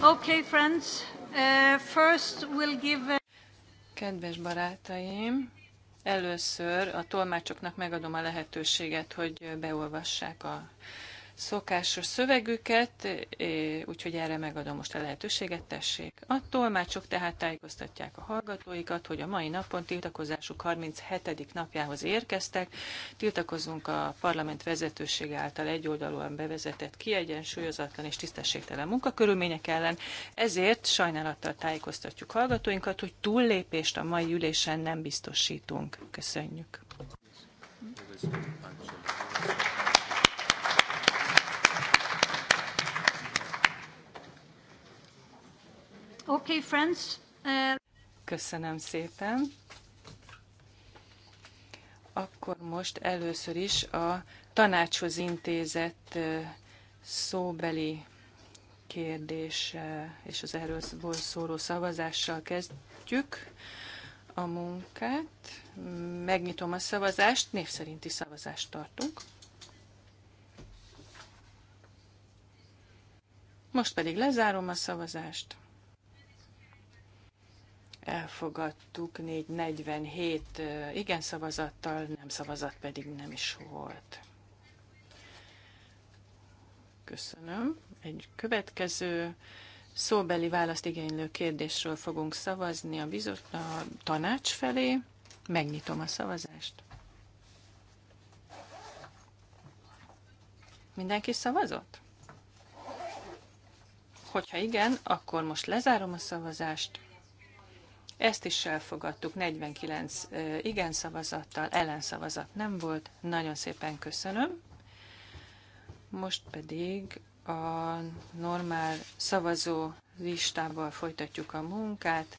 Okay, friends. Uh, first we'll give... Kedves barátaim, először a tolmácsoknak megadom a lehetőséget, hogy beolvassák a szokásos szövegüket, úgyhogy erre megadom most a lehetőséget, tessék. Attól már csak tehát tájékoztatják a hallgatóikat, hogy a mai napon tiltakozásuk 37. napjához érkeztek. Tiltakozunk a parlament vezetősége által egyoldalúan bevezetett kiegyensúlyozatlan és tisztességtelen munkakörülmények ellen. Ezért sajnálattal tájékoztatjuk hallgatóinkat, hogy túllépést a mai ülésen nem biztosítunk. Köszönjük. you. Okay, friends. Uh, Köszönöm szépen. Akkor most először is a tanácshoz intézett uh, szóbeli kérdés uh, és az erről szóló szavazással kezdjük a munkát. Megnyitom a szavazást, név szerinti szavazást tartunk. Most pedig lezárom a szavazást elfogadtuk 447 igen szavazattal, nem szavazat pedig nem is volt. Köszönöm. Egy következő szóbeli választ igénylő kérdésről fogunk szavazni a, bizot, a tanács felé. Megnyitom a szavazást. Mindenki szavazott? Hogyha igen, akkor most lezárom a szavazást. Ezt is elfogadtuk 49 igen szavazattal, ellenszavazat nem volt. Nagyon szépen köszönöm. Most pedig a normál szavazó listával folytatjuk a munkát.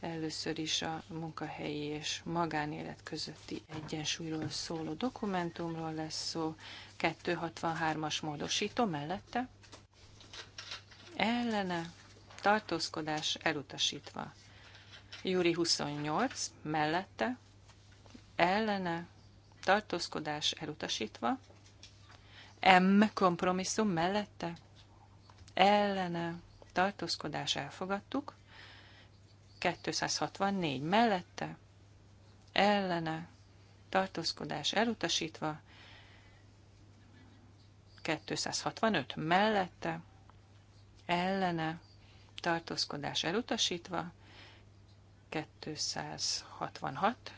Először is a munkahelyi és magánélet közötti egyensúlyról szóló dokumentumról lesz szó. 263-as módosító mellette. Ellene tartózkodás elutasítva. Júri 28 mellette, ellene, tartózkodás elutasítva, M kompromisszum mellette, ellene, tartózkodás elfogadtuk, 264 mellette, ellene, tartózkodás elutasítva, 265 mellette, ellene, tartózkodás elutasítva, 266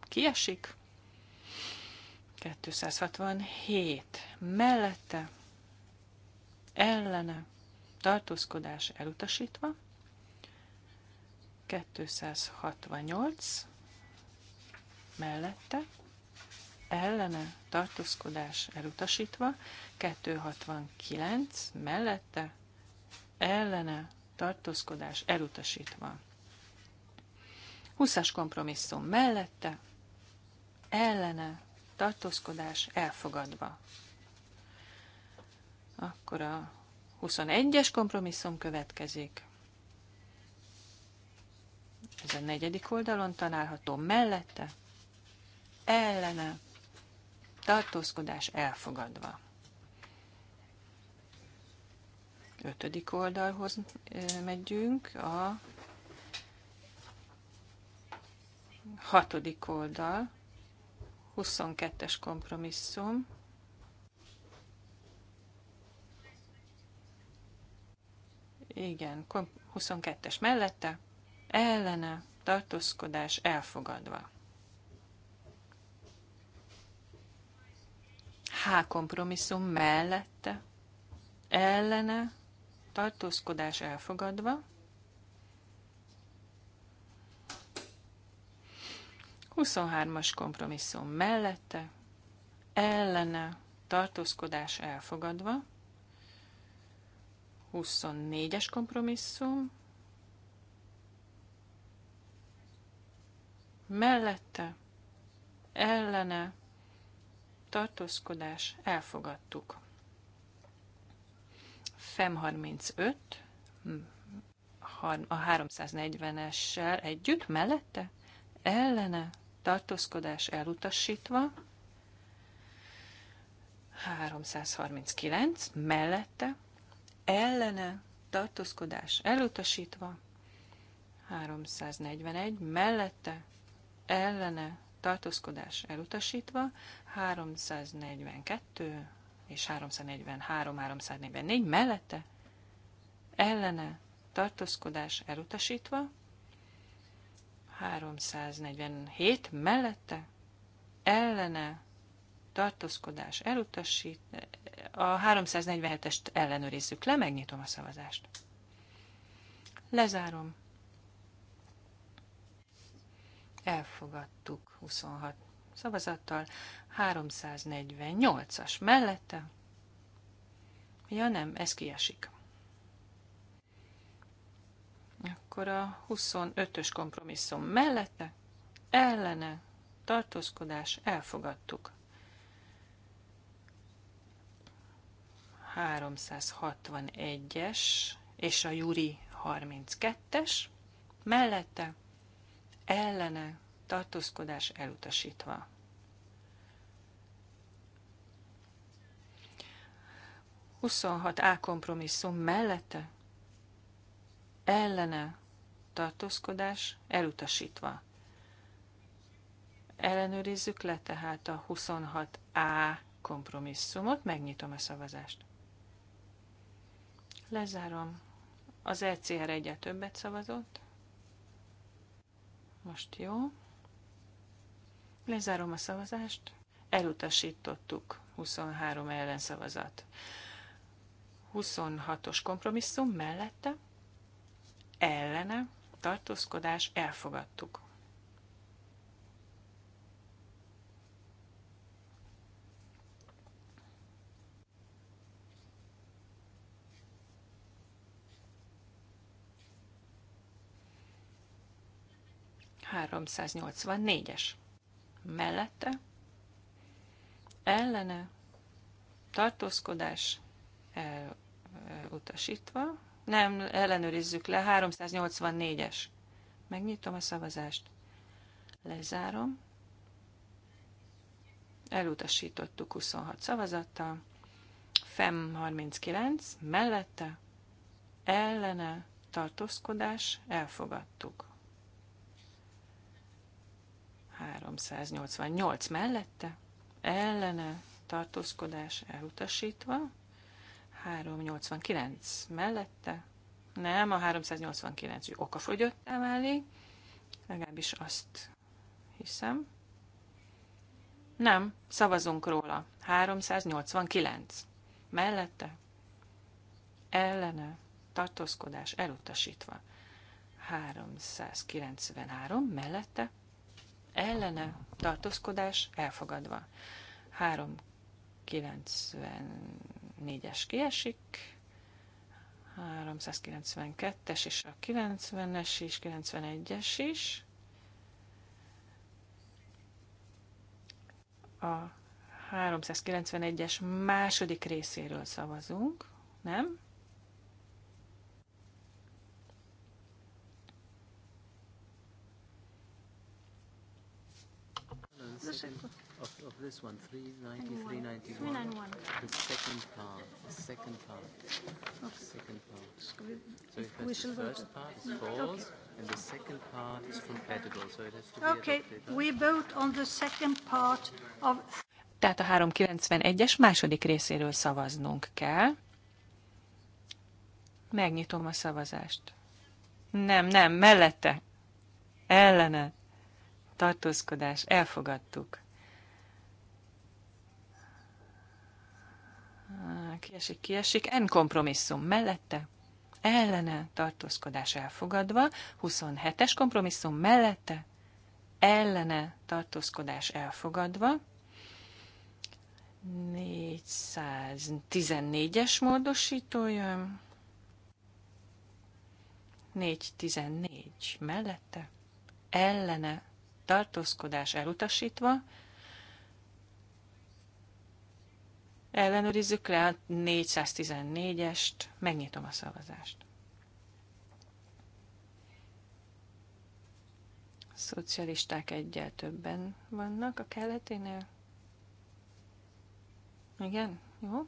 kiesik, 267 mellette, ellene, tartózkodás elutasítva, 268 mellette, ellene, tartózkodás elutasítva, 269 mellette, ellene, tartózkodás elutasítva. 20-as kompromisszum mellette, ellene, tartózkodás elfogadva. Akkor a 21-es kompromisszum következik. Ez a negyedik oldalon található mellette, ellene, tartózkodás elfogadva. Ötödik oldalhoz megyünk, a Hatodik oldal, 22-es kompromisszum. Igen, 22-es mellette, ellene, tartózkodás elfogadva. H kompromisszum mellette, ellene, tartózkodás elfogadva. 23-as kompromisszum mellette, ellene, tartózkodás elfogadva. 24-es kompromisszum mellette, ellene, tartózkodás elfogadtuk. FEM 35, hm, a 340-essel együtt, mellette, ellene, tartózkodás elutasítva, 339 mellette, ellene tartózkodás elutasítva, 341 mellette, ellene tartózkodás elutasítva, 342 és 343, 344 mellette, ellene tartózkodás elutasítva, 347 mellette ellene tartózkodás elutasít. A 347-est ellenőrizzük le, megnyitom a szavazást. Lezárom. Elfogadtuk 26 szavazattal, 348-as mellette. Ja nem, ez kiesik. Akkor a 25-ös kompromisszum mellette, ellene, tartózkodás, elfogadtuk. 361-es és a Juri 32-es, mellette, ellene, tartózkodás elutasítva. Huszonhat A kompromisszum mellette, ellene tartózkodás elutasítva. Ellenőrizzük le tehát a 26A kompromisszumot, megnyitom a szavazást. Lezárom. Az ECR egyet többet szavazott. Most jó. Lezárom a szavazást. Elutasítottuk 23 ellenszavazat. 26-os kompromisszum mellette ellene, tartózkodás, elfogadtuk. négyes Mellette, ellene, tartózkodás, elutasítva, nem, ellenőrizzük le. 384-es. Megnyitom a szavazást. Lezárom. Elutasítottuk 26 szavazattal. FEM 39 mellette ellene tartózkodás elfogadtuk. 388 mellette ellene tartózkodás elutasítva, 389 mellette, nem, a 389 okafogyott emelé, legalábbis azt hiszem. Nem, szavazunk róla. 389. Mellette? Ellene. Tartózkodás elutasítva. 393. Mellette? Ellene. Tartózkodás elfogadva. 390 4-es kiesik, 392-es és a 90-es is, 91-es is. A 391-es második részéről szavazunk, nem? Köszönöm of, of this one, 391. The second part, the second part, okay. second part. So if we the first part and the second part is compatible, so it has to be Okay, adopted. we vote on the second part of... Tehát a 391-es második részéről szavaznunk kell. Megnyitom a szavazást. Nem, nem, mellette. Ellene. Tartózkodás. Elfogadtuk. kiesik, kiesik, en kompromisszum mellette, ellene tartózkodás elfogadva, 27-es kompromisszum mellette, ellene tartózkodás elfogadva, 414-es módosítója, 414 mellette, ellene tartózkodás elutasítva, Ellenőrizzük le a 414-est, megnyitom a szavazást. A szocialisták egyel többen vannak a keleténél. Igen, jó.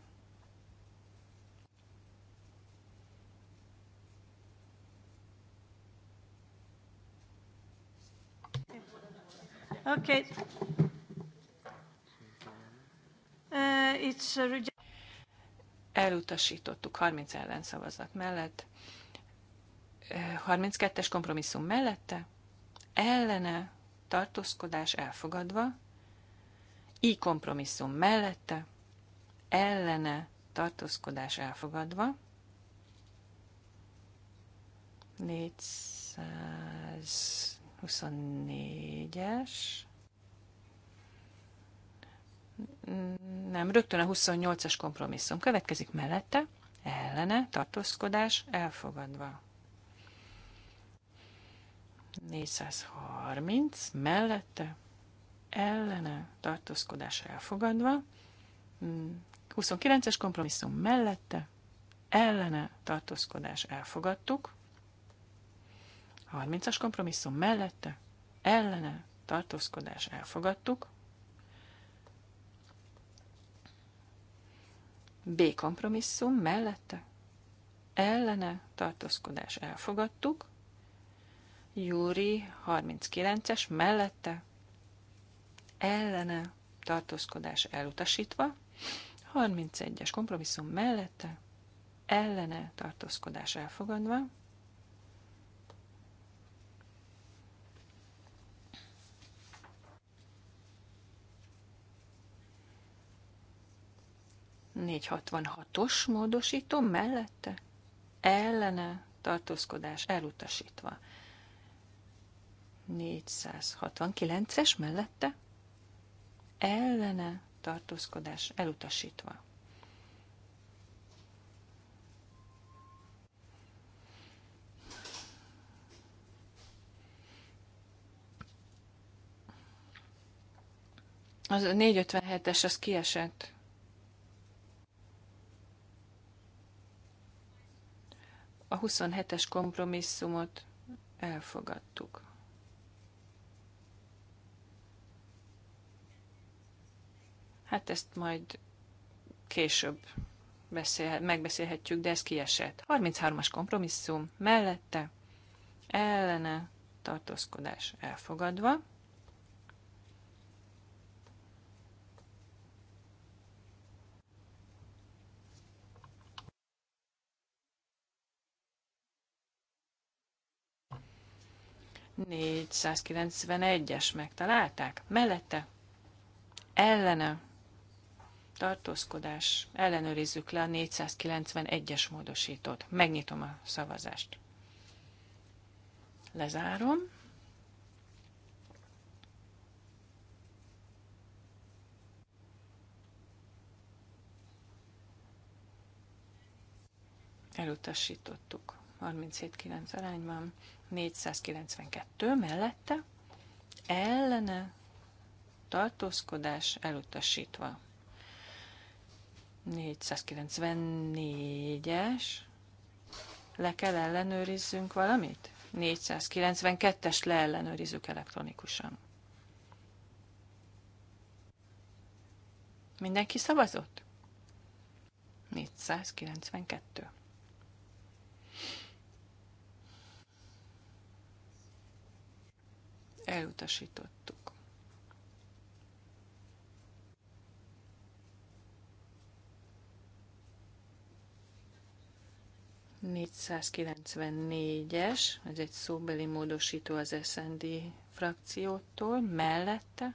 Okay. Uh, Elutasítottuk 30 ellenszavazat mellett, 32-es uh, kompromisszum mellette, ellene tartózkodás elfogadva, i kompromisszum mellette, ellene tartózkodás elfogadva, 424-es, nem, rögtön a 28-as kompromisszum következik mellette, ellene, tartózkodás elfogadva. 430 mellette, ellene, tartózkodás elfogadva. 29-es kompromisszum mellette, ellene, tartózkodás elfogadtuk. 30-as kompromisszum mellette, ellene, tartózkodás elfogadtuk. B kompromisszum mellette ellene tartózkodás elfogadtuk. Júri 39-es mellette ellene tartózkodás elutasítva. 31-es kompromisszum mellette ellene tartózkodás elfogadva. 466-os módosító mellette ellene tartózkodás elutasítva. 469-es mellette ellene tartózkodás elutasítva. Az 457-es az kiesett. A 27-es kompromisszumot elfogadtuk. Hát ezt majd később beszél, megbeszélhetjük, de ez kiesett. 33-as kompromisszum mellette, ellene tartózkodás elfogadva. 491-es megtalálták, mellette ellene tartózkodás, ellenőrizzük le a 491-es módosítót. Megnyitom a szavazást. Lezárom. Elutasítottuk. 37-9 arányban, 492 mellette, ellene tartózkodás elutasítva. 494-es, le kell ellenőrizzünk valamit? 492-es leellenőrizzük elektronikusan. Mindenki szavazott? 492. Elutasítottuk. es ez egy szóbeli módosító az SND frakciótól, mellette,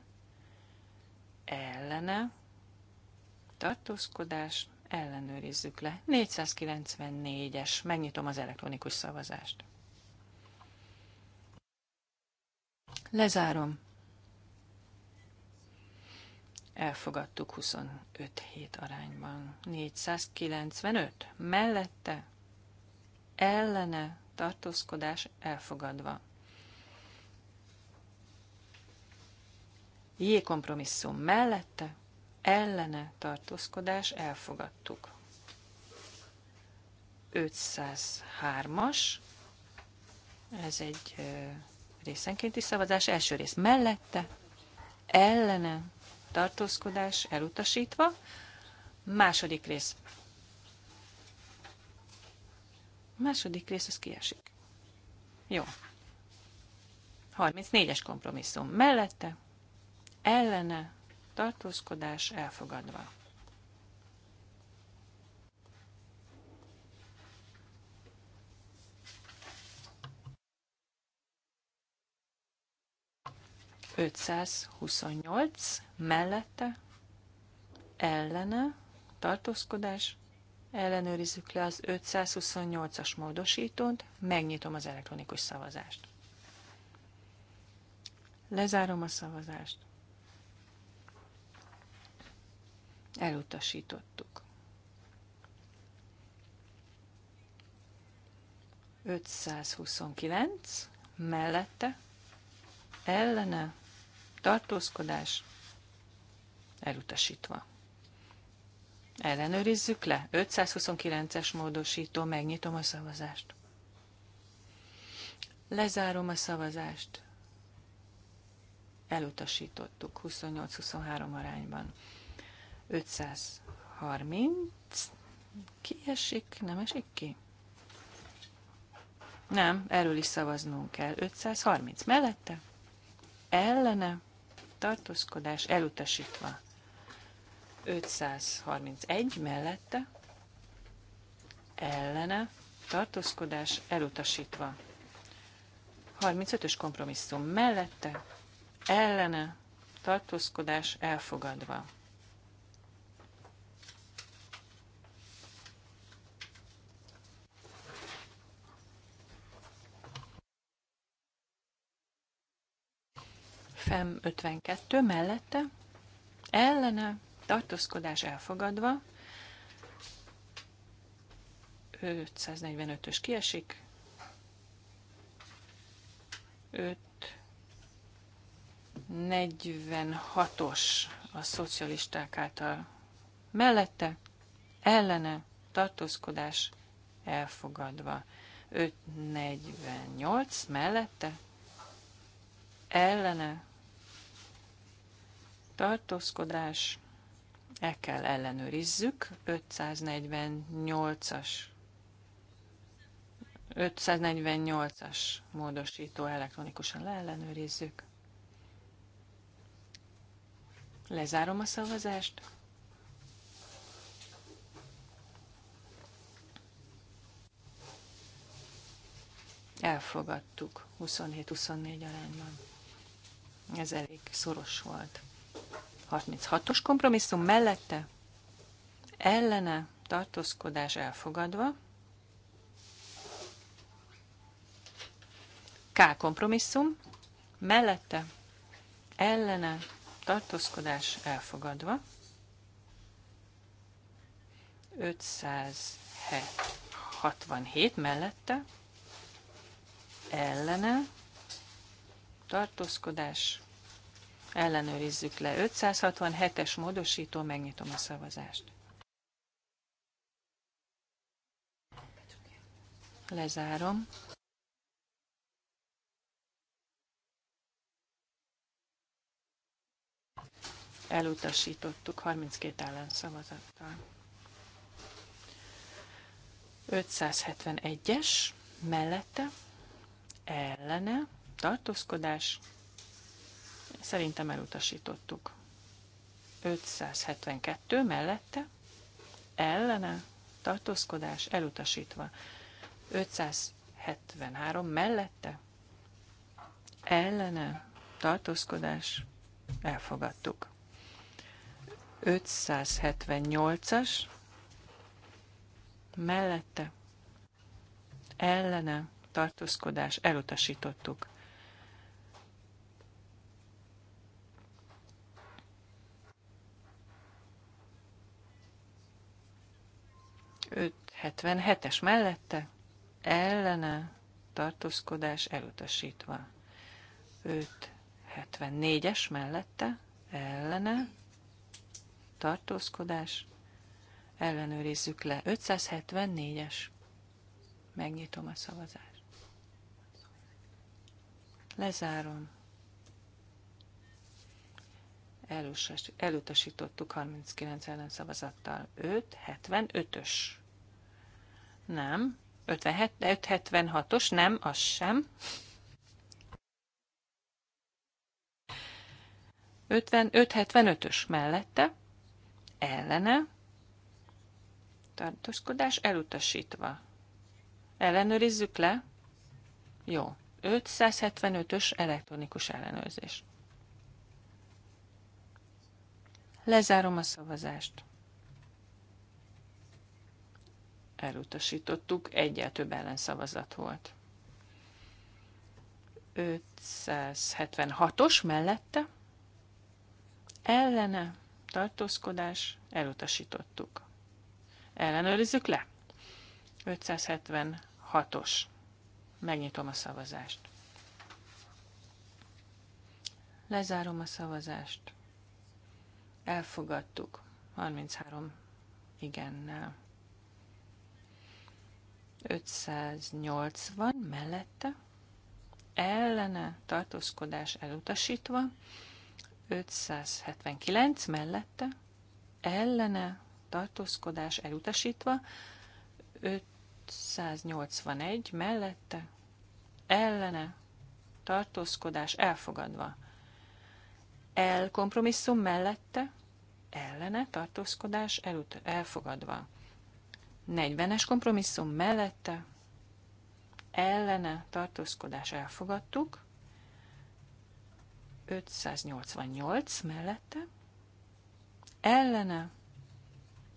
ellene, tartózkodás, ellenőrizzük le. 494-es, megnyitom az elektronikus szavazást. Lezárom. Elfogadtuk 25 hét arányban. 495 mellette, ellene tartózkodás elfogadva. J kompromisszum mellette, ellene tartózkodás elfogadtuk. 503-as, ez egy részenkénti szavazás első rész mellette, ellene, tartózkodás elutasítva, második rész. Második rész, az kiesik. Jó. 34-es kompromisszum mellette, ellene, tartózkodás elfogadva. 528 mellette ellene tartózkodás, ellenőrizzük le az 528-as módosítót, megnyitom az elektronikus szavazást. Lezárom a szavazást. Elutasítottuk. 529 mellette ellene tartózkodás elutasítva. Ellenőrizzük le. 529-es módosító, megnyitom a szavazást. Lezárom a szavazást. Elutasítottuk 28-23 arányban. 530. esik? nem esik ki? Nem, erről is szavaznunk kell. 530 mellette, ellene, tartózkodás elutasítva. 531 mellette ellene tartózkodás elutasítva. 35-ös kompromisszum mellette ellene tartózkodás elfogadva. FM 52 mellette, ellene, tartózkodás elfogadva, 545-ös kiesik, 546-os a szocialisták által mellette, ellene, tartózkodás elfogadva. 548 mellette, ellene, tartózkodás, el kell ellenőrizzük, 548-as 548-as módosító elektronikusan leellenőrizzük. Lezárom a szavazást. Elfogadtuk 27-24 arányban. Ez elég szoros volt. 36-os kompromisszum mellette ellene tartózkodás elfogadva. K kompromisszum mellette ellene tartózkodás elfogadva. 567 mellette ellene tartózkodás ellenőrizzük le. 567-es módosító, megnyitom a szavazást. Lezárom. Elutasítottuk 32 ellenszavazattal. 571-es mellette ellene tartózkodás Szerintem elutasítottuk. 572 mellette, ellene, tartózkodás elutasítva. 573 mellette, ellene, tartózkodás elfogadtuk. 578-as mellette, ellene, tartózkodás elutasítottuk. 577-es mellette ellene tartózkodás elutasítva. 574-es mellette ellene tartózkodás ellenőrizzük le. 574-es. Megnyitom a szavazást. Lezárom elutasítottuk 39 szavazattal 5, 75-ös. Nem. 57, 576-os, nem, az sem. 55-75-ös mellette, ellene, tartózkodás elutasítva. Ellenőrizzük le. Jó. 575-ös elektronikus ellenőrzés. Lezárom a szavazást. Elutasítottuk, egyel több ellenszavazat volt. 576-os mellette ellene tartózkodás elutasítottuk. Ellenőrizzük le. 576-os. Megnyitom a szavazást. Lezárom a szavazást. Elfogadtuk. 33 igennel. 580 mellette. Ellene tartózkodás elutasítva. 579 mellette. Ellene tartózkodás elutasítva. 581 mellette. Ellene tartózkodás elfogadva el kompromisszum mellette, ellene, tartózkodás elut- elfogadva. 40-es kompromisszum mellette, ellene, tartózkodás elfogadtuk. 588 mellette, ellene,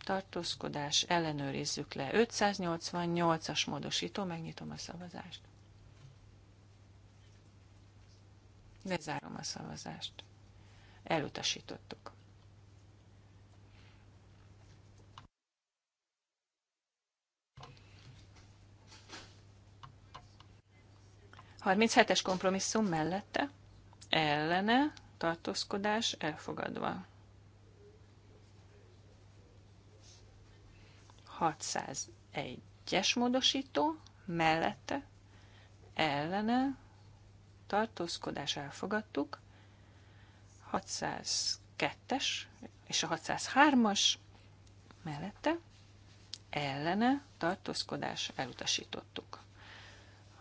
tartózkodás, ellenőrizzük le. 588-as módosító, megnyitom a szavazást. Lezárom a szavazást elutasítottuk. 37-es kompromisszum mellette, ellene, tartózkodás elfogadva. 601-es módosító, mellette, ellene, tartózkodás elfogadtuk, 602-es és a 603-as mellette ellene tartózkodás elutasítottuk.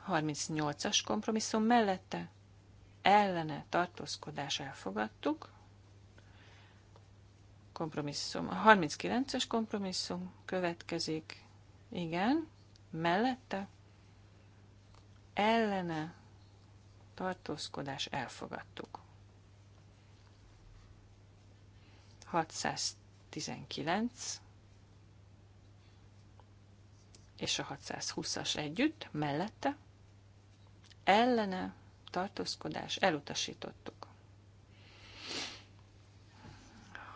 38-as kompromisszum mellette ellene tartózkodás elfogadtuk. Kompromisszum. A 39-es kompromisszum következik. Igen. Mellette ellene tartózkodás elfogadtuk. 619 és a 620-as együtt, mellette, ellene tartózkodás elutasítottuk.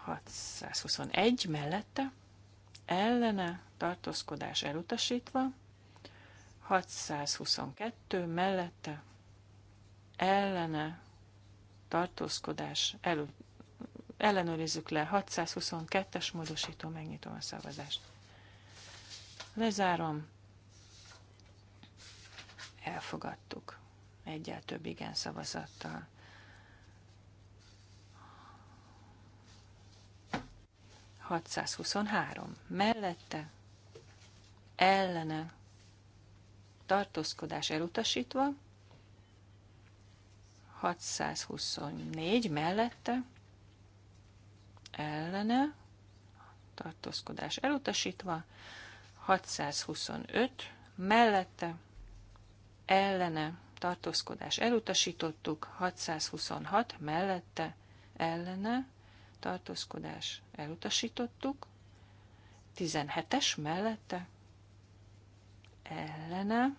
621 mellette, ellene tartózkodás elutasítva, 622 mellette, ellene tartózkodás elutasítva, ellenőrizzük le. 622-es módosító, megnyitom a szavazást. Lezárom. Elfogadtuk. Egyel több igen szavazattal. 623. Mellette, ellene, tartózkodás elutasítva, 624 mellette, ellene, tartózkodás elutasítva, 625 mellette, ellene, tartózkodás elutasítottuk, 626 mellette, ellene, tartózkodás elutasítottuk, 17-es mellette, ellene,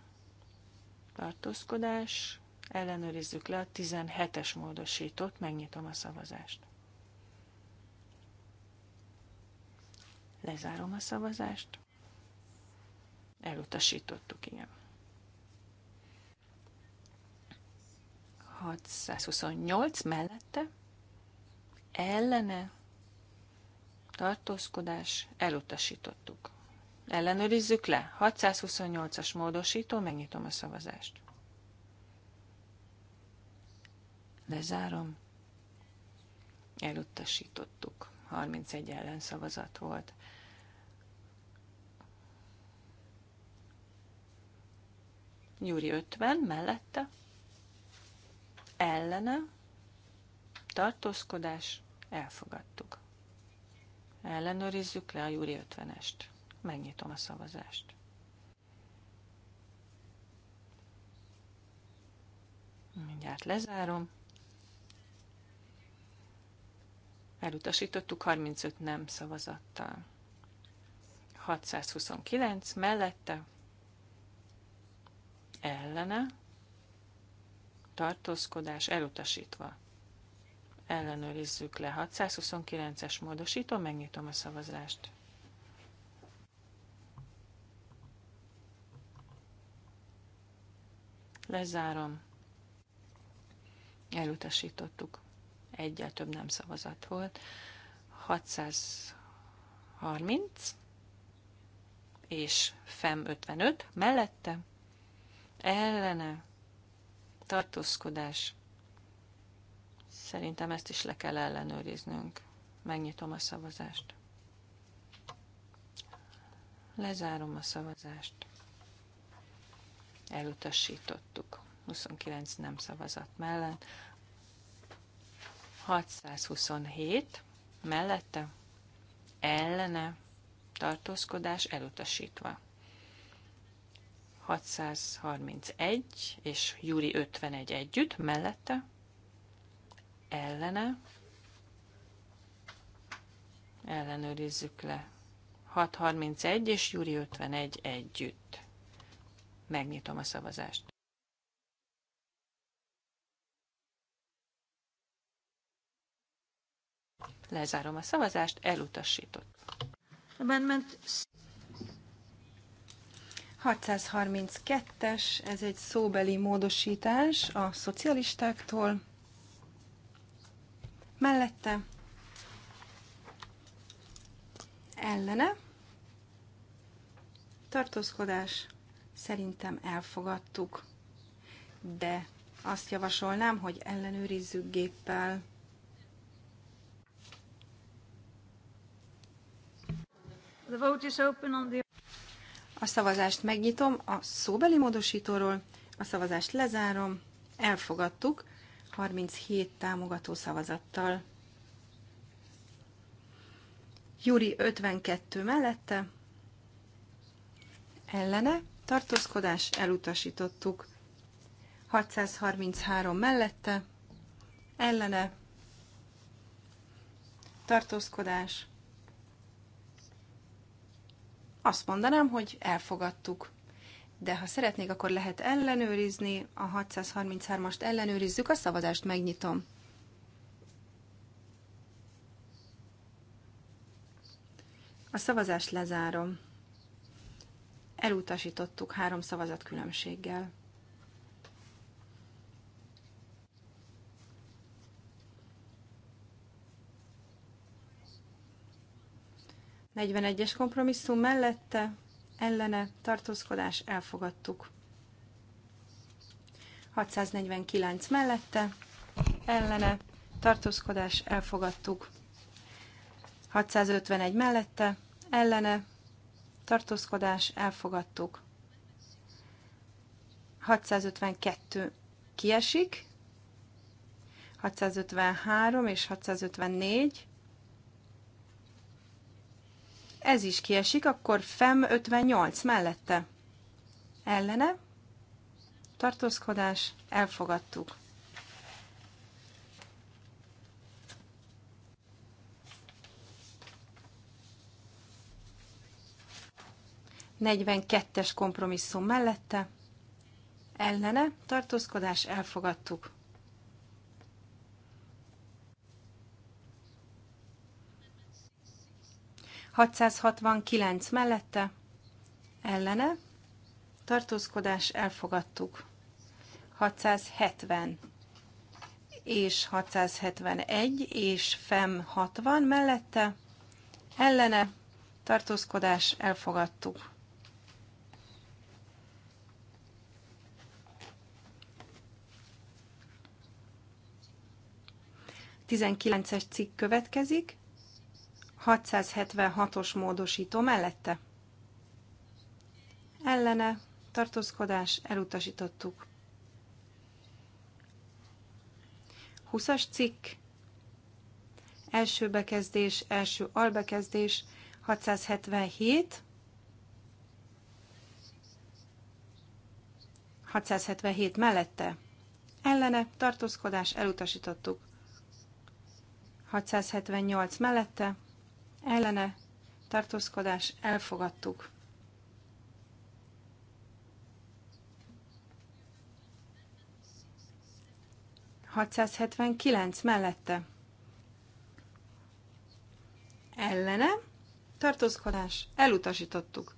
tartózkodás, ellenőrizzük le a 17-es módosítót, megnyitom a szavazást. Lezárom a szavazást. Elutasítottuk, igen. 628 mellette ellene tartózkodás elutasítottuk. Ellenőrizzük le. 628-as módosító, megnyitom a szavazást. Lezárom. Elutasítottuk. 31 szavazat volt. Júri 50 mellette, ellene, tartózkodás, elfogadtuk. Ellenőrizzük le a Júri 50-est. Megnyitom a szavazást. Mindjárt lezárom. Elutasítottuk 35 nem szavazattal. 629 mellette ellene, tartózkodás elutasítva. Ellenőrizzük le. 629-es módosító, megnyitom a szavazást. Lezárom. Elutasítottuk. Egyel több nem szavazat volt. 630 és FEM 55 mellette ellene tartózkodás. Szerintem ezt is le kell ellenőriznünk. Megnyitom a szavazást. Lezárom a szavazást. Elutasítottuk. 29 nem szavazat mellett. 627 mellette ellene tartózkodás elutasítva. 631 és Júri 51 együtt, mellette, ellene, ellenőrizzük le. 631 és Júri 51 együtt. Megnyitom a szavazást. Lezárom a szavazást, elutasított. Amendment 632-es, ez egy szóbeli módosítás a szocialistáktól. Mellette ellene tartózkodás szerintem elfogadtuk, de azt javasolnám, hogy ellenőrizzük géppel. The vote is open on the a szavazást megnyitom a szóbeli módosítóról, a szavazást lezárom, elfogadtuk 37 támogató szavazattal. Júri 52 mellette, ellene, tartózkodás, elutasítottuk. 633 mellette, ellene, tartózkodás, azt mondanám, hogy elfogadtuk. De ha szeretnék, akkor lehet ellenőrizni, a 633-ast ellenőrizzük, a szavazást megnyitom. A szavazást lezárom. Elutasítottuk három szavazat különbséggel. 41-es kompromisszum mellette, ellene, tartózkodás, elfogadtuk. 649 mellette, ellene, tartózkodás, elfogadtuk. 651 mellette, ellene, tartózkodás, elfogadtuk. 652 kiesik, 653 és 654 ez is kiesik, akkor FEM 58 mellette. Ellene. Tartózkodás. Elfogadtuk. Negyvenkettes kompromisszum mellette. Ellene. Tartózkodás. Elfogadtuk. 669 mellette, ellene, tartózkodás elfogadtuk. 670 és 671 és FEM 60 mellette, ellene, tartózkodás elfogadtuk. Tizenkilences cikk következik. 676-os módosító mellette. Ellene tartózkodás elutasítottuk. 20-as cikk, első bekezdés, első albekezdés, 677, 677 mellette, ellene tartózkodás elutasítottuk. 678 mellette, ellene tartózkodás elfogadtuk. Hatszázhetvenkilenc mellette ellene tartózkodás elutasítottuk.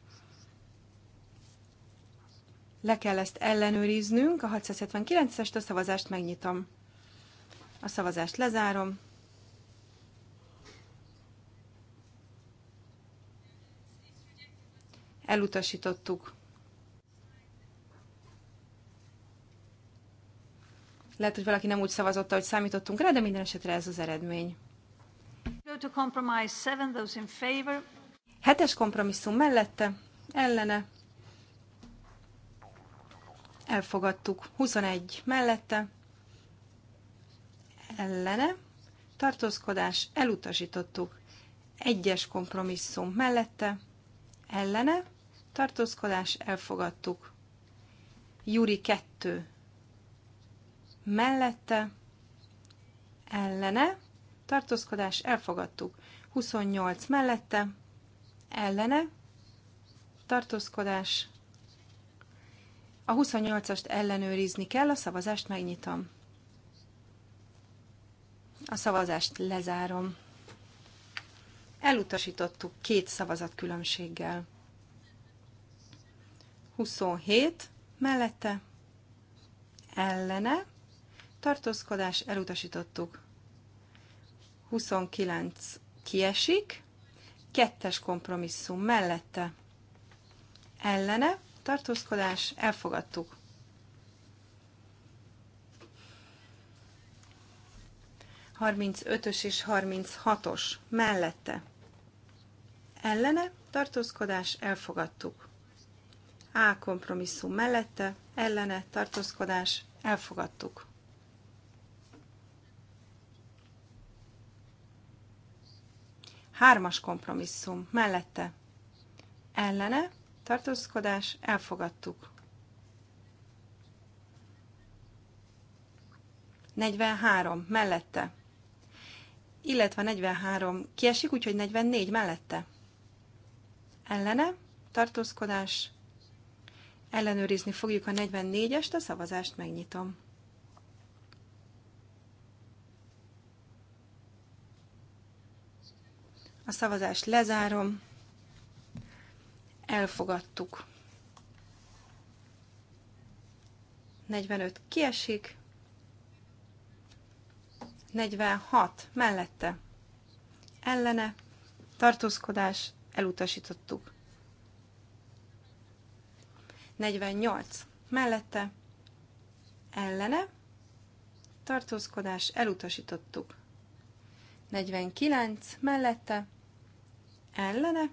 Le kell ezt ellenőriznünk, a 679-est a szavazást megnyitom. A szavazást lezárom. Elutasítottuk. Lehet, hogy valaki nem úgy szavazott, ahogy számítottunk rá, de minden esetre ez az eredmény. Hetes kompromisszum mellette, ellene. Elfogadtuk. 21 mellette, ellene. Tartózkodás, elutasítottuk. Egyes kompromisszum mellette, ellene tartózkodás, elfogadtuk. Júri 2 mellette, ellene, tartózkodás, elfogadtuk. 28 mellette, ellene, tartózkodás. A 28-ast ellenőrizni kell, a szavazást megnyitom. A szavazást lezárom. Elutasítottuk két szavazat különbséggel. 27 mellette ellene tartózkodás elutasítottuk. 29 kiesik, kettes kompromisszum mellette ellene tartózkodás elfogadtuk. Harmincötös és 36-os mellette ellene tartózkodás elfogadtuk. A kompromisszum mellette, ellene, tartózkodás, elfogadtuk. Hármas kompromisszum mellette, ellene, tartózkodás, elfogadtuk. 43 mellette, illetve 43 kiesik, úgyhogy 44 mellette. Ellene, tartózkodás, Ellenőrizni fogjuk a 44-est, a szavazást megnyitom. A szavazást lezárom. Elfogadtuk. 45 kiesik. 46 mellette. Ellene. Tartózkodás. Elutasítottuk. 48 mellette, ellene, tartózkodás, elutasítottuk. 49 mellette, ellene,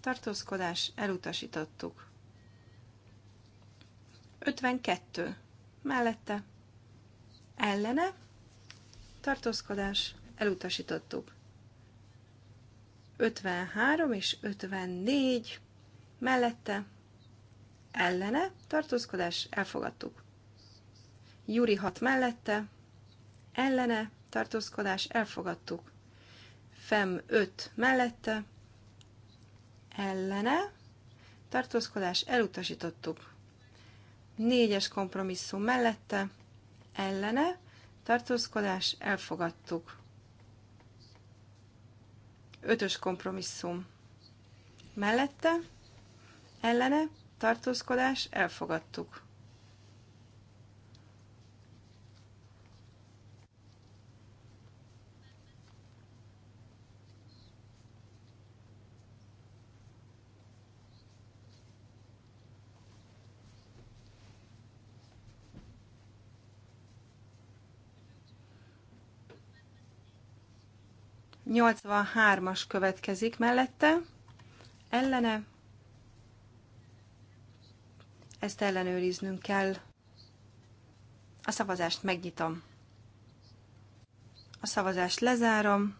tartózkodás, elutasítottuk. 52 mellette, ellene, tartózkodás, elutasítottuk. 53 és 54 mellette, ellene, tartózkodás, elfogadtuk. Júri hat mellette, ellene, tartózkodás, elfogadtuk. Fem öt mellette, ellene, tartózkodás, elutasítottuk. Négyes kompromisszum mellette, ellene, tartózkodás, elfogadtuk. Ötös kompromisszum mellette, ellene, tartózkodás, elfogadtuk. Nyolcvan hármas következik mellette, ellene ezt ellenőriznünk kell. A szavazást megnyitom. A szavazást lezárom.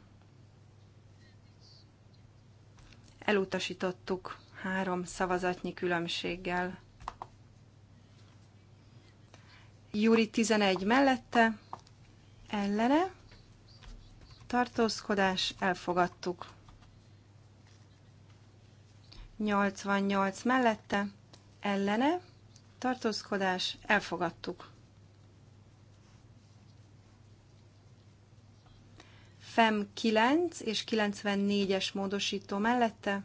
Elutasítottuk három szavazatnyi különbséggel. Júri 11 mellette, ellene, tartózkodás, elfogadtuk. 88 mellette, ellene, tartózkodás, elfogadtuk. FEM 9 és 94-es módosító mellette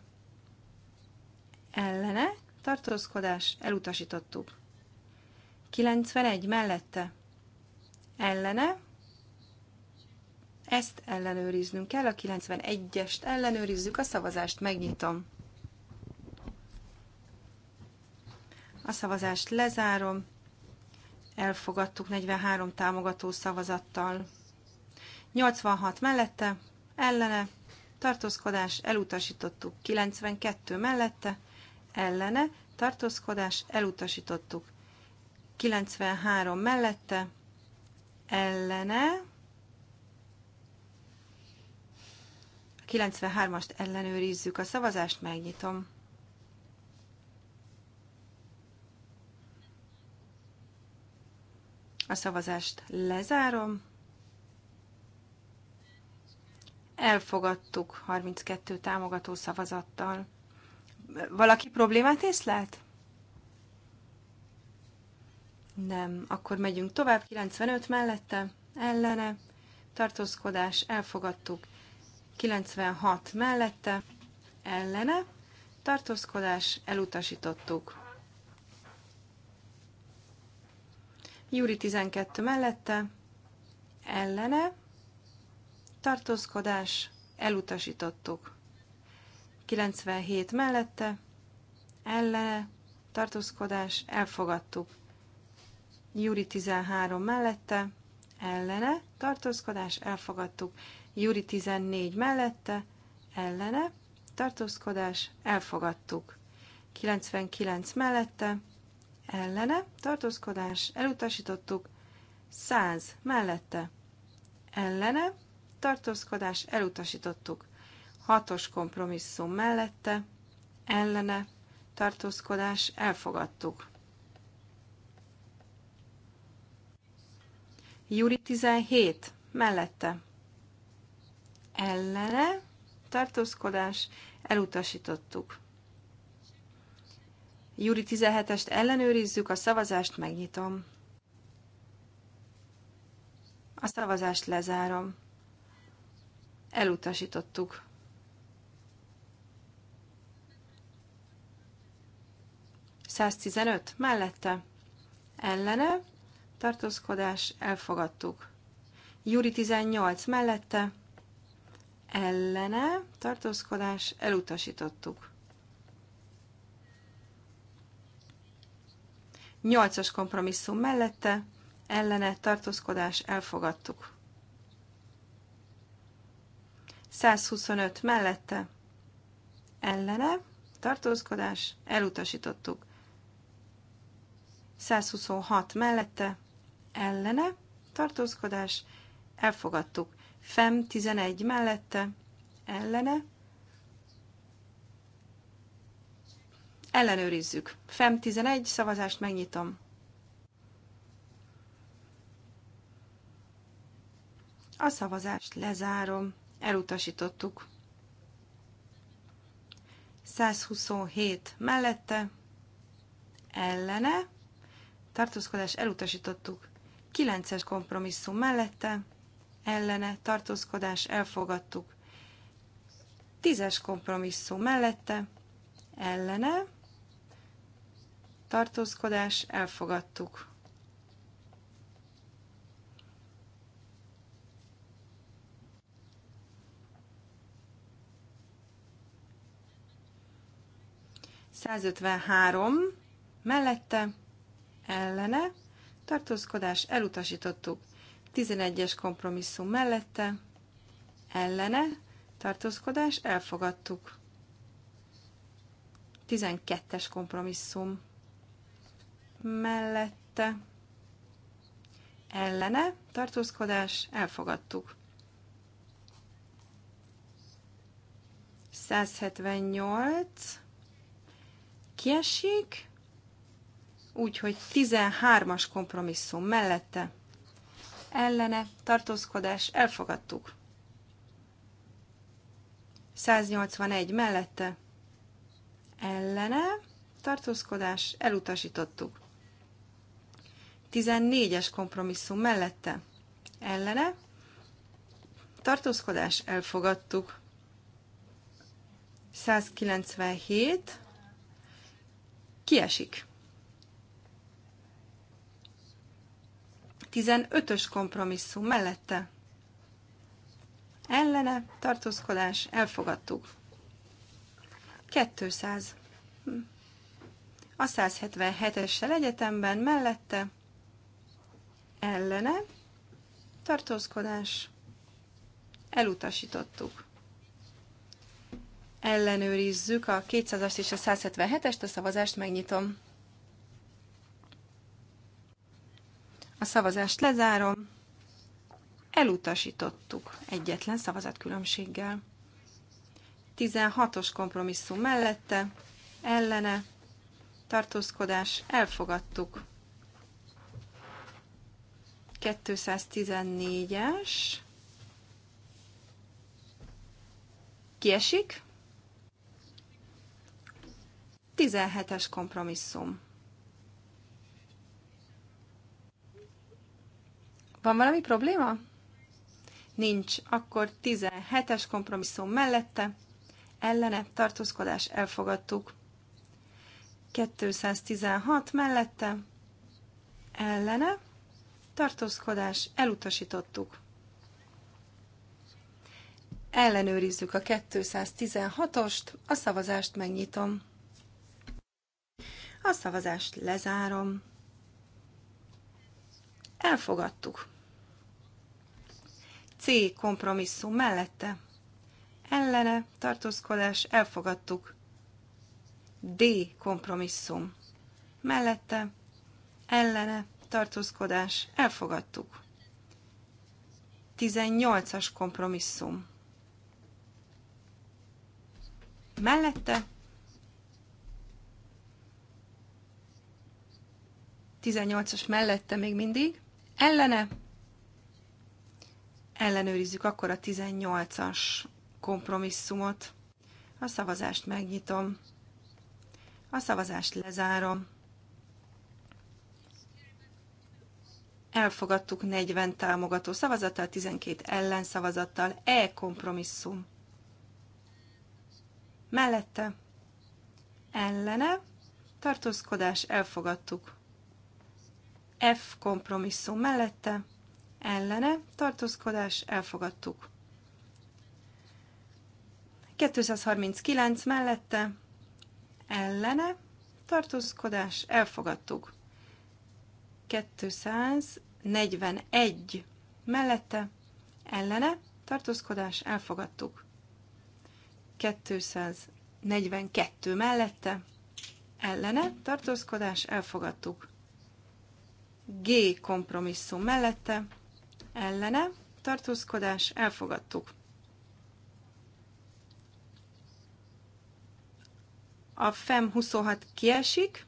ellene tartózkodás, elutasítottuk. 91 mellette ellene, ezt ellenőriznünk kell, a 91-est ellenőrizzük, a szavazást megnyitom. A szavazást lezárom. Elfogadtuk 43 támogató szavazattal. 86 mellette, ellene, tartózkodás, elutasítottuk. 92 mellette, ellene, tartózkodás, elutasítottuk. 93 mellette, ellene, 93-ast ellenőrizzük, a szavazást megnyitom. A szavazást lezárom. Elfogadtuk 32 támogató szavazattal. Valaki problémát észlelt? Nem. Akkor megyünk tovább. 95 mellette, ellene, tartózkodás, elfogadtuk. 96 mellette, ellene, tartózkodás, elutasítottuk. Júri 12 mellette, ellene, tartózkodás, elutasítottuk. 97 mellette, ellene, tartózkodás, elfogadtuk. Júri 13 mellette, ellene, tartózkodás, elfogadtuk. Júri 14 mellette, ellene, tartózkodás, elfogadtuk. 99 mellette, ellene, tartózkodás, elutasítottuk, 100 mellette, ellene, tartózkodás, elutasítottuk, 6-os kompromisszum mellette, ellene, tartózkodás, elfogadtuk. Júri 17 mellette, ellene, tartózkodás, elutasítottuk. Júri 17-est ellenőrizzük, a szavazást megnyitom. A szavazást lezárom. Elutasítottuk. Száztizenöt mellette. Ellene. Tartózkodás. Elfogadtuk. Júri 18 mellette. Ellene. Tartózkodás. Elutasítottuk. Nyolcas kompromisszum mellette, ellene tartózkodás elfogadtuk. 125 mellette, ellene tartózkodás elutasítottuk. 126 mellette, ellene tartózkodás elfogadtuk. FEM 11 mellette, ellene Ellenőrizzük. FEM 11, szavazást megnyitom. A szavazást lezárom. Elutasítottuk. 127 mellette, ellene, tartózkodás elutasítottuk. 9-es kompromisszum mellette, ellene, tartózkodás elfogadtuk. 10-es kompromisszum mellette, ellene, tartózkodás, elfogadtuk. Százötvenhárom mellette, ellene, tartózkodás, elutasítottuk. 11-es kompromisszum mellette, ellene, tartózkodás, elfogadtuk. 12-es kompromisszum mellette ellene tartózkodás elfogadtuk. 178 kiesik, úgyhogy 13-as kompromisszum mellette ellene tartózkodás elfogadtuk. 181 mellette ellene tartózkodás elutasítottuk. 14-es kompromisszum mellette ellene. Tartózkodás elfogadtuk. 197 kiesik. 15-ös kompromisszum mellette ellene tartózkodás elfogadtuk. 200. Hm. A 177-essel egyetemben mellette ellene, tartózkodás, elutasítottuk. Ellenőrizzük a 200-as és a 177-est, a szavazást megnyitom. A szavazást lezárom. Elutasítottuk egyetlen szavazatkülönbséggel. 16-os kompromisszum mellette, ellene, tartózkodás, elfogadtuk. 214-es. Kiesik. 17-es kompromisszum. Van valami probléma? Nincs. Akkor 17-es kompromisszum mellette, ellene tartózkodás elfogadtuk. 216 mellette, ellene tartózkodás, elutasítottuk. Ellenőrizzük a 216-ost, a szavazást megnyitom. A szavazást lezárom. Elfogadtuk. C kompromisszum mellette. Ellene tartózkodás elfogadtuk. D kompromisszum mellette. Ellene tartózkodás, elfogadtuk. 18-as kompromisszum. Mellette 18-as mellette még mindig, ellene ellenőrizzük akkor a 18-as kompromisszumot. A szavazást megnyitom. A szavazást lezárom. elfogadtuk 40 támogató szavazattal, 12 ellenszavazattal, E kompromisszum. Mellette ellene tartózkodás elfogadtuk. F kompromisszum mellette ellene tartózkodás elfogadtuk. 239 mellette ellene tartózkodás elfogadtuk. 241 mellette, ellene, tartózkodás, elfogadtuk. 242 mellette, ellene, tartózkodás, elfogadtuk. G kompromisszum mellette, ellene, tartózkodás, elfogadtuk. A FEM 26 kiesik,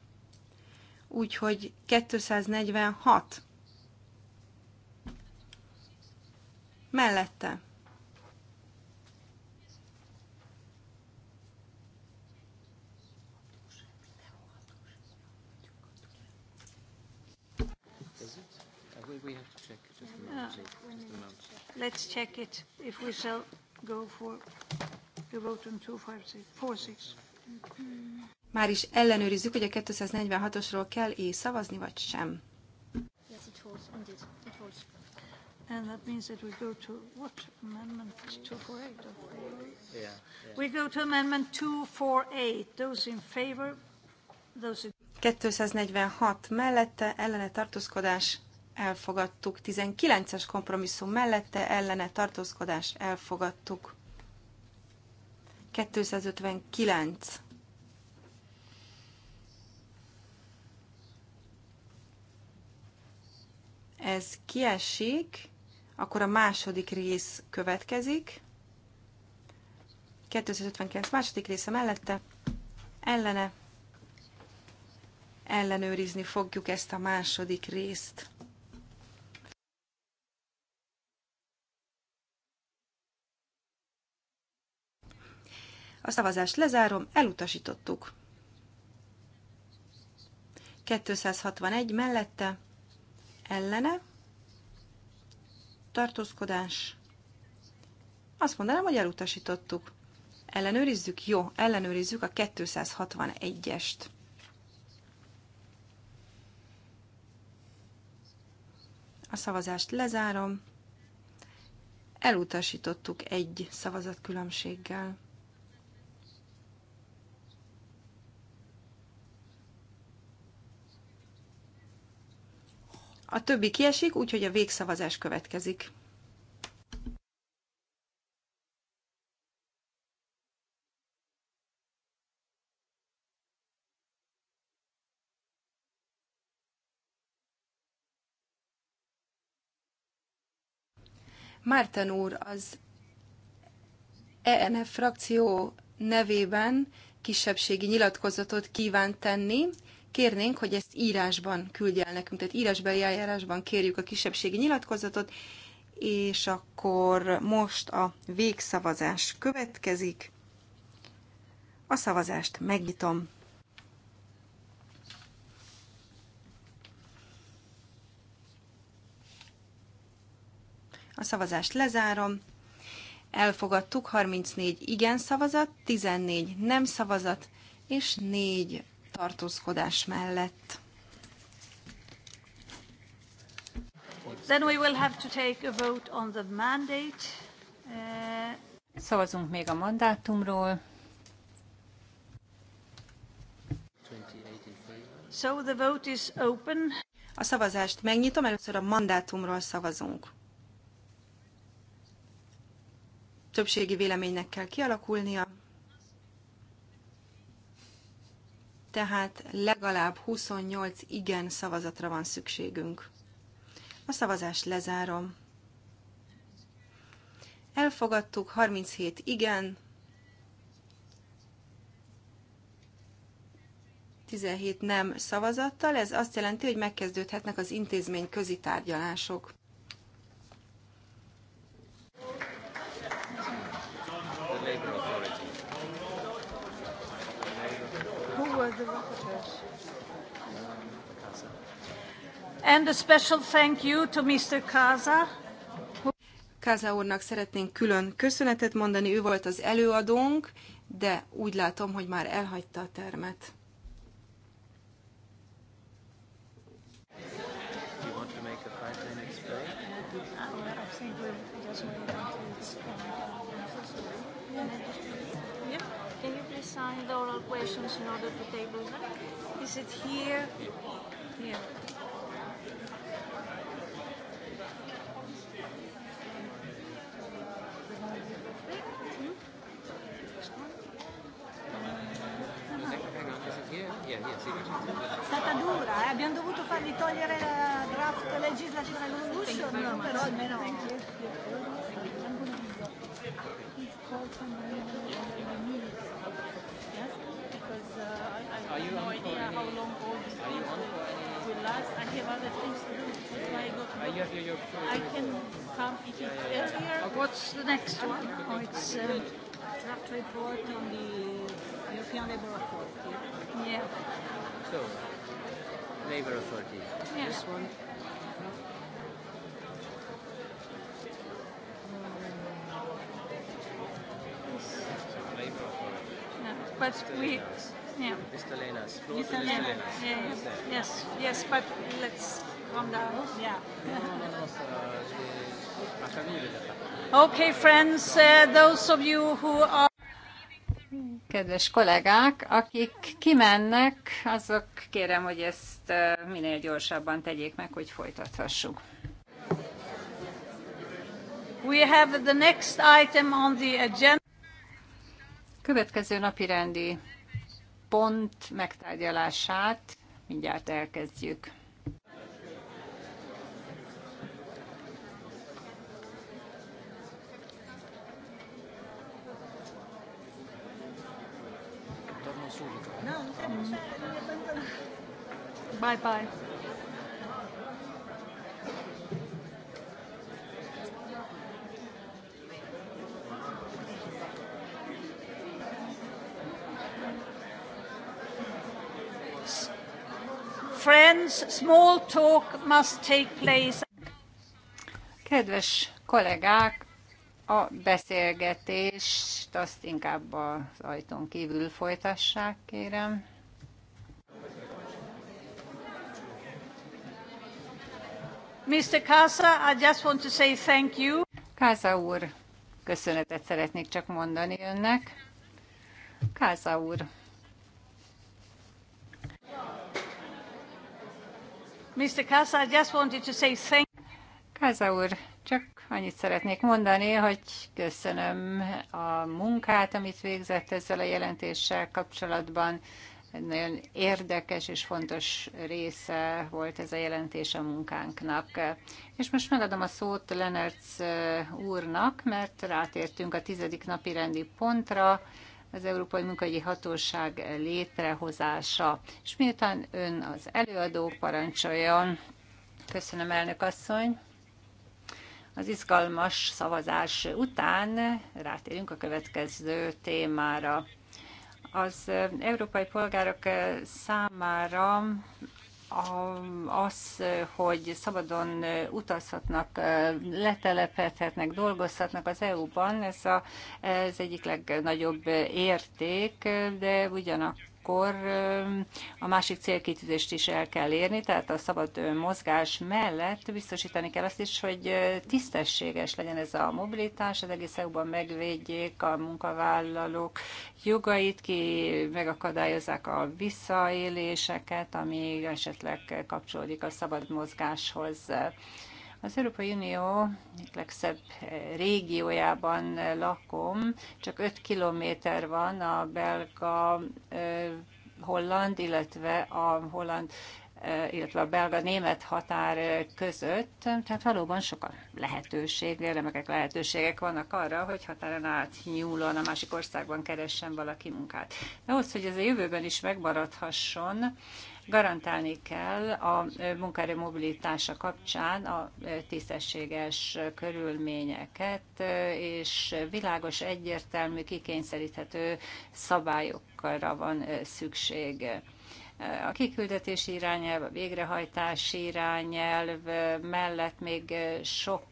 úgyhogy 246 mellette. Ah. Let's check it if we shall go for the vote on six. Már is ellenőrizzük, hogy a 246-osról kell és szavazni, vagy sem. Yes, it holds, indeed. It holds. And that means that we go to what amendment 248? Yeah, yeah. We go to amendment 248. Those in favor, those in 246 mellette ellene tartózkodás elfogadtuk. 19-es kompromisszum mellette ellene tartózkodás elfogadtuk. 259. Ez kiesik, akkor a második rész következik. 259 második része mellette, ellene, ellenőrizni fogjuk ezt a második részt. A szavazást lezárom, elutasítottuk. 261 mellette, ellene, tartózkodás. Azt mondanám, hogy elutasítottuk. Ellenőrizzük? Jó, ellenőrizzük a 261-est. A szavazást lezárom. Elutasítottuk egy szavazatkülönbséggel. A többi kiesik, úgyhogy a végszavazás következik. Márten úr az ENF frakció nevében kisebbségi nyilatkozatot kíván tenni, kérnénk, hogy ezt írásban küldje el nekünk, tehát írásbeli eljárásban kérjük a kisebbségi nyilatkozatot, és akkor most a végszavazás következik. A szavazást megnyitom. A szavazást lezárom. Elfogadtuk 34 igen szavazat, 14 nem szavazat és 4 tartózkodás mellett. Then we will have to take a vote on the mandate. Uh... Szavazunk még a mandátumról. So the vote is open. A szavazást megnyitom, először a mandátumról szavazunk. Többségi véleménynek kell kialakulnia. tehát legalább 28 igen szavazatra van szükségünk. A szavazást lezárom. Elfogadtuk 37 igen, 17 nem szavazattal, ez azt jelenti, hogy megkezdődhetnek az intézmény közi tárgyalások. And a special thank you to Mr. Kaza. Kaza úrnak szeretnénk külön köszönetet mondani, ő volt az előadónk, de úgy látom, hogy már elhagyta a termet. sign the oral questions in order to table them? Is it here? Here. È stata dura, eh? abbiamo dovuto fargli togliere la draft legislativa no, però almeno... What's the next one? Oh, it's a um, draft report on the European Labour Accord. Yeah. So, labor authority. Yeah. This one. but Mr. we. Lenas. Yeah. Mr. Lenas. Floor Mr. Mr. Lenas. Lenas. Yeah, yeah. Yes, yes, but let's calm down. Yeah. Uh, okay, friends, uh, those of you who are kedves kollégák, akik kimennek, azok kérem, hogy ezt minél gyorsabban tegyék meg, hogy folytathassuk. We have the next item on the agenda. Következő napi rendi pont megtárgyalását mindjárt elkezdjük. Bye bye. Friends, small talk must take place. Kedves kollégák, a beszélgetést azt inkább az ajtón kívül folytassák, kérem. Mr. Casa, I just want to say thank you. Káza úr, köszönetet szeretnék csak mondani önnek. Káza úr. Mr. Casa, I just wanted to say thank you. Káza úr, csak annyit szeretnék mondani, hogy köszönöm a munkát, amit végzett ezzel a jelentéssel kapcsolatban. Egy nagyon érdekes és fontos része volt ez a jelentés a munkánknak. És most megadom a szót Lenertz uh, úrnak, mert rátértünk a tizedik napi rendi pontra, az Európai Munkahogyi Hatóság létrehozása. És miután ön az előadó parancsoljon, köszönöm elnök asszony, az izgalmas szavazás után rátérünk a következő témára. Az európai polgárok számára az, hogy szabadon utazhatnak, letelepedhetnek, dolgozhatnak az EU-ban, ez az egyik legnagyobb érték, de ugyanakkor akkor a másik célkitűzést is el kell érni, tehát a szabad mozgás mellett biztosítani kell azt is, hogy tisztességes legyen ez a mobilitás, az egész eu megvédjék a munkavállalók jogait, ki megakadályozzák a visszaéléseket, ami esetleg kapcsolódik a szabad mozgáshoz. Az Európai Unió legszebb eh, régiójában eh, lakom, csak 5 kilométer van a belga eh, holland, illetve a holland illetve a belga-német határ között, tehát valóban sok a lehetőség, remekek lehetőségek vannak arra, hogy határon nyúlóan a másik országban keressen valaki munkát. De ahhoz, hogy ez a jövőben is megmaradhasson, Garantálni kell a munkáról mobilitása kapcsán a tisztességes körülményeket és világos, egyértelmű, kikényszeríthető szabályokra van szükség. A kiküldetési irányelv, a végrehajtási irányelv mellett még sok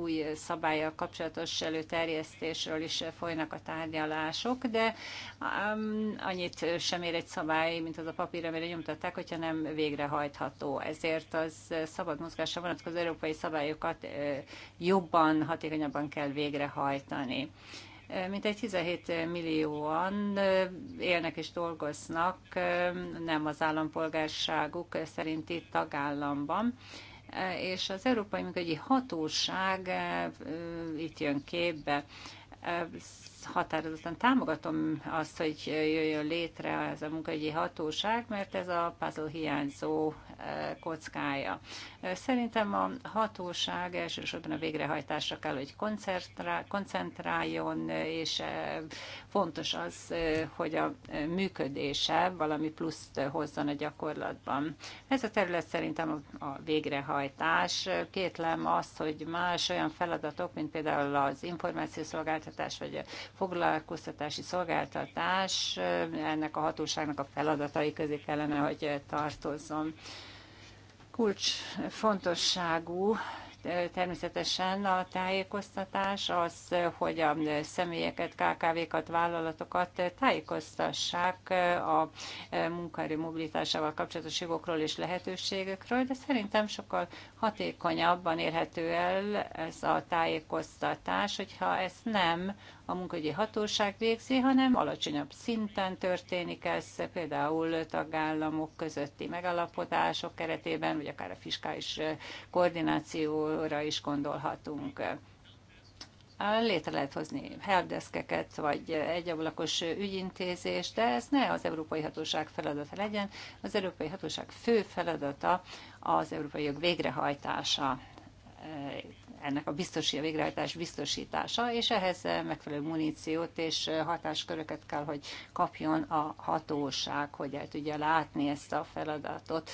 új szabályjal kapcsolatos előterjesztésről is folynak a tárgyalások, de um, annyit sem ér egy szabály, mint az a papír, amire nyomtatták, hogyha nem végrehajtható. Ezért az szabad mozgásra vonatkozó európai szabályokat jobban, hatékonyabban kell végrehajtani mintegy 17 millióan élnek és dolgoznak nem az állampolgárságuk szerinti tagállamban e, és az Európai Munkahogyi Hatóság e, itt jön képbe. E, határozottan támogatom azt, hogy jöjjön létre ez a munkahogyi hatóság, mert ez a puzzle hiányzó kockája. Szerintem a hatóság elsősorban a végrehajtásra kell, hogy koncentráljon, és eh, fontos az, eh, hogy a működése valami pluszt hozzon a gyakorlatban. Ez a terület szerintem a végrehajtás. Kétlem azt, hogy más olyan feladatok, mint például az információszolgáltatás vagy a foglalkoztatási szolgáltatás, ennek a hatóságnak a feladatai közé kellene, hogy tartozzon. Kulcs fontosságú természetesen a tájékoztatás az, hogy a személyeket, KKV-kat, vállalatokat tájékoztassák a munkaerő mobilitásával kapcsolatos jogokról és lehetőségekről, de szerintem sokkal hatékonyabban érhető el ez a tájékoztatás, hogyha ezt nem a munkahogyi hatóság végzi, hanem alacsonyabb szinten történik ez, például tagállamok közötti megalapodások keretében, vagy akár a fiskális koordinációra is gondolhatunk létre lehet hozni herdeszkeket, vagy egyablakos ügyintézést, de ez ne az Európai Hatóság feladata legyen. Az Európai Hatóság fő feladata az európai jog végrehajtása eh, ennek a biztosi, a végrehajtás biztosítása, és ehhez megfelelő muníciót és hatásköröket kell, hogy kapjon a hatóság, hogy el tudja látni ezt a feladatot.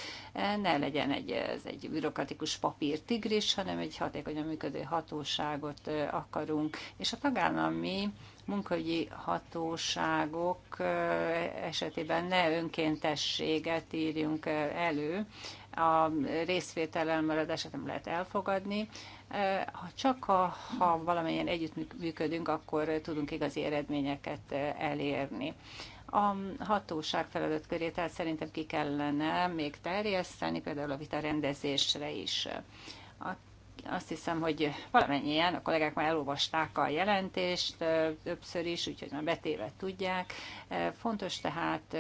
Ne legyen egy, ez egy bürokratikus papírtigris, hanem egy hatékonyan működő hatóságot akarunk. És a tagállami munkahogyi hatóságok esetében ne önkéntességet írjunk elő, a részvétel elmaradását nem lehet elfogadni, ha Csak ha, ha együtt együttműködünk, akkor tudunk igazi eredményeket elérni. A hatóság feladatkörét tehát szerintem ki kellene még terjeszteni, például a vita rendezésre is. azt hiszem, hogy valamennyien a kollégák már elolvasták a jelentést többször is, úgyhogy már betéve tudják. Fontos tehát,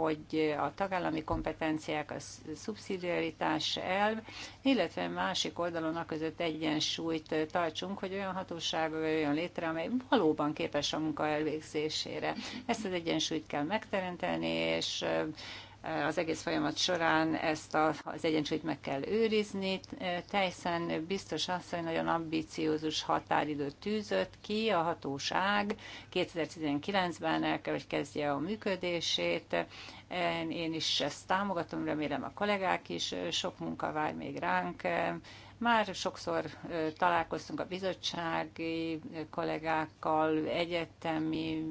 hogy a tagállami kompetenciák, a szubszidiaritás elv, illetve másik oldalon a között egyensúlyt tartsunk, hogy olyan hatóság jön létre, amely valóban képes a munka elvégzésére. Ezt az egyensúlyt kell megteremteni, és az egész folyamat során ezt a, az egyensúlyt meg kell őrizni. Teljesen biztos hogy nagyon ambiciózus határidőt tűzött ki a hatóság. 2019-ben el kell, hogy kezdje a működését. Én is ezt támogatom, remélem a kollégák is. Sok munka vár még ránk már sokszor találkoztunk a bizottsági kollégákkal, egyetemi,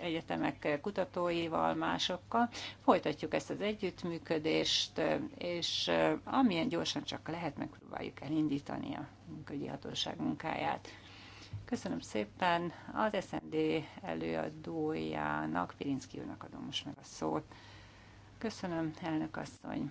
egyetemek kutatóival, másokkal. Folytatjuk ezt az együttműködést, és amilyen gyorsan csak lehet, megpróbáljuk elindítani a munkügyi hatóság munkáját. Köszönöm szépen. Az SND előadójának, Pirinszki úrnak adom most meg a szót. Köszönöm, elnök asszony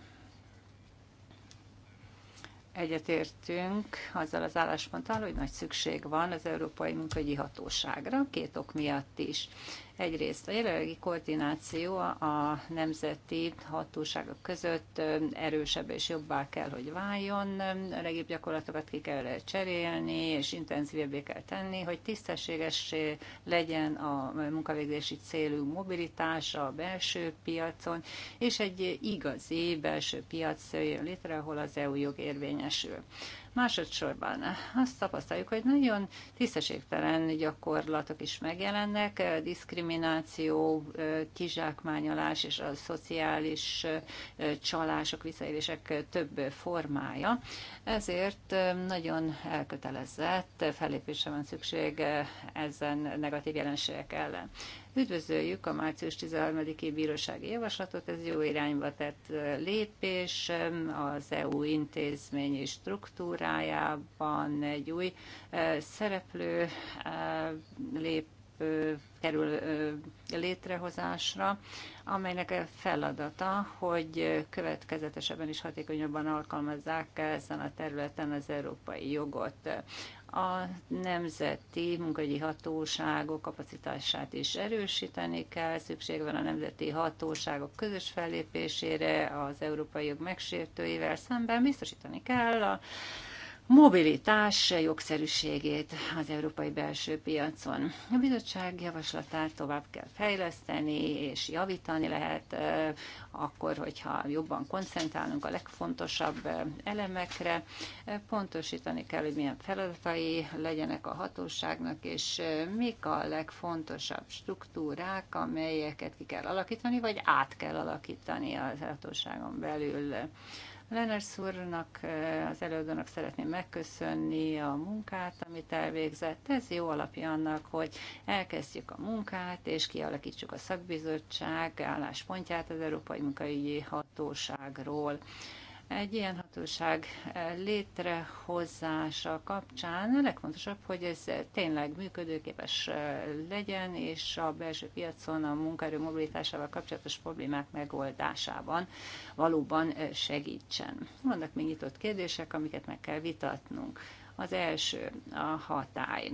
egyetértünk azzal az állásponttal, hogy nagy szükség van az Európai Munkahogyi Hatóságra, két ok miatt is. Egyrészt a jelenlegi koordináció a nemzeti hatóságok között erősebb és jobbá kell, hogy váljon, a legjobb gyakorlatokat ki kell cserélni, és intenzívebbé kell tenni, hogy tisztességes legyen a munkavégzési célú mobilitás a belső piacon, és egy igazi belső piac jön létre, ahol az EU jog érvényesül. Másodszorban azt tapasztaljuk, hogy nagyon tisztességtelen gyakorlatok is megjelennek, diszkrimináció, kizsákmányolás és a szociális csalások, visszaélések több formája. Ezért nagyon elkötelezett fellépésre van szükség ezen negatív jelenségek ellen. Üdvözöljük a március 13-i bírósági javaslatot, ez jó irányba tett lépés az EU intézményi struktúrájában egy új szereplő lép kerül létrehozásra, amelynek a feladata, hogy következetesebben és hatékonyabban alkalmazzák ezen a területen az európai jogot. A nemzeti munkahogyi hatóságok kapacitását is erősíteni kell, szükség van a nemzeti hatóságok közös fellépésére az európai jog megsértőivel szemben, biztosítani kell a mobilitás jogszerűségét az európai belső piacon. A bizottság javaslatát tovább kell fejleszteni és javítani lehet, akkor, hogyha jobban koncentrálunk a legfontosabb elemekre, pontosítani kell, hogy milyen feladatai legyenek a hatóságnak, és mik a legfontosabb struktúrák, amelyeket ki kell alakítani, vagy át kell alakítani az hatóságon belül Lenners úrnak, az előadónak szeretném megköszönni a munkát, amit elvégzett. Ez jó alapja annak, hogy elkezdjük a munkát, és kialakítsuk a szakbizottság álláspontját az Európai Munkaügyi Hatóságról. Egy ilyen hatóság létrehozása kapcsán a legfontosabb, hogy ez tényleg működőképes legyen, és a belső piacon a munkaerő mobilitásával kapcsolatos problémák megoldásában valóban segítsen. Vannak még nyitott kérdések, amiket meg kell vitatnunk. Az első a hatály.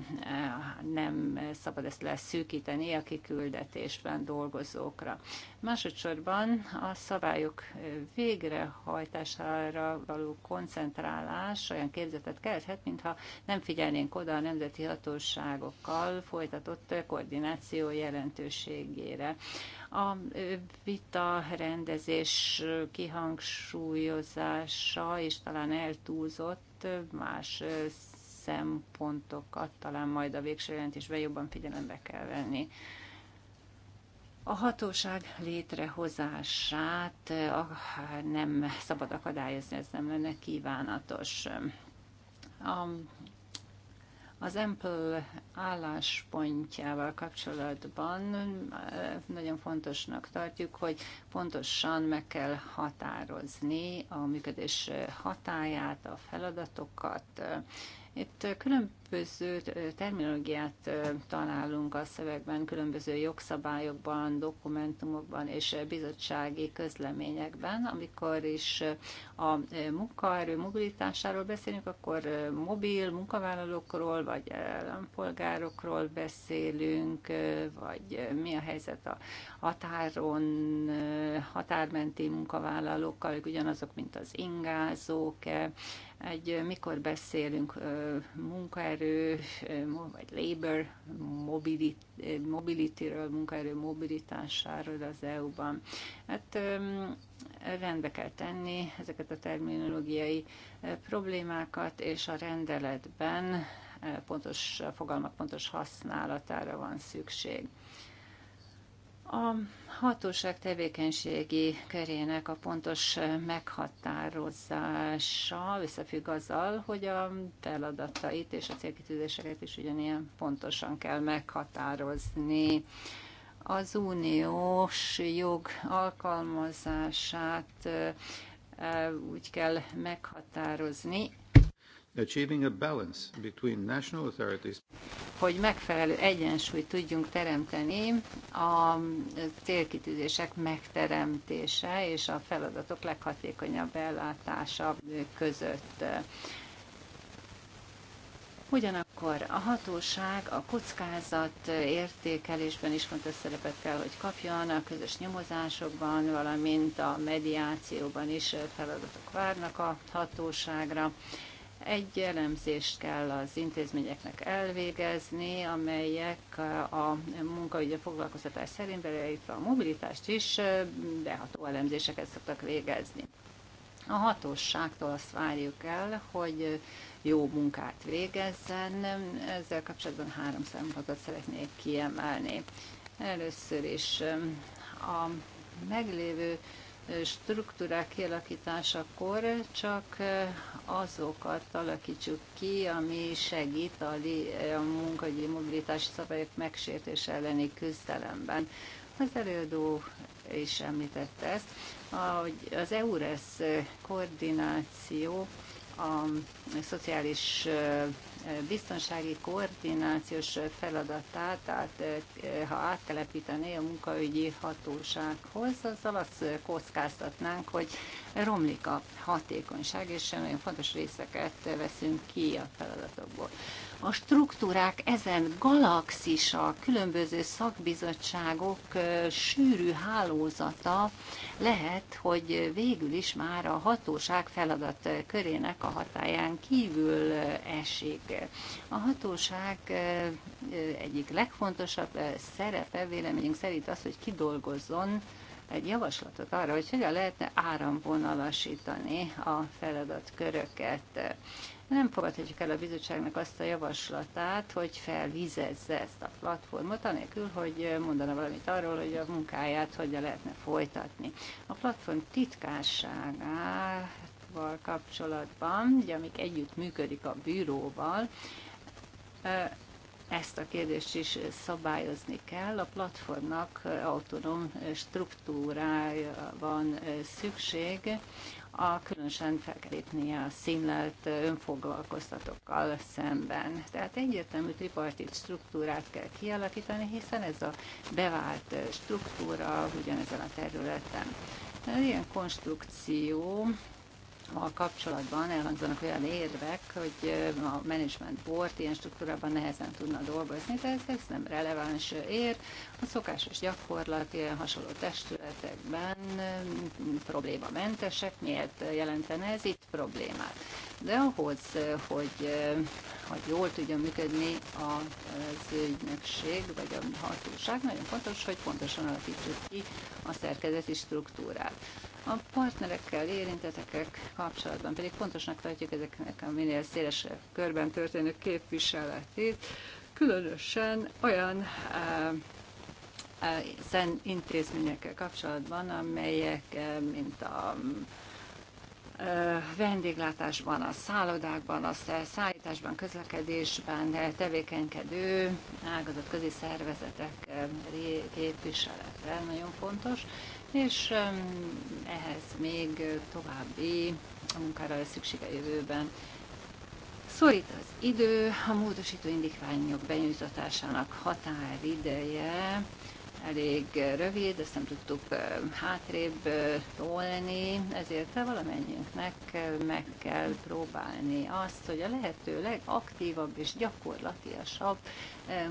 Nem szabad ezt leszűkíteni a kiküldetésben dolgozókra. Másodszorban a szabályok végrehajtására való koncentrálás olyan képzetet kelthet, mintha nem figyelnénk oda a nemzeti hatóságokkal folytatott koordináció jelentőségére. A vita rendezés kihangsúlyozása, és talán eltúlzott más szempontokat talán majd a végső jelentésben jobban figyelembe kell venni. A hatóság létrehozását nem szabad akadályozni, ez nem lenne kívánatos. A az Ample álláspontjával kapcsolatban eh, nagyon fontosnak tartjuk, hogy pontosan meg kell határozni a működés hatáját, a feladatokat, itt különböző terminológiát találunk a szövegben, különböző jogszabályokban, dokumentumokban és bizottsági közleményekben. Amikor is a munkaerő mobilitásáról beszélünk, akkor mobil munkavállalókról vagy állampolgárokról beszélünk, vagy mi a helyzet a határon, határmenti munkavállalókkal, ugyanazok, mint az ingázók, egy mikor beszélünk munkaerő, vagy labor mobility-ről, munkaerő mobilitásáról az EU-ban. Hát rendbe kell tenni ezeket a terminológiai problémákat, és a rendeletben pontos fogalmak pontos használatára van szükség. A hatóság tevékenységi körének a pontos meghatározása összefügg azzal, hogy a feladatait és a célkitűzéseket is ugyanilyen pontosan kell meghatározni. Az uniós jog alkalmazását úgy kell meghatározni, Achieving a balance between national authorities. Hogy megfelelő egyensúlyt tudjunk teremteni a célkitűzések megteremtése és a feladatok leghatékonyabb ellátása között. Ugyanakkor a hatóság a kockázat értékelésben is fontos szerepet kell, hogy kapjon, a közös nyomozásokban, valamint a mediációban is feladatok várnak a hatóságra. Egy elemzést kell az intézményeknek elvégezni, amelyek a munkaügyi foglalkoztatás szerint beleértve a mobilitást is beható elemzéseket szoktak végezni. A hatóságtól azt várjuk el, hogy jó munkát végezzen. Ezzel kapcsolatban három szempontot szeretnék kiemelni. Először is a meglévő struktúrák kialakításakor csak azokat alakítsuk ki, ami segít a, a munkahelyi mobilitási szabályok megsértés elleni küzdelemben. Az előadó is említette ezt, hogy az EURES koordináció a szociális biztonsági koordinációs feladatát, tehát eh, ha áttelepítené a munkaügyi hatósághoz, azzal azt kockáztatnánk, hogy romlik a hatékonyság, és nagyon fontos részeket veszünk ki a feladatokból a struktúrák ezen galaxisa, különböző szakbizottságok sűrű hálózata lehet, hogy végül is már a hatóság feladat körének a hatáján kívül esik. A hatóság egyik legfontosabb szerepe véleményünk szerint az, hogy kidolgozzon egy javaslatot arra, hogy hogyan lehetne áramvonalasítani a feladatköröket nem fogadhatjuk el a bizottságnak azt a javaslatát, hogy felvizezze ezt a platformot, anélkül, hogy mondana valamit arról, hogy a munkáját hogyan lehetne folytatni. A platform titkásságával kapcsolatban, ugye, amik együtt működik a bűróval, ezt a kérdést is szabályozni kell. A platformnak autonóm struktúrája van szükség, a különösen fel kell lépnie a színlelt önfoglalkoztatókkal szemben. Tehát egyértelmű tripartit struktúrát kell kialakítani, hiszen ez a bevált struktúra ugyanezen a területen. Ilyen konstrukció a kapcsolatban elhangzanak olyan érvek, hogy a management board ilyen struktúrában nehezen tudna dolgozni, de ez, ez nem releváns ér. A szokásos gyakorlat ilyen hasonló testületekben problémamentesek. Miért jelentene ez itt problémát? de ahhoz, hogy, hogy jól tudjon működni az ügynökség vagy a hatóság, nagyon fontos, hogy pontosan alakítsuk ki a szerkezeti struktúrát. A partnerekkel, érintetekkel kapcsolatban pedig fontosnak tartjuk ezeknek a minél szélesebb körben történő képviseletét, különösen olyan eh, eh, szent intézményekkel kapcsolatban, amelyek, eh, mint a vendéglátásban, a szállodákban, a szállításban, közlekedésben tevékenykedő ágazat közé szervezetek képviselete nagyon fontos, és ehhez még további munkára lesz szüksége jövőben. Szorít az idő, a módosító indikványok benyújtatásának határideje elég rövid, ezt nem tudtuk hátrébb tolni, ezért valamennyünknek meg kell próbálni azt, hogy a lehető legaktívabb és gyakorlatiasabb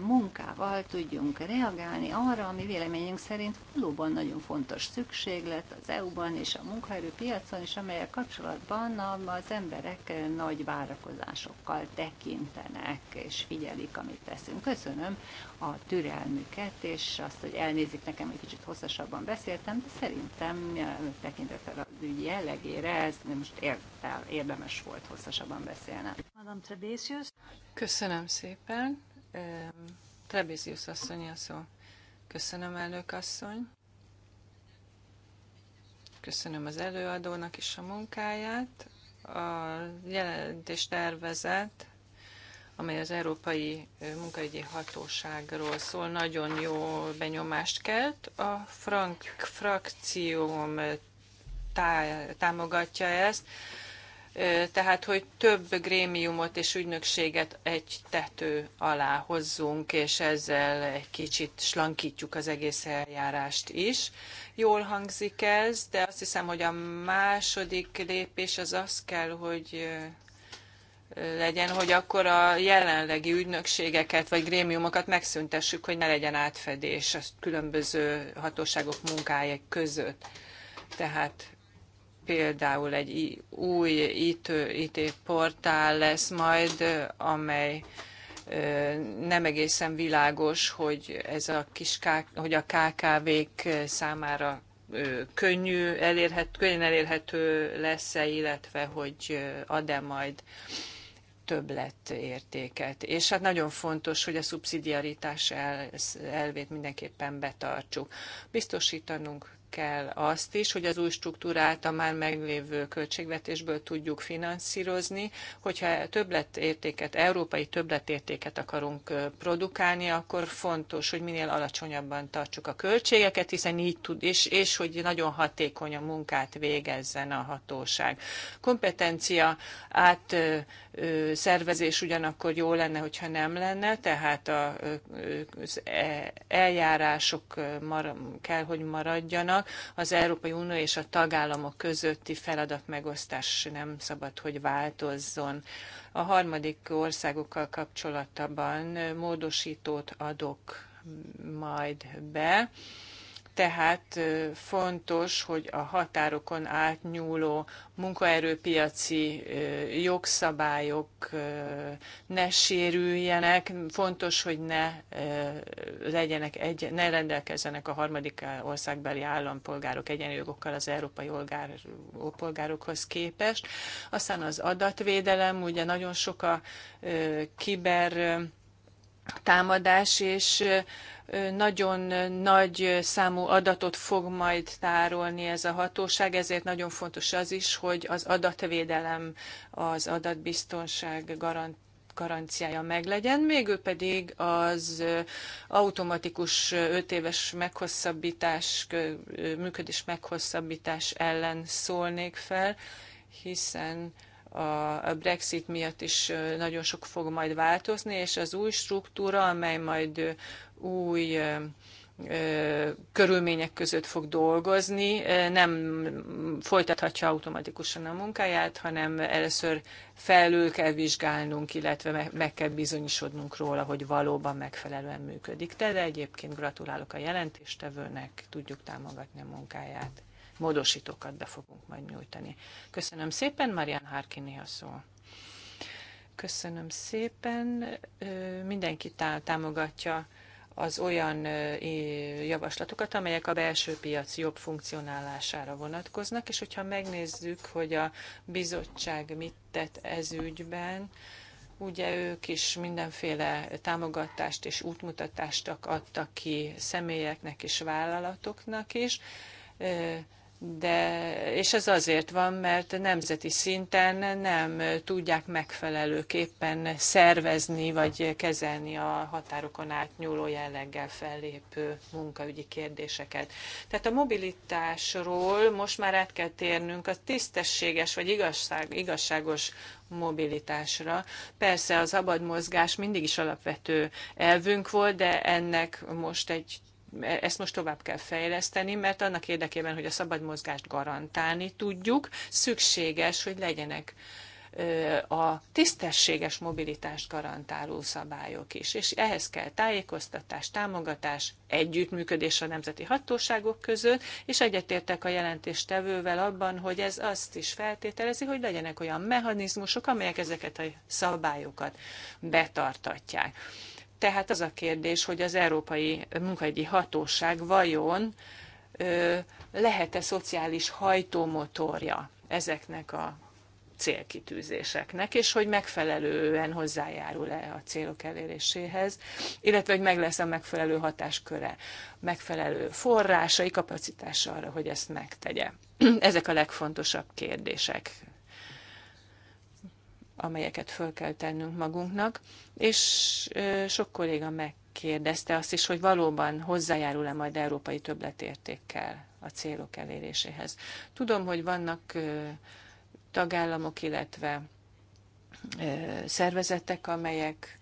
munkával tudjunk reagálni arra, ami véleményünk szerint valóban nagyon fontos szükséglet az EU-ban és a munkaerőpiacon is, amelyek kapcsolatban az emberek nagy várakozásokkal tekintenek és figyelik, amit teszünk. Köszönöm a türelmüket, és azt, hogy elnézik nekem, egy kicsit hosszasabban beszéltem, de szerintem tekintettel az ügy jellegére ez most értel, érdemes volt hosszasabban beszélnem. Madame Trebézius. Köszönöm szépen. Trebézius asszony a szó. Köszönöm, elnök asszony. Köszönöm az előadónak is a munkáját. A jelentést tervezett amely az Európai Munkaügyi Hatóságról szól, nagyon jó benyomást kelt. A frank frakcióm tá támogatja ezt, tehát, hogy több grémiumot és ügynökséget egy tető alá hozzunk, és ezzel egy kicsit slankítjuk az egész eljárást is. Jól hangzik ez, de azt hiszem, hogy a második lépés az az kell, hogy legyen, hogy akkor a jelenlegi ügynökségeket vagy grémiumokat megszüntessük, hogy ne legyen átfedés a különböző hatóságok munkája között. Tehát például egy új IT, portál lesz majd, amely nem egészen világos, hogy ez a kis hogy a KKV-k számára könnyű, elérhet, könnyen elérhető lesz-e, illetve hogy ad-e majd többlet értéket. És hát nagyon fontos, hogy a szubszidiaritás el, elvét mindenképpen betartsuk. Biztosítanunk kell azt is, hogy az új struktúrát a már meglévő költségvetésből tudjuk finanszírozni. Hogyha többletértéket, európai többletértéket akarunk produkálni, akkor fontos, hogy minél alacsonyabban tartsuk a költségeket, hiszen így tud, és, és hogy nagyon hatékony a munkát végezzen a hatóság. Kompetencia át szervezés ugyanakkor jó lenne, hogyha nem lenne, tehát az e-, eljárások kell, hogy maradjanak, vannak. Az Európai Unió és a tagállamok közötti feladatmegosztás nem szabad, hogy változzon. A harmadik országokkal kapcsolatban módosítót adok majd be tehát fontos, hogy a határokon átnyúló munkaerőpiaci jogszabályok ne sérüljenek, fontos, hogy ne legyenek egy, ne rendelkezzenek a harmadik országbeli állampolgárok egyenjogokkal az európai polgárokhoz képest. Aztán az adatvédelem, ugye nagyon sok a kiber támadás, és nagyon nagy számú adatot fog majd tárolni ez a hatóság, ezért nagyon fontos az is, hogy az adatvédelem, az adatbiztonság garant garanciája meglegyen, végül pedig az automatikus 5 éves meghosszabbítás, működés meghosszabbítás ellen szólnék fel, hiszen a Brexit miatt is nagyon sok fog majd változni, és az új struktúra, amely majd új körülmények között fog dolgozni, nem folytathatja automatikusan a munkáját, hanem először felül kell vizsgálnunk, illetve meg kell bizonyosodnunk róla, hogy valóban megfelelően működik. De, de egyébként gratulálok a jelentéstevőnek, tudjuk támogatni a munkáját módosítókat be fogunk majd nyújtani. Köszönöm szépen, Marian Harkini a szó. Köszönöm szépen, mindenki támogatja az olyan javaslatokat, amelyek a belső piac jobb funkcionálására vonatkoznak, és hogyha megnézzük, hogy a bizottság mit tett ez ügyben, ugye ők is mindenféle támogatást és útmutatást adtak ki személyeknek és vállalatoknak is, de, és ez azért van, mert nemzeti szinten nem tudják megfelelőképpen szervezni vagy kezelni a határokon átnyúló jelleggel fellépő munkaügyi kérdéseket. Tehát a mobilitásról most már át kell térnünk a tisztességes vagy igazság, igazságos mobilitásra. Persze az szabad mozgás mindig is alapvető elvünk volt, de ennek most egy ezt most tovább kell fejleszteni, mert annak érdekében, hogy a szabad mozgást garantálni tudjuk, szükséges, hogy legyenek a tisztességes mobilitást garantáló szabályok is. És ehhez kell tájékoztatás, támogatás, együttműködés a nemzeti hatóságok között, és egyetértek a jelentéstevővel abban, hogy ez azt is feltételezi, hogy legyenek olyan mechanizmusok, amelyek ezeket a szabályokat betartatják tehát az a kérdés, hogy az Európai Munkahelyi Hatóság vajon lehet-e szociális hajtómotorja ezeknek a célkitűzéseknek, és hogy megfelelően hozzájárul-e a célok eléréséhez, illetve hogy meg lesz a megfelelő hatásköre, megfelelő forrásai, kapacitása arra, hogy ezt megtegye. Ezek a legfontosabb kérdések amelyeket föl kell tennünk magunknak, és sok kolléga megkérdezte azt is, hogy valóban hozzájárul-e majd európai többletértékkel a célok eléréséhez. Tudom, hogy vannak tagállamok, illetve szervezetek, amelyek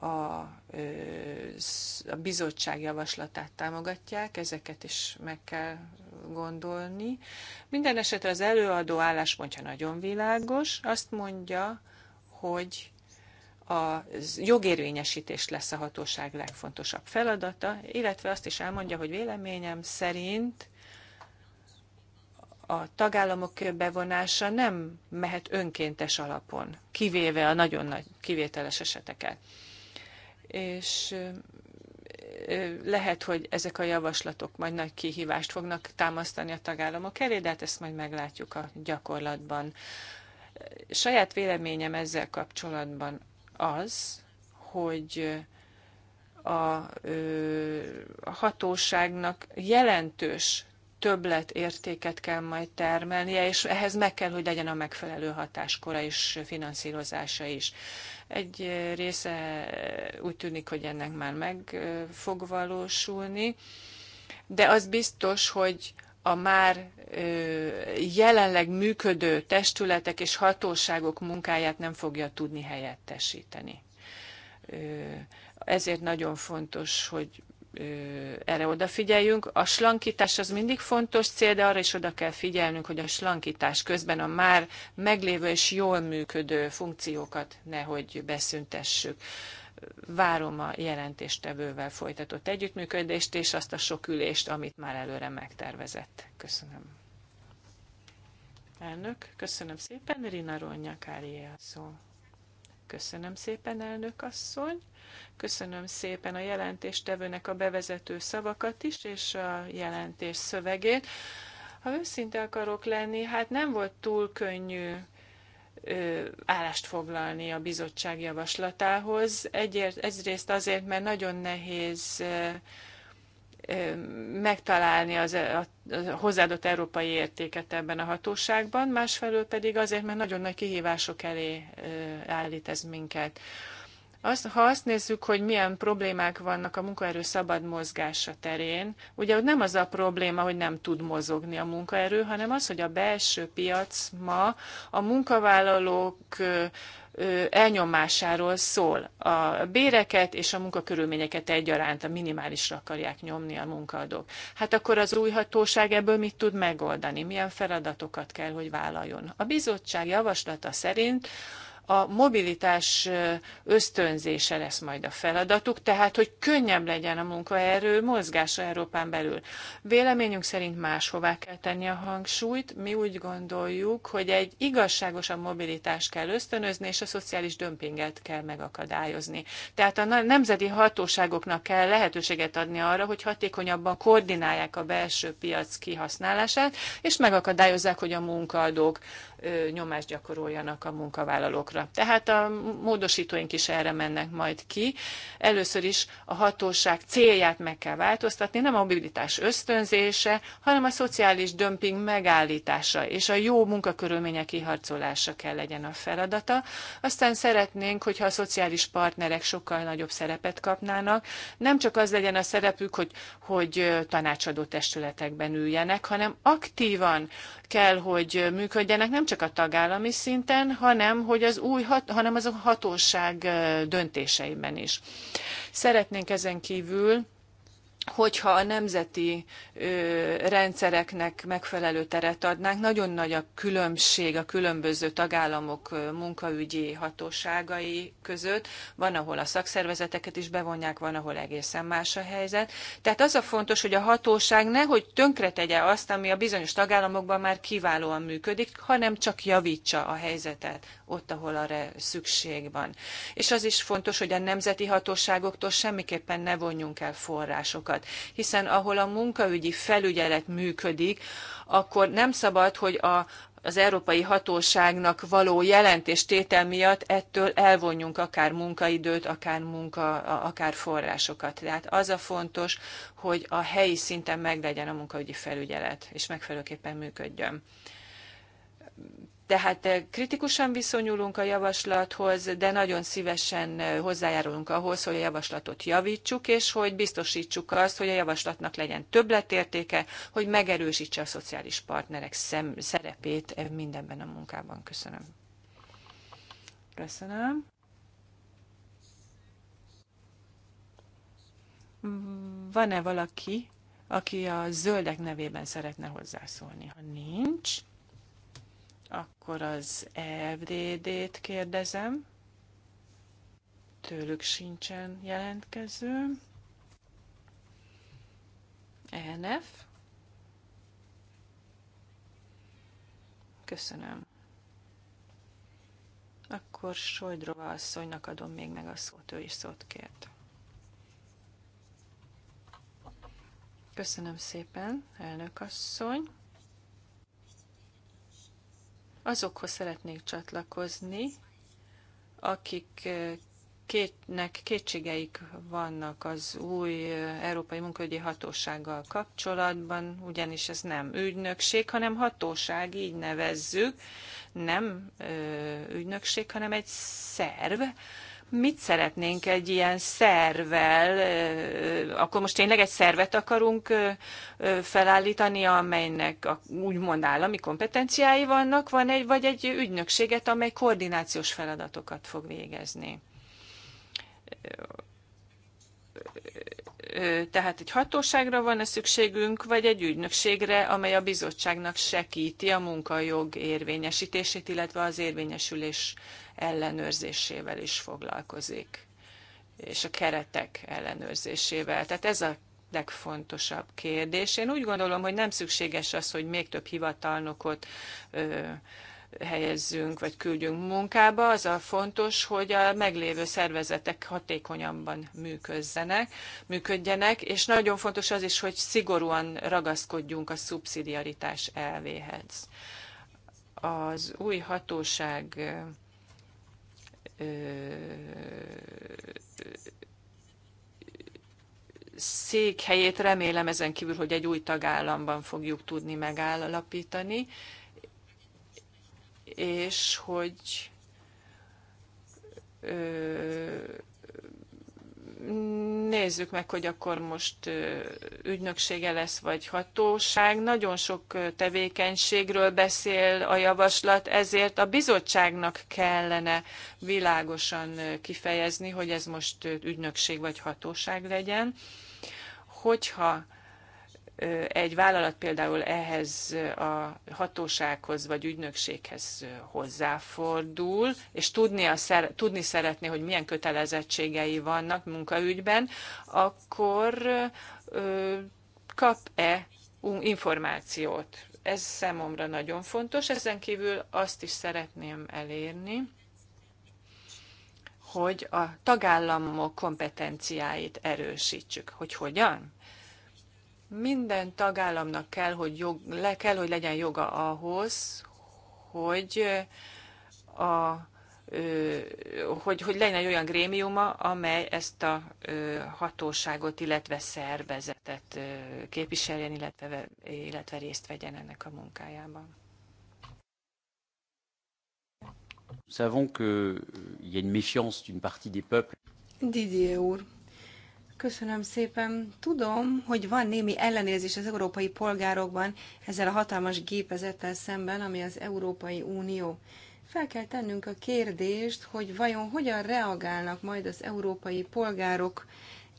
a a bizottság javaslatát támogatják, ezeket is meg kell gondolni. Minden esetre az előadó álláspontja nagyon világos, azt mondja, hogy a jogérvényesítés lesz a hatóság legfontosabb feladata, illetve azt is elmondja, hogy véleményem szerint a tagállamok bevonása nem mehet önkéntes alapon, kivéve a nagyon nagy kivételes eseteket és lehet, hogy ezek a javaslatok majd nagy kihívást fognak támasztani a tagállamok elé, de hát ezt majd meglátjuk a gyakorlatban. Saját véleményem ezzel kapcsolatban az, hogy a, hatóságnak jelentős többlet értéket kell majd termelnie, és ehhez meg kell, hogy legyen a megfelelő hatáskora és finanszírozása is. Egy része úgy tűnik, hogy ennek már meg fog valósulni, de az biztos, hogy a már jelenleg működő testületek és hatóságok munkáját nem fogja tudni helyettesíteni. Ezért nagyon fontos, hogy erre odafigyeljünk. A slankítás az mindig fontos cél, de arra is oda kell figyelnünk, hogy a slankítás közben a már meglévő és jól működő funkciókat nehogy beszüntessük. Várom a jelentéstevővel folytatott együttműködést és azt a sok ülést, amit már előre megtervezett. Köszönöm. Elnök, köszönöm szépen. Rina Ronja Kárié a szó. Köszönöm szépen, elnök asszony. Köszönöm szépen a jelentéstevőnek a bevezető szavakat is, és a jelentés szövegét. Ha őszinte akarok lenni, hát nem volt túl könnyű ö, állást foglalni a bizottság javaslatához. Egyért, egyrészt azért, mert nagyon nehéz ö, megtalálni az, a, a hozzáadott európai értéket ebben a hatóságban, másfelől pedig azért, mert nagyon nagy kihívások elé állít ez minket. Azt, ha azt nézzük, hogy milyen problémák vannak a munkaerő szabad mozgása terén, ugye nem az a probléma, hogy nem tud mozogni a munkaerő, hanem az, hogy a belső piac ma a munkavállalók elnyomásáról szól. A béreket és a munkakörülményeket egyaránt a minimálisra akarják nyomni a munkaadók. Hát akkor az új hatóság ebből mit tud megoldani? Milyen feladatokat kell, hogy vállaljon? A bizottság javaslata szerint a mobilitás ösztönzése lesz majd a feladatuk, tehát hogy könnyebb legyen a munkaerő mozgása Európán belül. Véleményünk szerint máshová kell tenni a hangsúlyt. Mi úgy gondoljuk, hogy egy igazságosabb mobilitást kell ösztönözni, és a szociális dömpinget kell megakadályozni. Tehát a nemzeti hatóságoknak kell lehetőséget adni arra, hogy hatékonyabban koordinálják a belső piac kihasználását, és megakadályozzák, hogy a munkaadók nyomást gyakoroljanak a munkavállalókra. Tehát a módosítóink is erre mennek majd ki. Először is a hatóság célját meg kell változtatni, nem a mobilitás ösztönzése, hanem a szociális dömping megállítása és a jó munkakörülmények kiharcolása kell legyen a feladata. Aztán szeretnénk, hogyha a szociális partnerek sokkal nagyobb szerepet kapnának, nem csak az legyen a szerepük, hogy, hogy tanácsadó testületekben üljenek, hanem aktívan kell, hogy működjenek nem csak a tagállami szinten, hanem, hogy az új hat, hanem az a hatóság döntéseiben is. Szeretnénk ezen kívül hogyha a nemzeti ö, rendszereknek megfelelő teret adnánk, nagyon nagy a különbség a különböző tagállamok munkaügyi hatóságai között. Van, ahol a szakszervezeteket is bevonják, van, ahol egészen más a helyzet. Tehát az a fontos, hogy a hatóság nehogy tönkretegye azt, ami a bizonyos tagállamokban már kiválóan működik, hanem csak javítsa a helyzetet ott, ahol arra szükség van. És az is fontos, hogy a nemzeti hatóságoktól semmiképpen ne vonjunk el forrásokat, hiszen ahol a munkaügyi felügyelet működik, akkor nem szabad, hogy a, az európai hatóságnak való jelentéstétel miatt ettől elvonjunk akár munkaidőt, akár munka, akár forrásokat. Tehát az a fontos, hogy a helyi szinten meglegyen a munkaügyi felügyelet, és megfelelőképpen működjön. Tehát eh, kritikusan viszonyulunk a javaslathoz, de nagyon szívesen eh, hozzájárulunk ahhoz, hogy a javaslatot javítsuk, és hogy biztosítsuk azt, hogy a javaslatnak legyen többletértéke, hogy megerősítse a szociális partnerek szem, szerepét eh, mindenben a munkában. Köszönöm. Köszönöm. Van-e valaki, aki a zöldek nevében szeretne hozzászólni? Ha nincs, akkor az EFDD-t kérdezem. Tőlük sincsen jelentkező. ENF. Köszönöm. Akkor Sojdrova asszonynak adom még meg a szót, ő is szót kért. Köszönöm szépen, elnök asszony. Azokhoz szeretnék csatlakozni, akik eh, kétnek kétségeik vannak az új eh, Európai Munkahogyi Hatósággal kapcsolatban, ugyanis ez nem ügynökség, hanem hatóság, így nevezzük, nem eh, ügynökség, hanem egy szerv, mit szeretnénk egy ilyen szervvel, akkor most tényleg egy szervet akarunk felállítani, amelynek úgymond állami kompetenciái vannak, van egy, vagy egy ügynökséget, amely koordinációs feladatokat fog végezni tehát egy hatóságra van-e szükségünk, vagy egy ügynökségre, amely a bizottságnak segíti a munkajog érvényesítését, illetve az érvényesülés ellenőrzésével is foglalkozik, és a keretek ellenőrzésével. Tehát ez a legfontosabb kérdés. Én úgy gondolom, hogy nem szükséges az, hogy még több hivatalnokot ö, helyezzünk, vagy küldjünk munkába, az a fontos, hogy a meglévő szervezetek hatékonyabban működzenek, működjenek, és nagyon fontos az is, hogy szigorúan ragaszkodjunk a szubszidiaritás elvéhez. Az új hatóság székhelyét remélem ezen kívül, hogy egy új tagállamban fogjuk tudni megállapítani, és hogy nézzük meg, hogy akkor most ügynöksége lesz, vagy hatóság. Nagyon sok tevékenységről beszél a javaslat, ezért a bizottságnak kellene világosan kifejezni, hogy ez most ügynökség vagy hatóság legyen. Hogyha egy vállalat például ehhez a hatósághoz vagy ügynökséghez hozzáfordul, és szer tudni szeretné, hogy milyen kötelezettségei vannak munkaügyben, akkor kap-e információt. Ez számomra nagyon fontos. Ezen kívül azt is szeretném elérni, hogy a tagállamok kompetenciáit erősítsük. Hogy hogyan? Minden tagállamnak kell, hogy, jog, le kell, hogy legyen joga ahhoz, hogy a hogy, hogy legyen egy olyan grémiuma, amely ezt a hatóságot, illetve szervezetet képviseljen, illetve, illetve részt vegyen ennek a munkájában. Savons qu'il euh, y a une méfiance d'une partie des peuples. Didier úr, Köszönöm szépen. Tudom, hogy van némi ellenérzés az európai polgárokban ezzel a hatalmas gépezettel szemben, ami az Európai Unió. Fel kell tennünk a kérdést, hogy vajon hogyan reagálnak majd az európai polgárok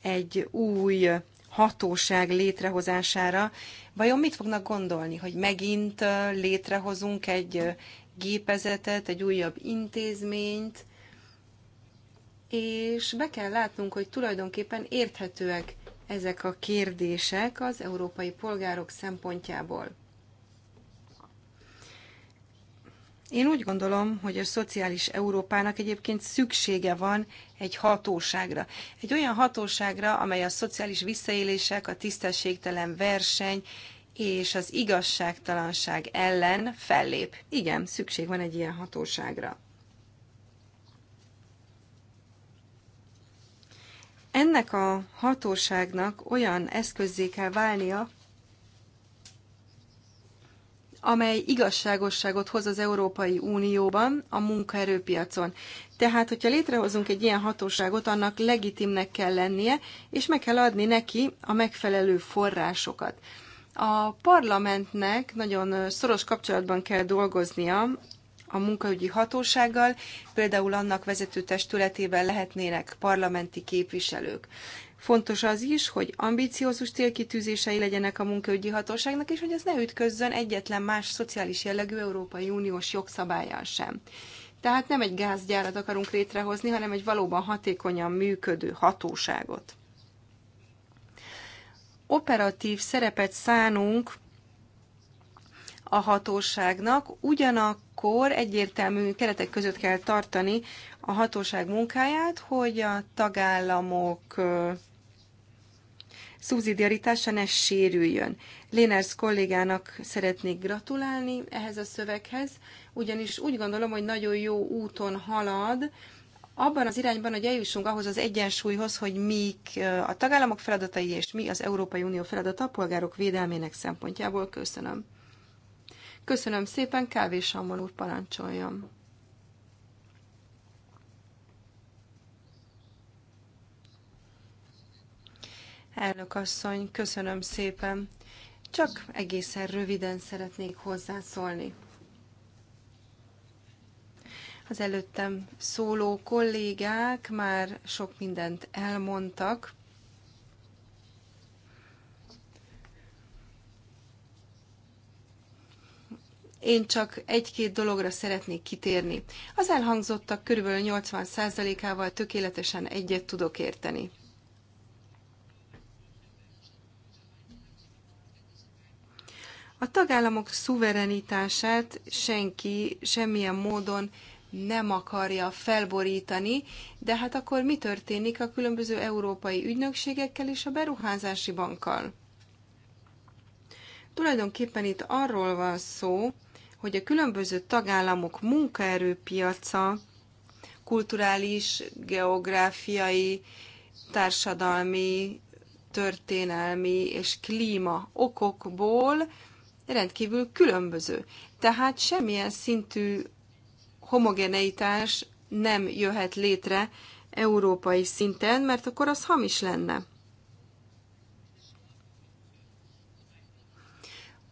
egy új hatóság létrehozására. Vajon mit fognak gondolni, hogy megint létrehozunk egy gépezetet, egy újabb intézményt, és be kell látnunk, hogy tulajdonképpen érthetőek ezek a kérdések az európai polgárok szempontjából. Én úgy gondolom, hogy a szociális Európának egyébként szüksége van egy hatóságra. Egy olyan hatóságra, amely a szociális visszaélések, a tisztességtelen verseny és az igazságtalanság ellen fellép. Igen, szükség van egy ilyen hatóságra. Ennek a hatóságnak olyan eszközzé kell válnia, amely igazságosságot hoz az Európai Unióban a munkaerőpiacon. Tehát, hogyha létrehozunk egy ilyen hatóságot, annak legitimnek kell lennie, és meg kell adni neki a megfelelő forrásokat. A parlamentnek nagyon szoros kapcsolatban kell dolgoznia a munkaügyi hatósággal, például annak vezető testületében lehetnének parlamenti képviselők. Fontos az is, hogy ambiciózus célkitűzései legyenek a munkaügyi hatóságnak, és hogy ez ne ütközzön egyetlen más szociális jellegű Európai Uniós jogszabályán sem. Tehát nem egy gázgyárat akarunk létrehozni, hanem egy valóban hatékonyan működő hatóságot. Operatív szerepet szánunk a hatóságnak, ugyanakkor egyértelmű keretek között kell tartani a hatóság munkáját, hogy a tagállamok szubzidiaritása ne sérüljön. Léners kollégának szeretnék gratulálni ehhez a szöveghez, ugyanis úgy gondolom, hogy nagyon jó úton halad, abban az irányban, hogy eljussunk ahhoz az egyensúlyhoz, hogy mik a tagállamok feladatai és mi az Európai Unió feladata a polgárok védelmének szempontjából. Köszönöm. Köszönöm szépen, Kávésalmon úr parancsoljon. Elnök asszony, köszönöm szépen. Csak egészen röviden szeretnék hozzászólni. Az előttem szóló kollégák már sok mindent elmondtak, Én csak egy-két dologra szeretnék kitérni. Az elhangzottak körülbelül 80%-ával tökéletesen egyet tudok érteni. A tagállamok szuverenitását senki semmilyen módon nem akarja felborítani, de hát akkor mi történik a különböző európai ügynökségekkel és a beruházási bankkal? Tulajdonképpen itt arról van szó, hogy a különböző tagállamok munkaerőpiaca kulturális, geográfiai, társadalmi, történelmi és klíma okokból rendkívül különböző. Tehát semmilyen szintű homogeneitás nem jöhet létre európai szinten, mert akkor az hamis lenne.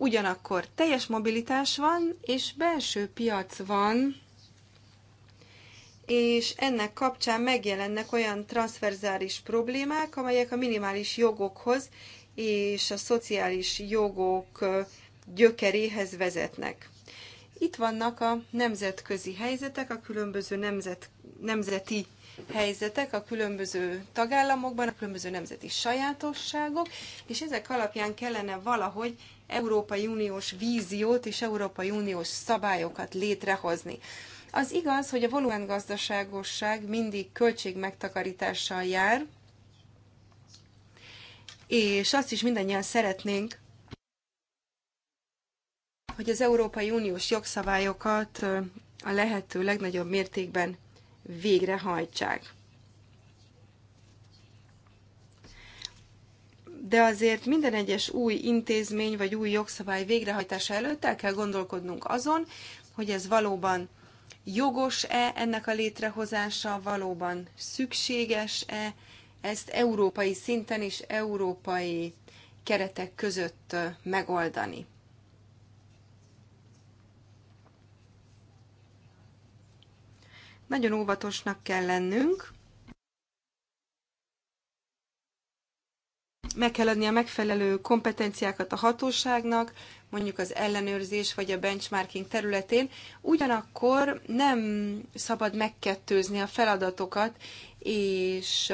Ugyanakkor teljes mobilitás van, és belső piac van, és ennek kapcsán megjelennek olyan transferzáris problémák, amelyek a minimális jogokhoz és a szociális jogok gyökeréhez vezetnek. Itt vannak a nemzetközi helyzetek, a különböző nemzet, nemzeti helyzetek a különböző tagállamokban, a különböző nemzeti sajátosságok, és ezek alapján kellene valahogy Európai Uniós víziót és Európai Uniós szabályokat létrehozni. Az igaz, hogy a gazdaságosság mindig költségmegtakarítással jár, és azt is mindannyian szeretnénk, hogy az Európai Uniós jogszabályokat a lehető legnagyobb mértékben végrehajtsák. de azért minden egyes új intézmény vagy új jogszabály végrehajtása előtt el kell gondolkodnunk azon, hogy ez valóban jogos-e ennek a létrehozása, valóban szükséges-e, ezt európai szinten és európai keretek között megoldani. Nagyon óvatosnak kell lennünk, meg kell adni a megfelelő kompetenciákat a hatóságnak, mondjuk az ellenőrzés vagy a benchmarking területén, ugyanakkor nem szabad megkettőzni a feladatokat, és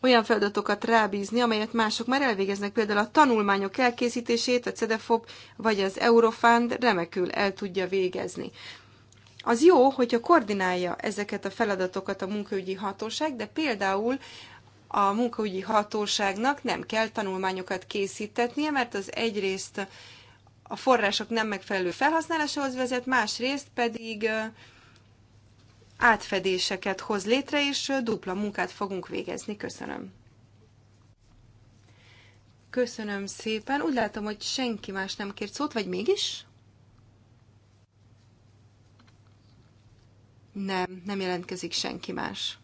olyan feladatokat rábízni, amelyet mások már elvégeznek, például a tanulmányok elkészítését, a CEDEFOP vagy az Eurofund remekül el tudja végezni. Az jó, hogyha koordinálja ezeket a feladatokat a munkaügyi hatóság, de például a munkaügyi hatóságnak nem kell tanulmányokat készítetnie, mert az egyrészt a források nem megfelelő felhasználásához vezet, másrészt pedig átfedéseket hoz létre, és dupla munkát fogunk végezni. Köszönöm. Köszönöm szépen. Úgy látom, hogy senki más nem kért szót, vagy mégis? Nem, nem jelentkezik senki más.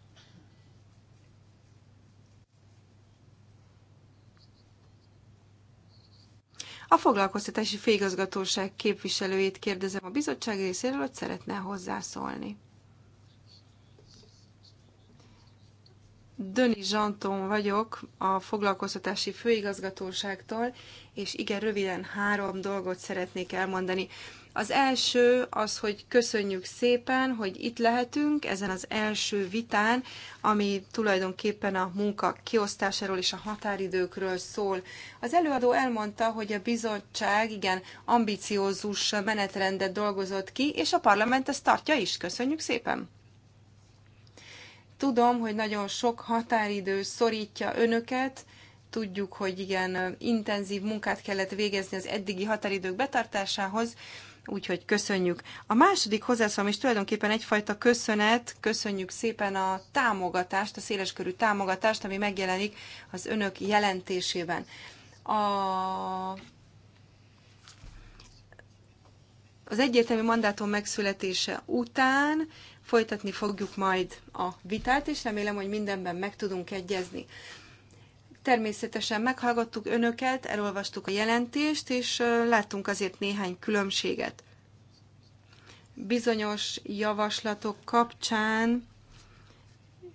A foglalkoztatási főigazgatóság képviselőjét kérdezem a bizottság részéről, hogy szeretne hozzászólni. Döni Zsantón vagyok a foglalkoztatási főigazgatóságtól, és igen, röviden három dolgot szeretnék elmondani. Az első az, hogy köszönjük szépen, hogy itt lehetünk ezen az első vitán, ami tulajdonképpen a munka kiosztásáról és a határidőkről szól. Az előadó elmondta, hogy a bizottság igen ambiciózus menetrendet dolgozott ki, és a parlament ezt tartja is. Köszönjük szépen! Tudom, hogy nagyon sok határidő szorítja önöket, tudjuk, hogy igen, intenzív munkát kellett végezni az eddigi határidők betartásához, úgyhogy köszönjük. A második hozzászólom is tulajdonképpen egyfajta köszönet, köszönjük szépen a támogatást, a széleskörű támogatást, ami megjelenik az önök jelentésében. A az egyértelmű mandátum megszületése után folytatni fogjuk majd a vitát, és remélem, hogy mindenben meg tudunk egyezni. Természetesen meghallgattuk önöket, elolvastuk a jelentést, és láttunk azért néhány különbséget. Bizonyos javaslatok kapcsán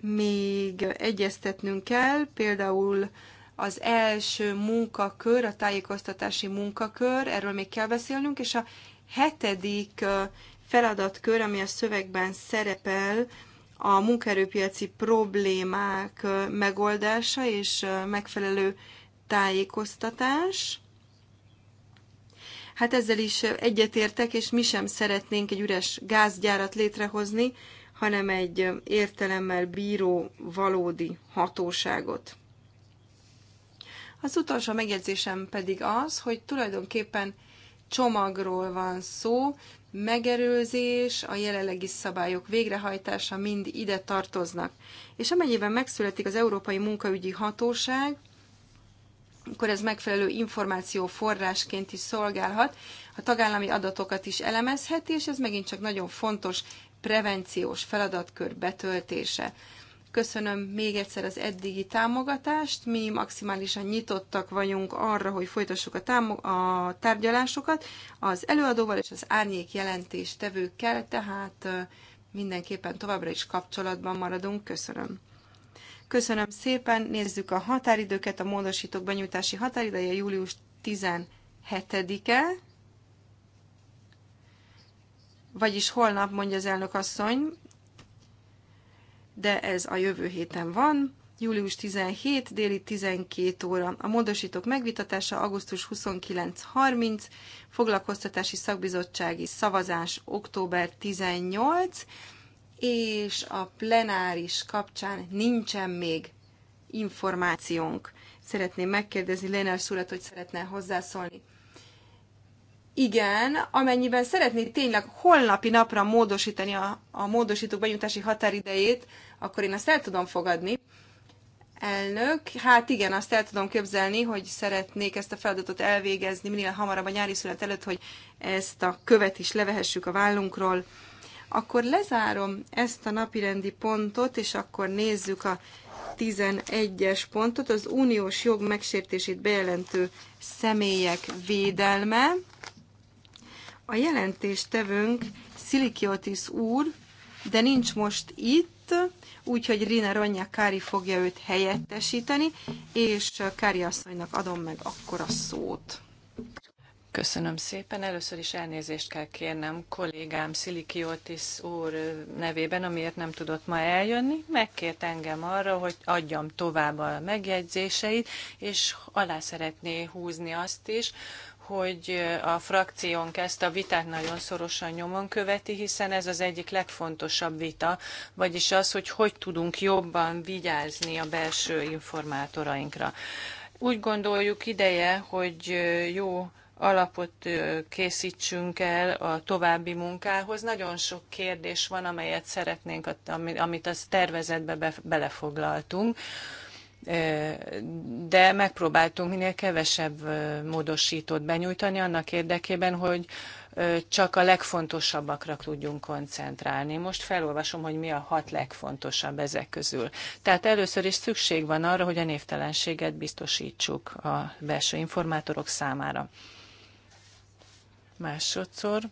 még egyeztetnünk kell, például az első munkakör, a tájékoztatási munkakör, erről még kell beszélnünk, és a hetedik feladatkör, ami a szövegben szerepel, a munkaerőpiaci problémák megoldása és megfelelő tájékoztatás. Hát ezzel is egyetértek, és mi sem szeretnénk egy üres gázgyárat létrehozni, hanem egy értelemmel bíró valódi hatóságot. Az utolsó megjegyzésem pedig az, hogy tulajdonképpen csomagról van szó, megerőzés, a jelenlegi szabályok végrehajtása mind ide tartoznak. És amennyiben megszületik az Európai Munkaügyi Hatóság, akkor ez megfelelő információ forrásként is szolgálhat, a tagállami adatokat is elemezheti, és ez megint csak nagyon fontos prevenciós feladatkör betöltése. Köszönöm még egyszer az eddigi támogatást. Mi maximálisan nyitottak vagyunk arra, hogy folytassuk a, támog- a tárgyalásokat az előadóval és az árnyék jelentés tevőkkel, tehát mindenképpen továbbra is kapcsolatban maradunk. Köszönöm. Köszönöm szépen, nézzük a határidőket, a módosítók benyújtási határideje július 17-e, vagyis holnap, mondja az elnök asszony, de ez a jövő héten van, július 17, déli 12 óra. A módosítók megvitatása augusztus 29.30, foglalkoztatási szakbizottsági szavazás október 18, és a plenáris kapcsán nincsen még információnk. Szeretném megkérdezni Lénár Szurat, hogy szeretne hozzászólni igen, amennyiben szeretnéd tényleg holnapi napra módosítani a, a módosító benyújtási határidejét, akkor én azt el tudom fogadni. Elnök, hát igen, azt el tudom képzelni, hogy szeretnék ezt a feladatot elvégezni minél hamarabb a nyári szület előtt, hogy ezt a követ is levehessük a vállunkról. Akkor lezárom ezt a napirendi pontot, és akkor nézzük a 11-es pontot, az uniós jog megsértését bejelentő személyek védelme. A jelentéstevőnk Szilikiotis úr, de nincs most itt, úgyhogy Rina Ronja Kári fogja őt helyettesíteni, és Kári asszonynak adom meg akkor a szót. Köszönöm szépen. Először is elnézést kell kérnem kollégám Szilikiotis úr nevében, amiért nem tudott ma eljönni. Megkért engem arra, hogy adjam tovább a megjegyzéseit, és alá szeretné húzni azt is, hogy a frakciónk ezt a vitát nagyon szorosan nyomon követi, hiszen ez az egyik legfontosabb vita, vagyis az, hogy hogy tudunk jobban vigyázni a belső informátorainkra. Úgy gondoljuk ideje, hogy jó alapot készítsünk el a további munkához. Nagyon sok kérdés van, amelyet szeretnénk, amit a tervezetbe belefoglaltunk de megpróbáltunk minél kevesebb módosítót benyújtani annak érdekében, hogy csak a legfontosabbakra tudjunk koncentrálni. Most felolvasom, hogy mi a hat legfontosabb ezek közül. Tehát először is szükség van arra, hogy a névtelenséget biztosítsuk a belső informátorok számára. Másodszor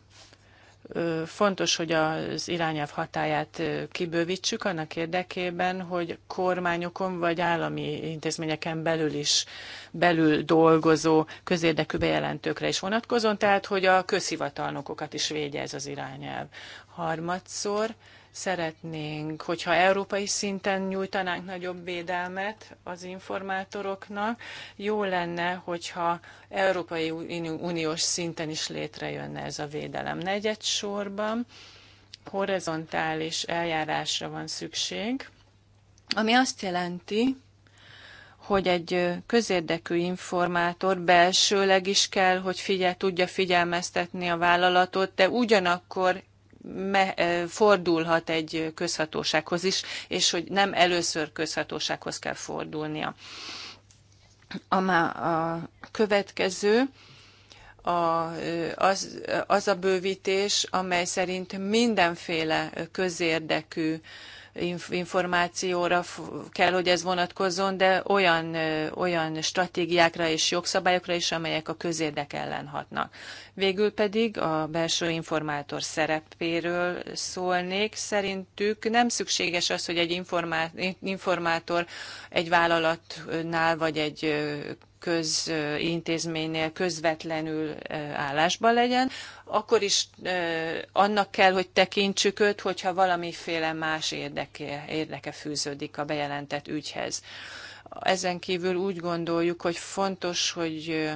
Fontos, hogy az irányelv hatáját kibővítsük annak érdekében, hogy kormányokon vagy állami intézményeken belül is belül dolgozó közérdekű bejelentőkre is vonatkozon, tehát hogy a közhivatalnokokat is védje ez az irányelv. Harmadszor szeretnénk, hogyha európai szinten nyújtanánk nagyobb védelmet az informátoroknak, jó lenne, hogyha Európai Uniós szinten is létrejönne ez a védelem. Negyed sorban horizontális eljárásra van szükség, ami azt jelenti, hogy egy közérdekű informátor belsőleg is kell, hogy figyel, tudja figyelmeztetni a vállalatot, de ugyanakkor fordulhat egy közhatósághoz is, és hogy nem először közhatósághoz kell fordulnia. A, a következő, a, az, az a bővítés, amely szerint mindenféle közérdekű információra kell, hogy ez vonatkozzon, de olyan, olyan stratégiákra és jogszabályokra is, amelyek a közérdek ellen hatnak. Végül pedig a belső informátor szerepéről szólnék. Szerintük nem szükséges az, hogy egy informátor egy vállalatnál vagy egy közintézménynél közvetlenül állásban legyen, akkor is annak kell, hogy tekintsük őt, hogyha valamiféle más érdeke, érdeke fűződik a bejelentett ügyhez. Ezen kívül úgy gondoljuk, hogy fontos, hogy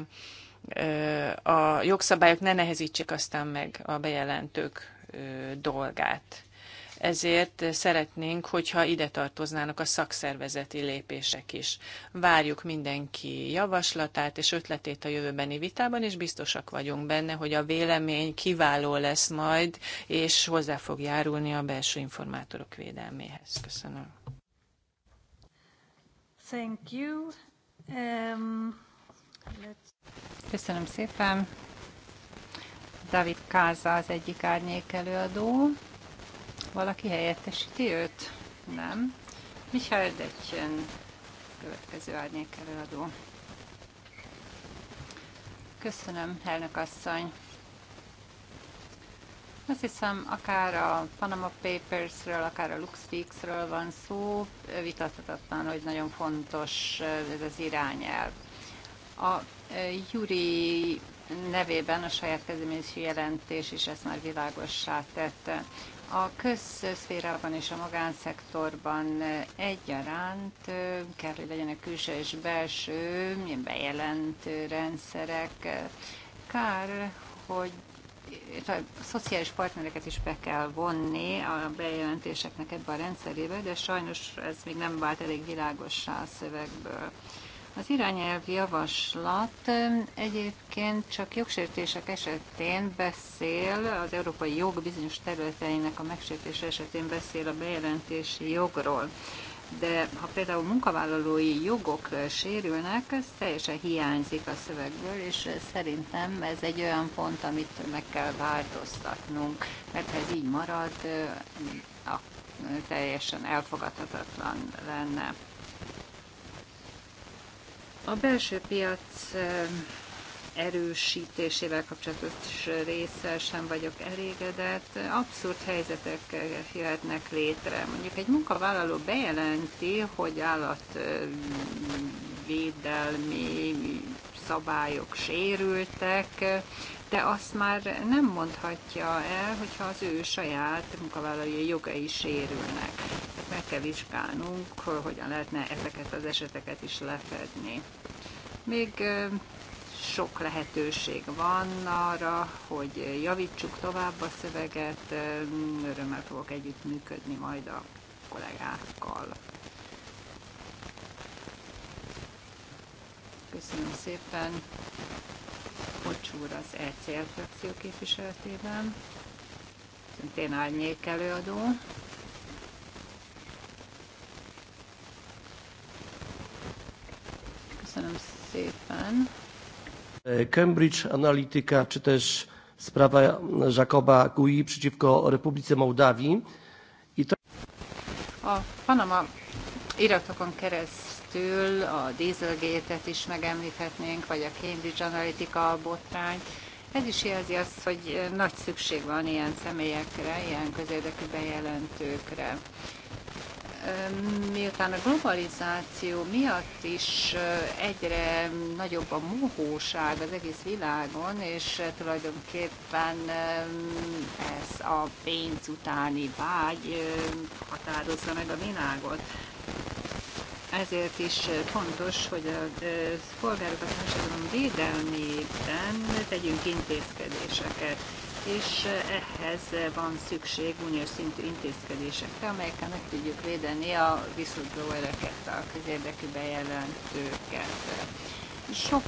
a jogszabályok ne nehezítsék aztán meg a bejelentők dolgát ezért szeretnénk, hogyha ide tartoznának a szakszervezeti lépések is. Várjuk mindenki javaslatát és ötletét a jövőbeni vitában, és biztosak vagyunk benne, hogy a vélemény kiváló lesz majd, és hozzá fog járulni a belső informátorok védelméhez. Köszönöm. Thank you. Um, let's... Köszönöm szépen. David Káza az egyik árnyék előadó. Valaki helyettesíti őt? Nem. Michael Detjen, következő árnyék előadó. Köszönöm, elnök asszony. Azt hiszem, akár a Panama Papers-ről, akár a LuxLeaks-ről van szó, vitathatatlan, hogy nagyon fontos ez az irányelv. A e, Juri nevében a saját kezdeményező jelentés is ezt már világossá tette. A közszférában és a magánszektorban egyaránt kell, hogy legyenek külső és belső bejelentő rendszerek. Kár, hogy a szociális partnereket is be kell vonni a bejelentéseknek ebbe a rendszerébe, de sajnos ez még nem vált elég világossá a szövegből. Az irányelv javaslat egyébként csak jogsértések esetén beszél, az európai jog bizonyos területeinek a megsértése esetén beszél a bejelentési jogról. De ha például munkavállalói jogok eh, sérülnek, ez teljesen hiányzik a szövegből, és eh, szerintem ez egy olyan pont, amit meg kell változtatnunk, mert ha ez így marad, eh, a teljesen elfogadhatatlan lenne. A belső piac erősítésével kapcsolatos része sem vagyok elégedett. Abszurd helyzetek eh, jöhetnek létre. Mondjuk egy munkavállaló bejelenti, hogy állatvédelmi szabályok sérültek, de azt már nem mondhatja el, hogyha az ő saját munkavállalói jogai sérülnek. Tehát meg kell vizsgálnunk, hogyan lehetne ezeket az eseteket is lefedni. Még sok lehetőség van arra, hogy javítsuk tovább a szöveget, örömmel fogok együttműködni majd a kollégákkal. Köszönöm szépen! Kocsúr az ECL frakció képviseletében, szintén árnyék előadó. Köszönöm szépen. E, Cambridge Analytica, czy też sprawa Jakoba Gui przeciwko Republice Mołdawii. I to... A Panama iratokon keresztül keresztül a Dieselgate-et is megemlíthetnénk, vagy a Cambridge Analytica botrányt. Ez is jelzi azt, hogy nagy szükség van ilyen személyekre, ilyen közérdekű bejelentőkre. Miután a globalizáció miatt is egyre nagyobb a mohóság az egész világon, és tulajdonképpen ez a pénz utáni vágy határozza meg a világot ezért is fontos, hogy a polgárok a társadalom védelmében tegyünk intézkedéseket, és ehhez van szükség uniós szintű intézkedésekre, amelyekkel meg tudjuk védeni a viszontlóereket, a közérdekű bejelentőket. Sok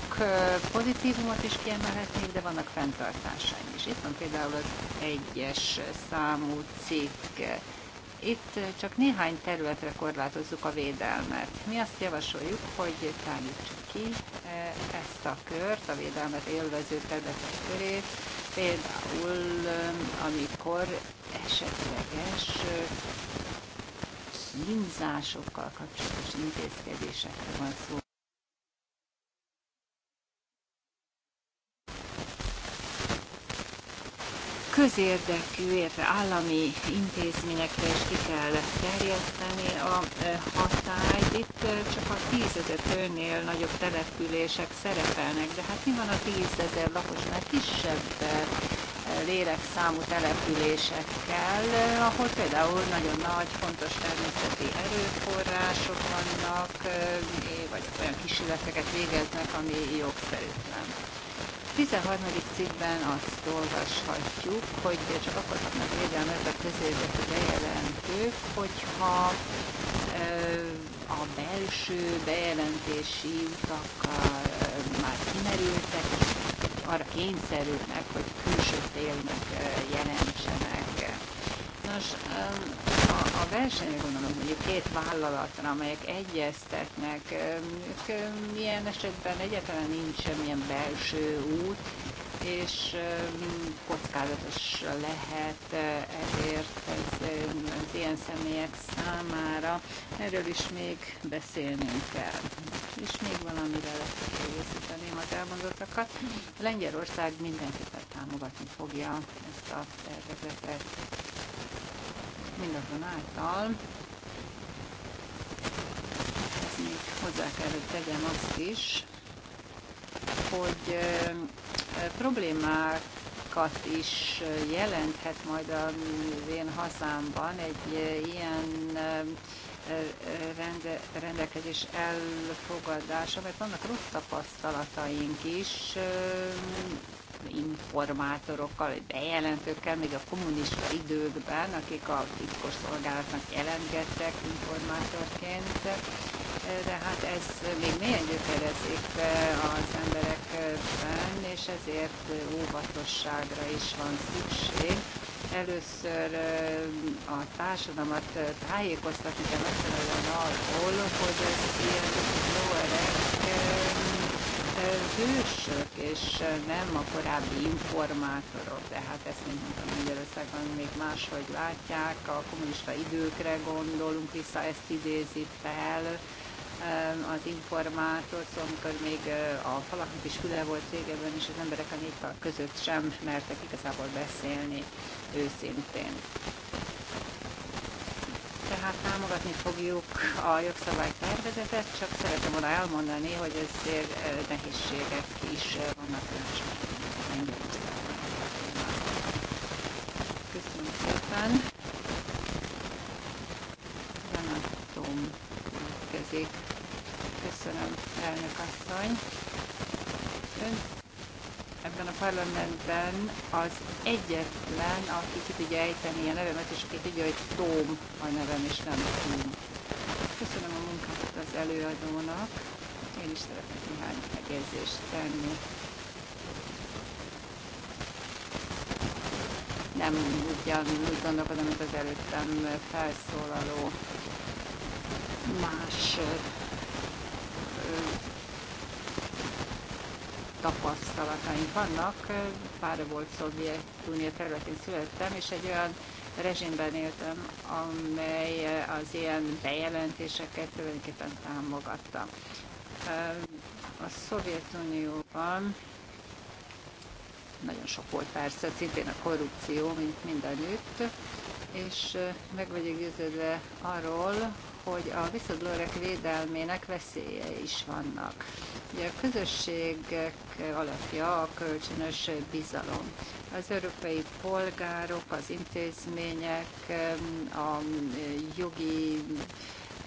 pozitívumot is kiemelhetnék, de vannak fenntartásaim is. Itt van például az egyes számú cikk, itt eh, csak néhány területre korlátozzuk a védelmet. Mi azt javasoljuk, hogy tárítsuk ki eh, ezt a kört, a védelmet élvező területek körét, például eh, amikor esetleges kínzásokkal kapcsolatos intézkedésekre van szó. közérdekű, illetve állami intézményekre is ki kell terjeszteni a e, hatályt. Itt e, csak a tízezer főnél nagyobb települések szerepelnek, de hát mi van a tízezer lakosnál kisebb e, lélekszámú településekkel, ahol például nagyon nagy, fontos természeti erőforrások vannak, vagy olyan kísérleteket végeznek, ami jogszerűtlen. 13. cikkben azt olvashatjuk, hogy csak akkor kapnak védelmet a közérdekű bejelentők, hogyha a belső bejelentési utak már kimerültek, és arra kényszerülnek, hogy külső célnak jelentsenek sajnos a, a versenyre gondolom, mondjuk két vállalatra, amelyek egyeztetnek, ők milyen esetben egyáltalán nincs semmilyen belső út, és kockázatos lehet eh, ezért ez, az ilyen személyek számára. Erről is még beszélnünk kell. És még valamire kiegészíteném az elmondottakat. Lengyelország mindenképpen támogatni fogja ezt a tervezetet mindazonáltal ezt még hozzá kell, hogy tegyem azt is, hogy problémákat is jelenthet majd az én hazámban egy ilyen rende, rendelkezés elfogadása, mert vannak rossz tapasztalataink is informátorokkal, vagy bejelentőkkel, még a kommunista időkben, akik a titkos szolgálatnak jelentgettek informátorként. De hát ez még mélyen gyökerezik eh, az emberekben, és ezért óvatosságra is van szükség. Először eh, a társadalmat eh, tájékoztatni kell megfelelően arról, hogy ez ilyen lóerek hősök, és nem a korábbi informátorok. Tehát ezt, mint mondtam, Magyarországon még máshogy látják, a kommunista időkre gondolunk vissza, ezt idézi fel az informátor, szóval amikor még a falaknak is füle volt régebben, és az emberek a négy fal között sem mertek igazából beszélni őszintén tehát támogatni fogjuk a jogszabálytervezetet, csak szeretem volna elmondani, hogy ezért eh, nehézségek is eh, vannak Köszönöm szépen. Renátom következik. Köszönöm, elnök asszony. Ön ebben a parlamentben az egyetlen, aki ki tudja ejteni a nevemet, és aki tudja, hogy Tóm a nevem, és nem Tóm. Köszönöm a munkát az előadónak. Én is szeretnék néhány megjegyzést tenni. nem ugyan úgy gondolkodom, mint az előttem felszólaló más tapasztalataink vannak. Pár volt Szovjetunió területén születtem, és egy olyan rezsimben éltem, amely az ilyen bejelentéseket tulajdonképpen támogatta. A Szovjetunióban nagyon sok volt persze, szintén a korrupció, mint mindenütt, és meg vagyok győződve arról, hogy a whistleblowerek védelmének veszélye is vannak. Ugye a közösségek alapja a kölcsönös bizalom. Az európai polgárok, az intézmények, a jogi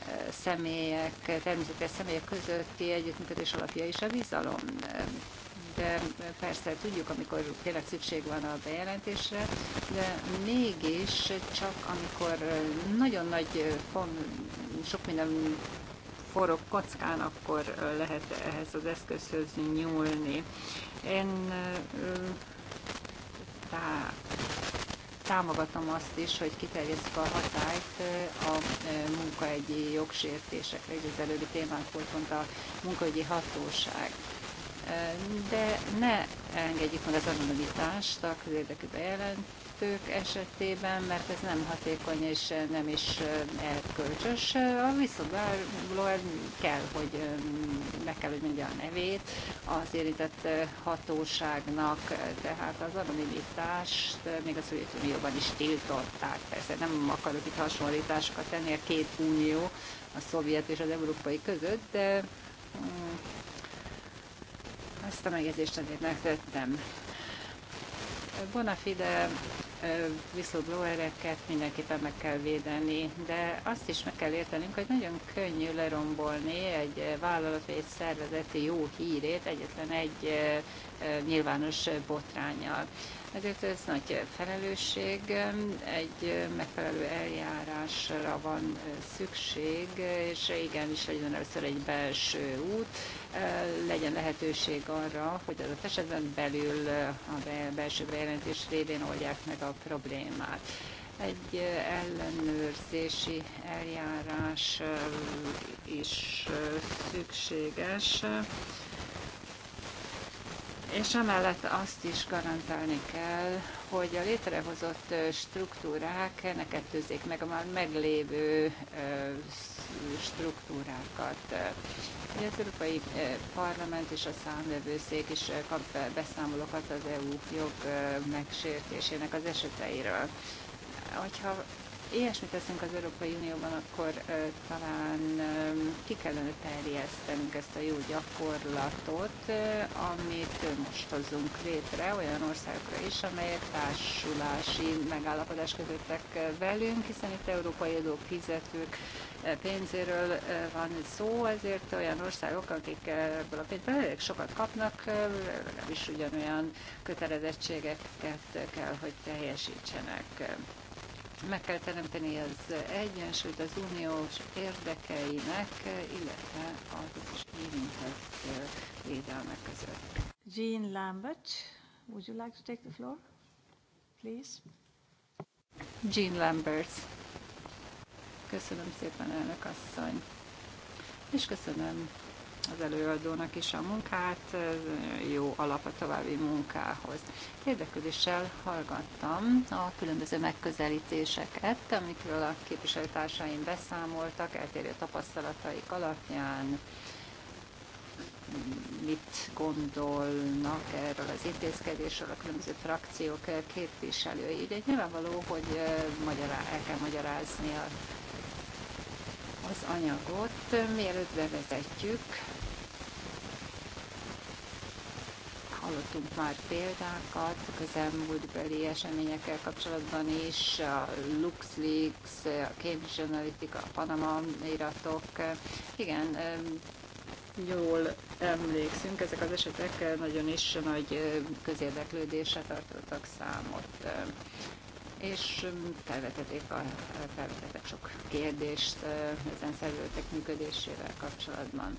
eh, személyek, természetes személyek közötti együttműködés alapja is a bizalom. De persze tudjuk, amikor tényleg szükség van a bejelentésre, de mégis csak amikor nagyon nagy, eh, sok minden forog kockán, akkor lehet ehhez az eszközhöz nyúlni. Én tá, támogatom azt is, hogy kiterjesztjük a hatályt a munkaegyi jogsértésekre, és az előbbi témánk volt pont a munkaügyi hatóság de ne engedjük meg az anonimitást a közérdekű bejelent, befektetők esetében, mert ez nem hatékony és nem is eh, erkölcsös. A whistleblower kell, hogy eh, meg kell, hogy mondja a nevét az érintett eh, hatóságnak, tehát az anonimitást még a Szovjetunióban is tiltották. Persze nem akarok itt hasonlításokat tenni a két unió, a szovjet és az európai között, de mm, ezt a megjegyzést azért megtettem. Bonafide whistleblowereket mindenképpen meg kell védeni, de azt is meg kell értenünk, hogy nagyon könnyű lerombolni egy vállalat vagy egy szervezeti jó hírét egyetlen egy nyilvános botrányjal. Ezért ez nagy felelősség, egy megfelelő eljárásra van szükség, és igenis legyen először egy belső út, legyen lehetőség arra, hogy az esetben belül a belső bejelentés révén oldják meg a problémát egy ellenőrzési eljárás is szükséges, és amellett azt is garantálni kell, hogy a létrehozott struktúrák ne kettőzzék meg a már meglévő struktúrákat. az Európai Parlament és a számvevőszék is kap beszámolókat az EU jog megsértésének az eseteiről. Hogyha ilyesmit teszünk az Európai Unióban, akkor talán ki kellene terjesztenünk ezt a jó gyakorlatot, amit most hozzunk létre olyan országokra is, amelyek társulási megállapodás kötöttek velünk, hiszen itt európai adók fizetők pénzéről van szó, ezért olyan országok, akik ebből a pénzből elég sokat kapnak, legalábbis ugyanolyan kötelezettségeket kell, hogy teljesítsenek meg kell teremteni az egyensúlyt az uniós érdekeinek, illetve az is érintett védelmek között. Jean Lambert, would you like to take the floor? Please. Jean Lambert. Köszönöm szépen, elnök asszony. És köszönöm az előadónak is a munkát, jó alap a további munkához. Érdeklődéssel hallgattam a különböző megközelítéseket, amikről a képviselőtársaim beszámoltak, eltérő tapasztalataik alapján, mit gondolnak erről az intézkedésről a különböző frakciók képviselői. Így nyilvánvaló, hogy eh, el kell magyarázni a az anyagot, mielőtt bevezetjük, Hallottunk már példákat közelmúltbeli eseményekkel kapcsolatban is, a LuxLeaks, a Cambridge Analytica, a Panama iratok. Igen, jól emlékszünk, ezek az esetek nagyon is nagy közérdeklődésre tartottak számot. És felvetették a, felvetettek sok kérdést ezen szervezetek működésével kapcsolatban.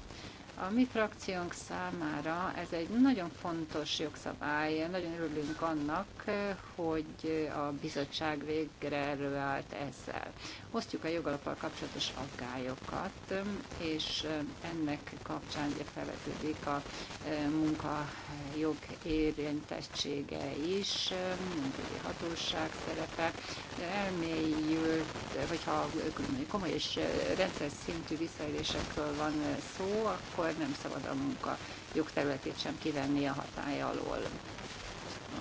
A mi frakciónk számára ez egy nagyon fontos jogszabály. Nagyon örülünk annak, hogy a bizottság végre előállt ezzel. Osztjuk a jogalapal kapcsolatos aggályokat, és ennek kapcsán felvetődik a e, munkajog érintettsége is, munkai hatóság szerepe. Elmélyült, ha komoly és rendszer szintű visszaélésekről van szó, akkor akkor nem szabad a munka jogterületét sem kivenni a hatája alól.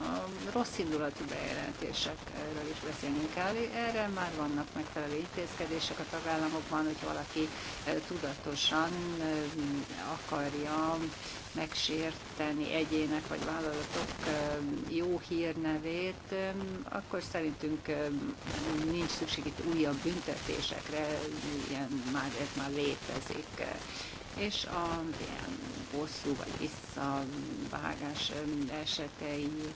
A rossz indulatú bejelentésekről is beszélnünk kell. Erre már vannak megfelelő intézkedések a tagállamokban, hogy valaki eh, tudatosan eh, akarja megsérteni egyének vagy vállalatok eh, jó hírnevét, akkor szerintünk nincs szükség itt újabb büntetésekre, ilyen már, ez már létezik és a ilyen bosszú vagy visszavágás eseteit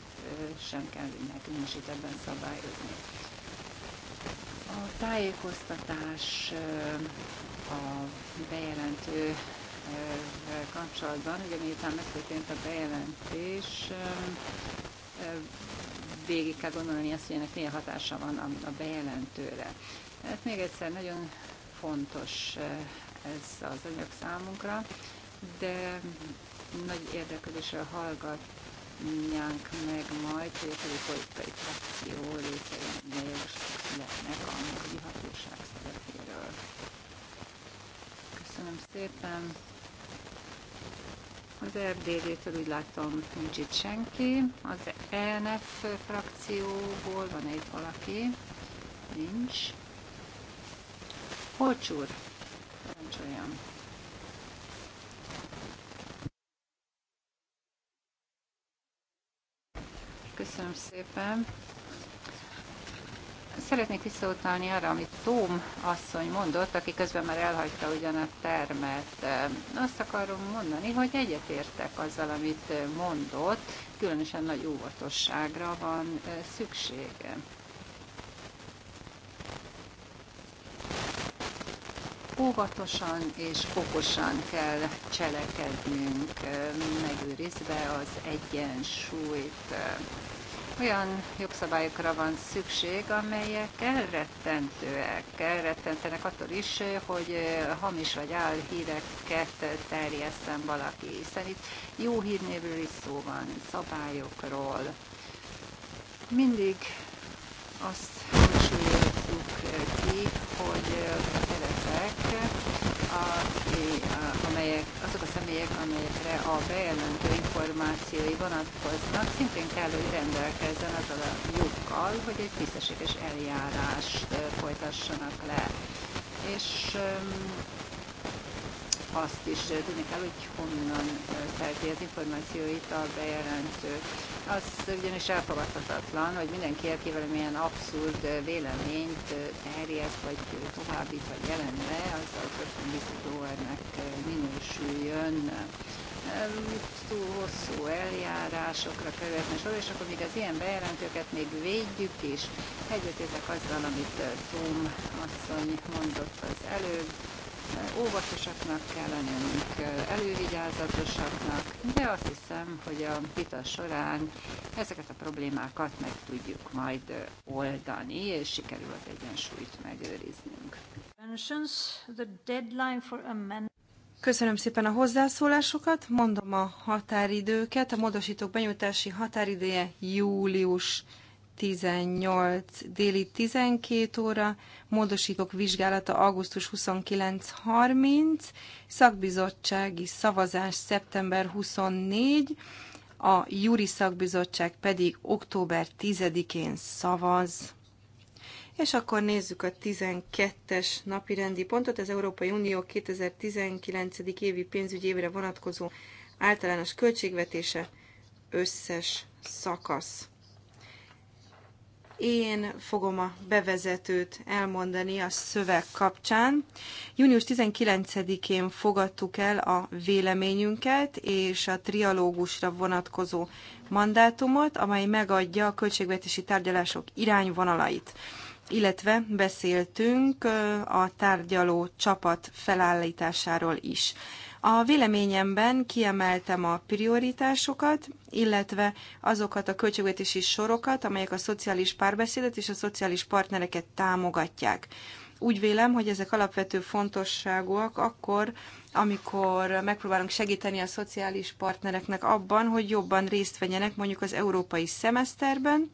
sem kell nekünk most itt ebben szabályozni. A tájékoztatás a bejelentő kapcsolatban, ugye miután megtörtént a bejelentés, végig kell gondolni azt, hogy ennek milyen hatása van a bejelentőre. Ez hát még egyszer nagyon fontos ez az anyag számunkra, de nagy érdeklődéssel hallgatnánk meg majd, hogy a politikai frakció létrejön, milyen javaslatok a mai hatóság szerepéről. Köszönöm szépen. Az RDD-től úgy látom nincs itt senki. Az ENF frakcióból van egy valaki? Nincs. Holcsúr. Köszönöm szépen! Szeretnék visszautalni arra, amit Tóm asszony mondott, aki közben már elhagyta ugyan a termet. Azt akarom mondani, hogy egyetértek azzal, amit mondott, különösen nagy óvatosságra van szüksége. óvatosan és okosan kell cselekednünk, megőrizve az egyensúlyt. Olyan jogszabályokra van szükség, amelyek elrettentőek, elrettentenek attól is, hogy hamis vagy híreket terjeszten valaki, hiszen itt jó hírnévről is szó van, szabályokról. Mindig azt hangsúlyozzuk ki, hogy ami, amelyek, azok a személyek, amelyekre a bejelentő információi vonatkoznak, szintén kell, hogy rendelkezzen azzal a joggal, hogy egy tisztességes eljárást folytassanak le. És azt is tudni kell, hogy honnan szerzi az információit a bejelentő. Az ugyanis elfogadhatatlan, hogy mindenki, aki valamilyen abszurd véleményt terjeszt, vagy továbbít, vagy jelent be, az az rögtön whistleblowernek minősüljön túl hosszú eljárásokra kerülhetne sor, és akkor még az ilyen bejelentőket még védjük is. Egyetértek azzal, amit Tóm asszony mondott az előbb, óvatosaknak kell lennünk, elővigyázatosaknak, de azt hiszem, hogy a vita során ezeket a problémákat meg tudjuk majd oldani, és sikerül az egyensúlyt megőriznünk. Köszönöm szépen a hozzászólásokat, mondom a határidőket. A módosítók benyújtási határideje július 18 déli 12 óra, módosítók vizsgálata augusztus 29-30, szakbizottsági szavazás szeptember 24, a júri szakbizottság pedig október 10-én szavaz. És akkor nézzük a 12-es napi rendi pontot, az Európai Unió 2019. évi pénzügyi évre vonatkozó általános költségvetése összes szakasz én fogom a bevezetőt elmondani a szöveg kapcsán. Június 19-én fogadtuk el a véleményünket és a trialógusra vonatkozó mandátumot, amely megadja a költségvetési tárgyalások irányvonalait illetve beszéltünk a tárgyaló csapat felállításáról is. A véleményemben kiemeltem a prioritásokat, illetve azokat a költségvetési sorokat, amelyek a szociális párbeszédet és a szociális partnereket támogatják. Úgy vélem, hogy ezek alapvető fontosságúak akkor, amikor megpróbálunk segíteni a szociális partnereknek abban, hogy jobban részt vegyenek mondjuk az európai szemeszterben,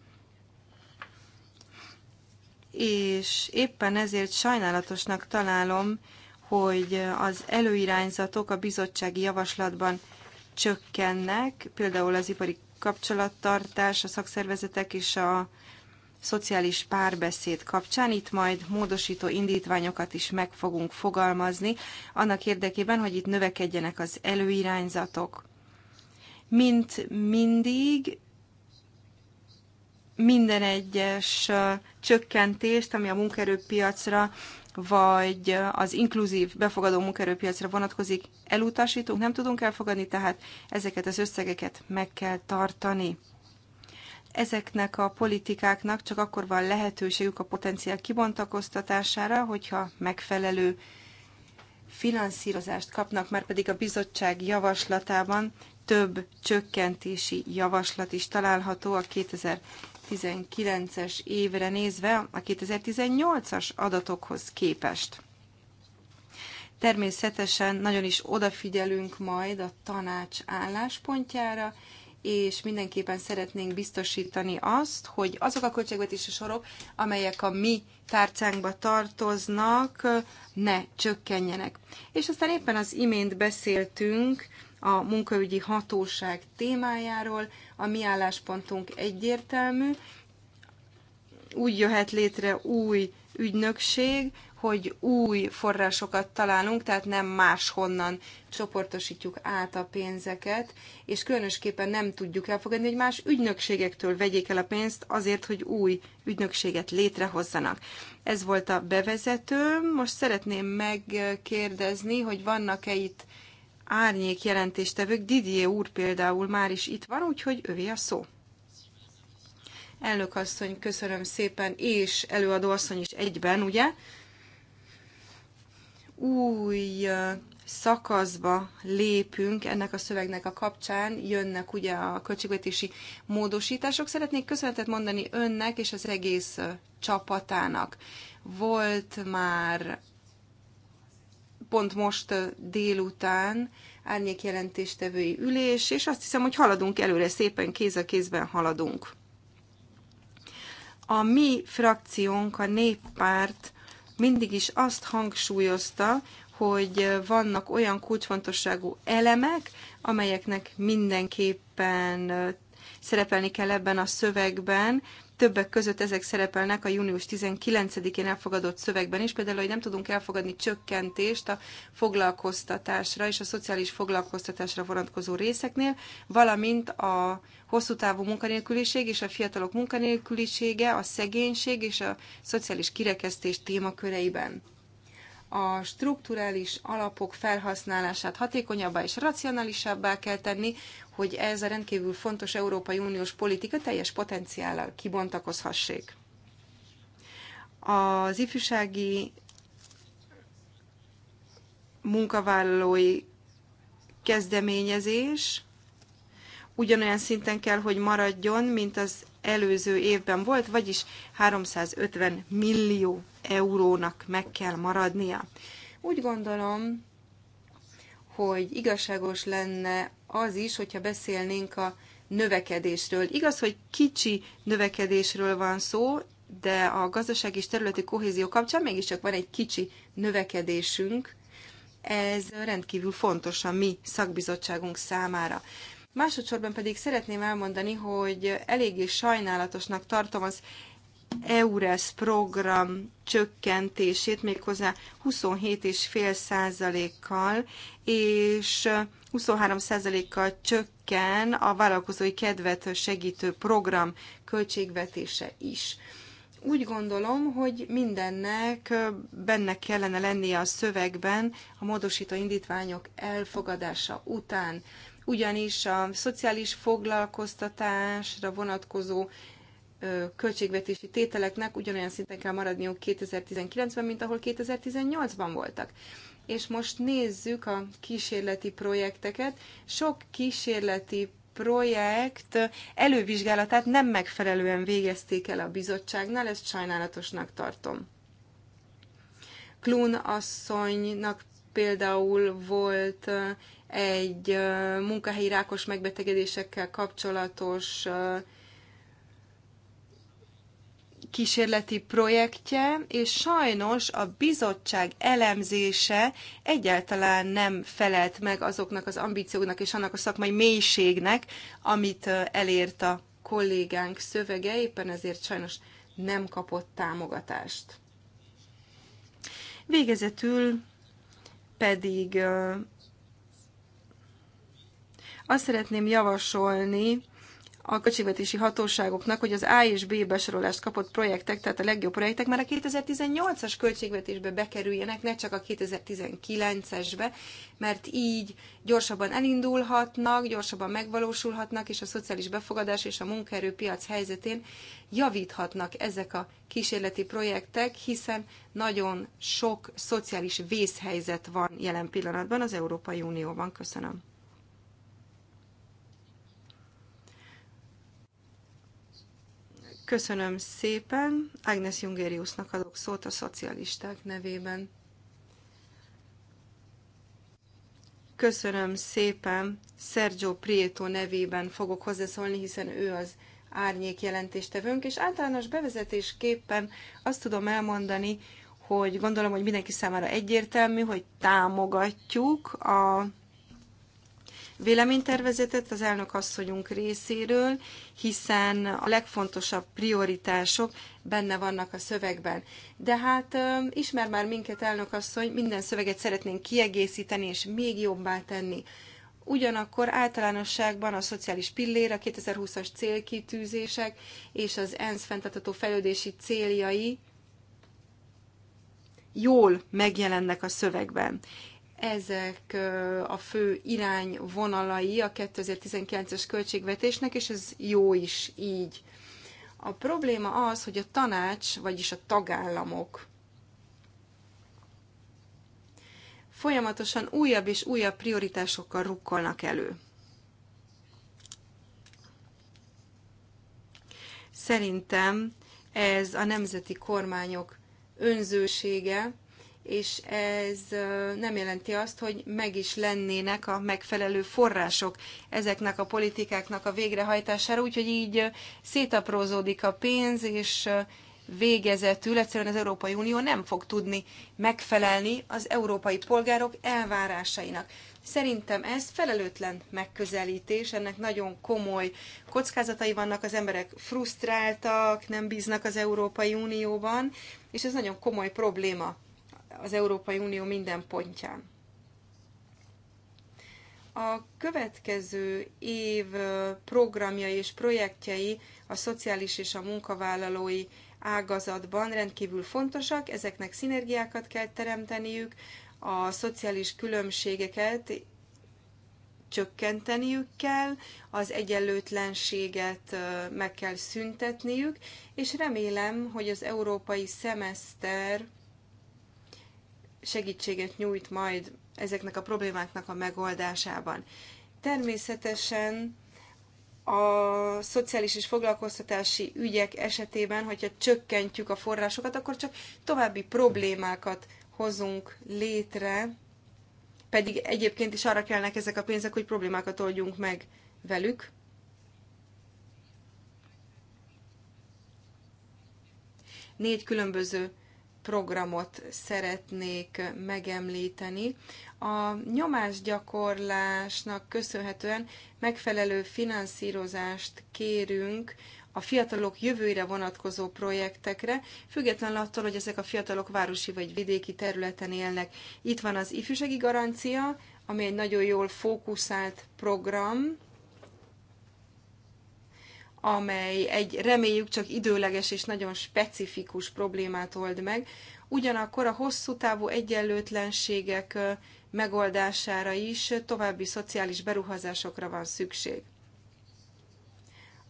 és éppen ezért sajnálatosnak találom, hogy az előirányzatok a bizottsági javaslatban csökkennek, például az ipari kapcsolattartás, a szakszervezetek és a szociális párbeszéd kapcsán. Itt majd módosító indítványokat is meg fogunk fogalmazni, annak érdekében, hogy itt növekedjenek az előirányzatok. Mint mindig, minden egyes csökkentést, ami a munkaerőpiacra vagy az inkluzív befogadó munkaerőpiacra vonatkozik, elutasítunk, nem tudunk elfogadni, tehát ezeket az összegeket meg kell tartani. Ezeknek a politikáknak csak akkor van lehetőségük a potenciál kibontakoztatására, hogyha megfelelő finanszírozást kapnak, már pedig a bizottság javaslatában több csökkentési javaslat is található a 2019-es évre nézve a 2018-as adatokhoz képest. Természetesen nagyon is odafigyelünk majd a tanács álláspontjára, és mindenképpen szeretnénk biztosítani azt, hogy azok a költségvetési sorok, amelyek a mi tárcánkba tartoznak, ne csökkenjenek. És aztán éppen az imént beszéltünk a munkaügyi hatóság témájáról. A mi álláspontunk egyértelmű. Úgy jöhet létre új ügynökség, hogy új forrásokat találunk, tehát nem máshonnan csoportosítjuk át a pénzeket, és különösképpen nem tudjuk elfogadni, hogy más ügynökségektől vegyék el a pénzt azért, hogy új ügynökséget létrehozzanak. Ez volt a bevezető. Most szeretném megkérdezni, hogy vannak-e itt árnyék jelentéstevők. Didier úr például már is itt van, úgyhogy övé a szó. Elnök asszony, köszönöm szépen, és előadó asszony is egyben, ugye? Új szakaszba lépünk ennek a szövegnek a kapcsán, jönnek ugye a költségvetési módosítások. Szeretnék köszönetet mondani önnek és az egész csapatának. Volt már pont most délután árnyék jelentéstevői ülés, és azt hiszem, hogy haladunk előre, szépen kéz a kézben haladunk. A mi frakciónk, a néppárt mindig is azt hangsúlyozta, hogy vannak olyan kulcsfontosságú elemek, amelyeknek mindenképpen szerepelni kell ebben a szövegben, Többek között ezek szerepelnek a június 19-én elfogadott szövegben is, például, hogy nem tudunk elfogadni csökkentést a foglalkoztatásra és a szociális foglalkoztatásra vonatkozó részeknél, valamint a hosszú távú munkanélküliség és a fiatalok munkanélkülisége, a szegénység és a szociális kirekesztés témaköreiben a strukturális alapok felhasználását hatékonyabbá és racionálisabbá kell tenni, hogy ez a rendkívül fontos Európai Uniós politika teljes potenciállal kibontakozhassék. Az ifjúsági munkavállalói kezdeményezés ugyanolyan szinten kell, hogy maradjon, mint az előző évben volt, vagyis 350 millió eurónak meg kell maradnia. Úgy gondolom, hogy igazságos lenne az is, hogyha beszélnénk a növekedésről. Igaz, hogy kicsi növekedésről van szó, de a gazdaság és területi kohézió kapcsán mégiscsak van egy kicsi növekedésünk. Ez rendkívül fontos a mi szakbizottságunk számára. Másodszorban pedig szeretném elmondani, hogy eléggé sajnálatosnak tartom az EURES program csökkentését méghozzá 27,5 kal és 23 kal csökken a vállalkozói kedvet segítő program költségvetése is. Úgy gondolom, hogy mindennek benne kellene lennie a szövegben a módosító indítványok elfogadása után, ugyanis a szociális foglalkoztatásra vonatkozó költségvetési tételeknek ugyanolyan szinten kell maradniuk 2019-ben, mint ahol 2018-ban voltak. És most nézzük a kísérleti projekteket. Sok kísérleti projekt elővizsgálatát nem megfelelően végezték el a bizottságnál, ezt sajnálatosnak tartom. Klun asszonynak például volt egy munkahelyi rákos megbetegedésekkel kapcsolatos kísérleti projektje, és sajnos a bizottság elemzése egyáltalán nem felelt meg azoknak az ambícióknak és annak a szakmai mélységnek, amit elért a kollégánk szövege, éppen ezért sajnos nem kapott támogatást. Végezetül pedig azt szeretném javasolni, a költségvetési hatóságoknak, hogy az A és B besorolást kapott projektek, tehát a legjobb projektek már a 2018-as költségvetésbe bekerüljenek, ne csak a 2019-esbe, mert így gyorsabban elindulhatnak, gyorsabban megvalósulhatnak, és a szociális befogadás és a munkaerőpiac helyzetén javíthatnak ezek a kísérleti projektek, hiszen nagyon sok szociális vészhelyzet van jelen pillanatban az Európai Unióban. Köszönöm. Köszönöm szépen. Agnes Jungeriusnak adok szót a szocialisták nevében. Köszönöm szépen. Sergio Prieto nevében fogok hozzászólni, hiszen ő az árnyék jelentéstevőnk, és általános bevezetésképpen azt tudom elmondani, hogy gondolom, hogy mindenki számára egyértelmű, hogy támogatjuk a véleménytervezetet az elnök asszonyunk részéről, hiszen a legfontosabb prioritások benne vannak a szövegben. De hát ismer már minket elnök asszony, minden szöveget szeretnénk kiegészíteni és még jobbá tenni. Ugyanakkor általánosságban a szociális pillér, a 2020-as célkitűzések és az ENSZ fenntartató fejlődési céljai jól megjelennek a szövegben. Ezek a fő irányvonalai a 2019-es költségvetésnek, és ez jó is így. A probléma az, hogy a tanács, vagyis a tagállamok folyamatosan újabb és újabb prioritásokkal rukkolnak elő. Szerintem ez a nemzeti kormányok önzősége, és ez nem jelenti azt, hogy meg is lennének a megfelelő források ezeknek a politikáknak a végrehajtására, úgyhogy így szétaprózódik a pénz, és végezetül egyszerűen az Európai Unió nem fog tudni megfelelni az európai polgárok elvárásainak. Szerintem ez felelőtlen megközelítés, ennek nagyon komoly kockázatai vannak, az emberek frusztráltak, nem bíznak az Európai Unióban, és ez nagyon komoly probléma az Európai Unió minden pontján. A következő év programjai és projektjei a szociális és a munkavállalói ágazatban rendkívül fontosak, ezeknek szinergiákat kell teremteniük, a szociális különbségeket csökkenteniük kell, az egyenlőtlenséget meg kell szüntetniük, és remélem, hogy az európai szemeszter segítséget nyújt majd ezeknek a problémáknak a megoldásában. Természetesen a szociális és foglalkoztatási ügyek esetében, hogyha csökkentjük a forrásokat, akkor csak további problémákat hozunk létre, pedig egyébként is arra kellnek ezek a pénzek, hogy problémákat oldjunk meg velük. Négy különböző programot szeretnék megemlíteni. A nyomásgyakorlásnak köszönhetően megfelelő finanszírozást kérünk a fiatalok jövőre vonatkozó projektekre, függetlenül attól, hogy ezek a fiatalok városi vagy vidéki területen élnek. Itt van az ifjúsági garancia, ami egy nagyon jól fókuszált program, amely egy reméljük csak időleges és nagyon specifikus problémát old meg, ugyanakkor a hosszú távú egyenlőtlenségek megoldására is további szociális beruházásokra van szükség.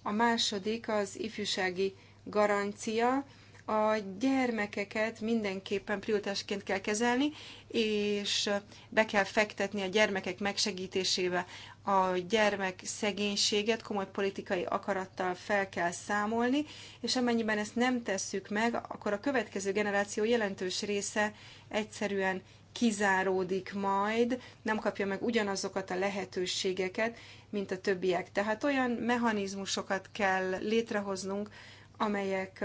A második az ifjúsági garancia. A gyermekeket mindenképpen prioritásként kell kezelni, és be kell fektetni a gyermekek megsegítésébe a gyermek szegénységet komoly politikai akarattal fel kell számolni, és amennyiben ezt nem tesszük meg, akkor a következő generáció jelentős része egyszerűen kizáródik majd, nem kapja meg ugyanazokat a lehetőségeket, mint a többiek. Tehát olyan mechanizmusokat kell létrehoznunk, amelyek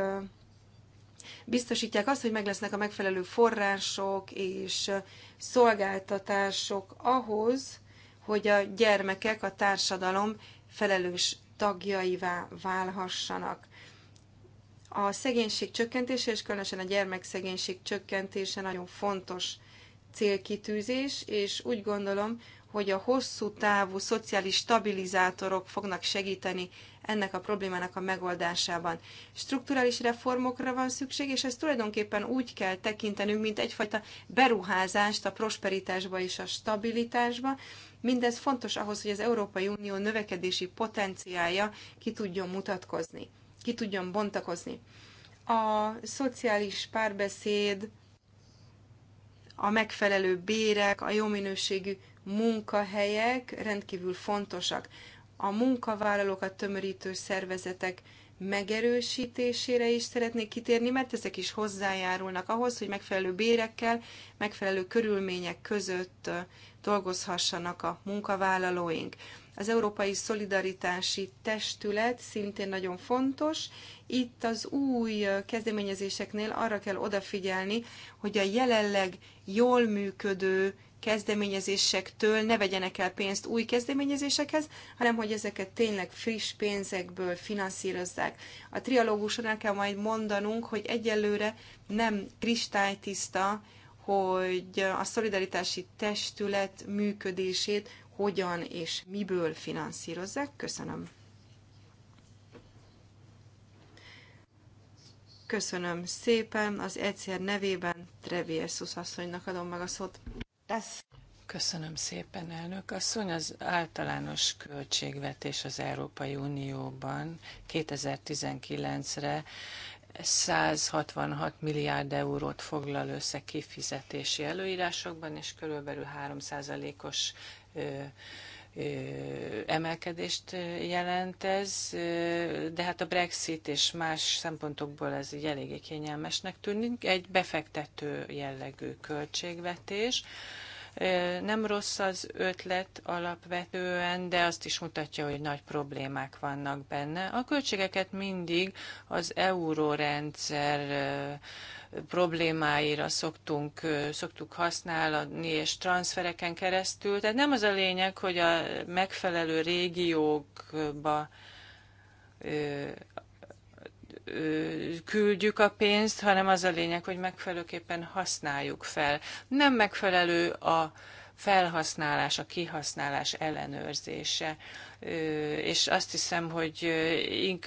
biztosítják azt, hogy meg lesznek a megfelelő források és szolgáltatások ahhoz, hogy a gyermekek a társadalom felelős tagjaivá válhassanak. A szegénység csökkentése, és különösen a gyermekszegénység csökkentése nagyon fontos célkitűzés, és úgy gondolom, hogy a hosszú távú szociális stabilizátorok fognak segíteni ennek a problémának a megoldásában. Strukturális reformokra van szükség, és ezt tulajdonképpen úgy kell tekintenünk, mint egyfajta beruházást a prosperitásba és a stabilitásba, Mindez fontos ahhoz, hogy az Európai Unió növekedési potenciája ki tudjon mutatkozni, ki tudjon bontakozni. A szociális párbeszéd, a megfelelő bérek, a jó minőségű munkahelyek rendkívül fontosak. A munkavállalókat tömörítő szervezetek megerősítésére is szeretnék kitérni, mert ezek is hozzájárulnak ahhoz, hogy megfelelő bérekkel, megfelelő körülmények között dolgozhassanak a munkavállalóink. Az Európai Szolidaritási Testület szintén nagyon fontos. Itt az új kezdeményezéseknél arra kell odafigyelni, hogy a jelenleg jól működő kezdeményezésektől ne vegyenek el pénzt új kezdeményezésekhez, hanem hogy ezeket tényleg friss pénzekből finanszírozzák. A trialóguson el kell majd mondanunk, hogy egyelőre nem kristálytiszta, hogy a szolidaritási testület működését hogyan és miből finanszírozzák. Köszönöm. Köszönöm szépen. Az egyszer nevében Treviesus asszonynak adom meg a szót. Köszönöm szépen, elnök asszony. Az általános költségvetés az Európai Unióban 2019-re 166 milliárd eurót foglal össze kifizetési előírásokban, és körülbelül 3%-os emelkedést jelent ez, de hát a Brexit és más szempontokból ez így eléggé kényelmesnek tűnik. Egy befektető jellegű költségvetés, nem rossz az ötlet alapvetően, de azt is mutatja, hogy nagy problémák vannak benne. A költségeket mindig az eurórendszer problémáira szoktunk, szoktuk használni, és transfereken keresztül. Tehát nem az a lényeg, hogy a megfelelő régiókba küldjük a pénzt, hanem az a lényeg, hogy megfelelőképpen használjuk fel. Nem megfelelő a felhasználás, a kihasználás ellenőrzése. És azt hiszem, hogy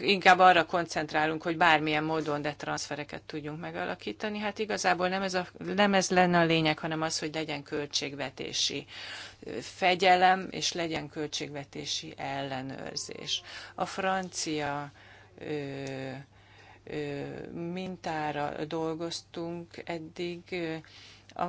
inkább arra koncentrálunk, hogy bármilyen módon de transfereket tudjunk megalakítani. Hát igazából nem ez, a, nem ez lenne a lényeg, hanem az, hogy legyen költségvetési fegyelem, és legyen költségvetési ellenőrzés. A francia ö, mintára dolgoztunk eddig. A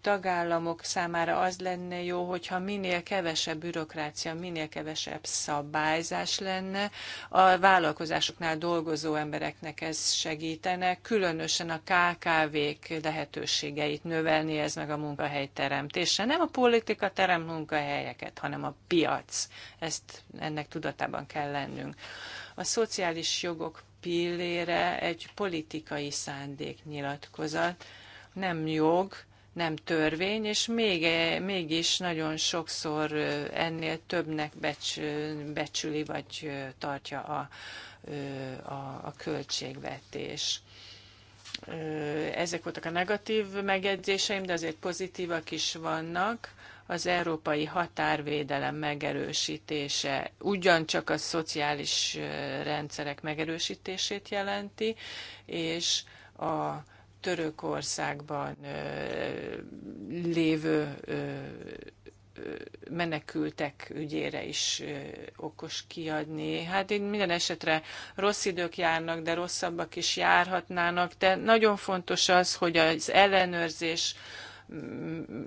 tagállamok számára az lenne jó, hogyha minél kevesebb bürokrácia, minél kevesebb szabályzás lenne. A vállalkozásoknál dolgozó embereknek ez segítene, különösen a KKV-k lehetőségeit növelni ez meg a munkahely teremtése. Nem a politika terem munkahelyeket, hanem a piac. Ezt ennek tudatában kell lennünk. A szociális jogok pillére egy politikai szándéknyilatkozat, nem jog, nem törvény, és még, e, mégis nagyon sokszor ennél többnek becs, becsüli vagy tartja a, a, a költségvetés. Ezek voltak a negatív megjegyzéseim, de azért pozitívak is vannak az európai határvédelem megerősítése ugyancsak a szociális rendszerek megerősítését jelenti, és a Törökországban lévő menekültek ügyére is okos kiadni. Hát én minden esetre rossz idők járnak, de rosszabbak is járhatnának, de nagyon fontos az, hogy az ellenőrzés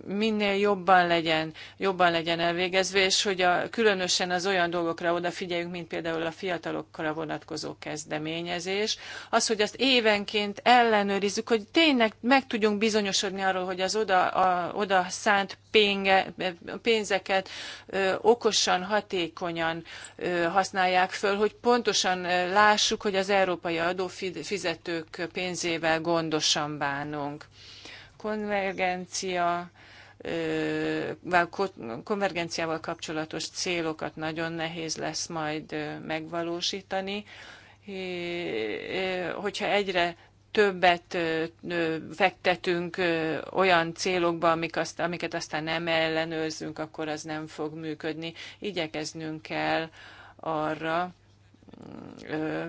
minél jobban legyen, jobban legyen elvégezve, és hogy a, különösen az olyan dolgokra odafigyeljünk, mint például a fiatalokra vonatkozó kezdeményezés. Az, hogy azt évenként ellenőrizzük, hogy tényleg meg tudjunk bizonyosodni arról, hogy az oda, a, oda szánt pénge, pénzeket ö, okosan, hatékonyan ö, használják föl, hogy pontosan ö, lássuk, hogy az európai adófizetők pénzével gondosan bánunk konvergencia, konvergenciával kapcsolatos célokat nagyon nehéz lesz majd megvalósítani, hogyha egyre többet fektetünk olyan célokba, amik azt, amiket aztán nem ellenőrzünk, akkor az nem fog működni. Igyekeznünk kell arra,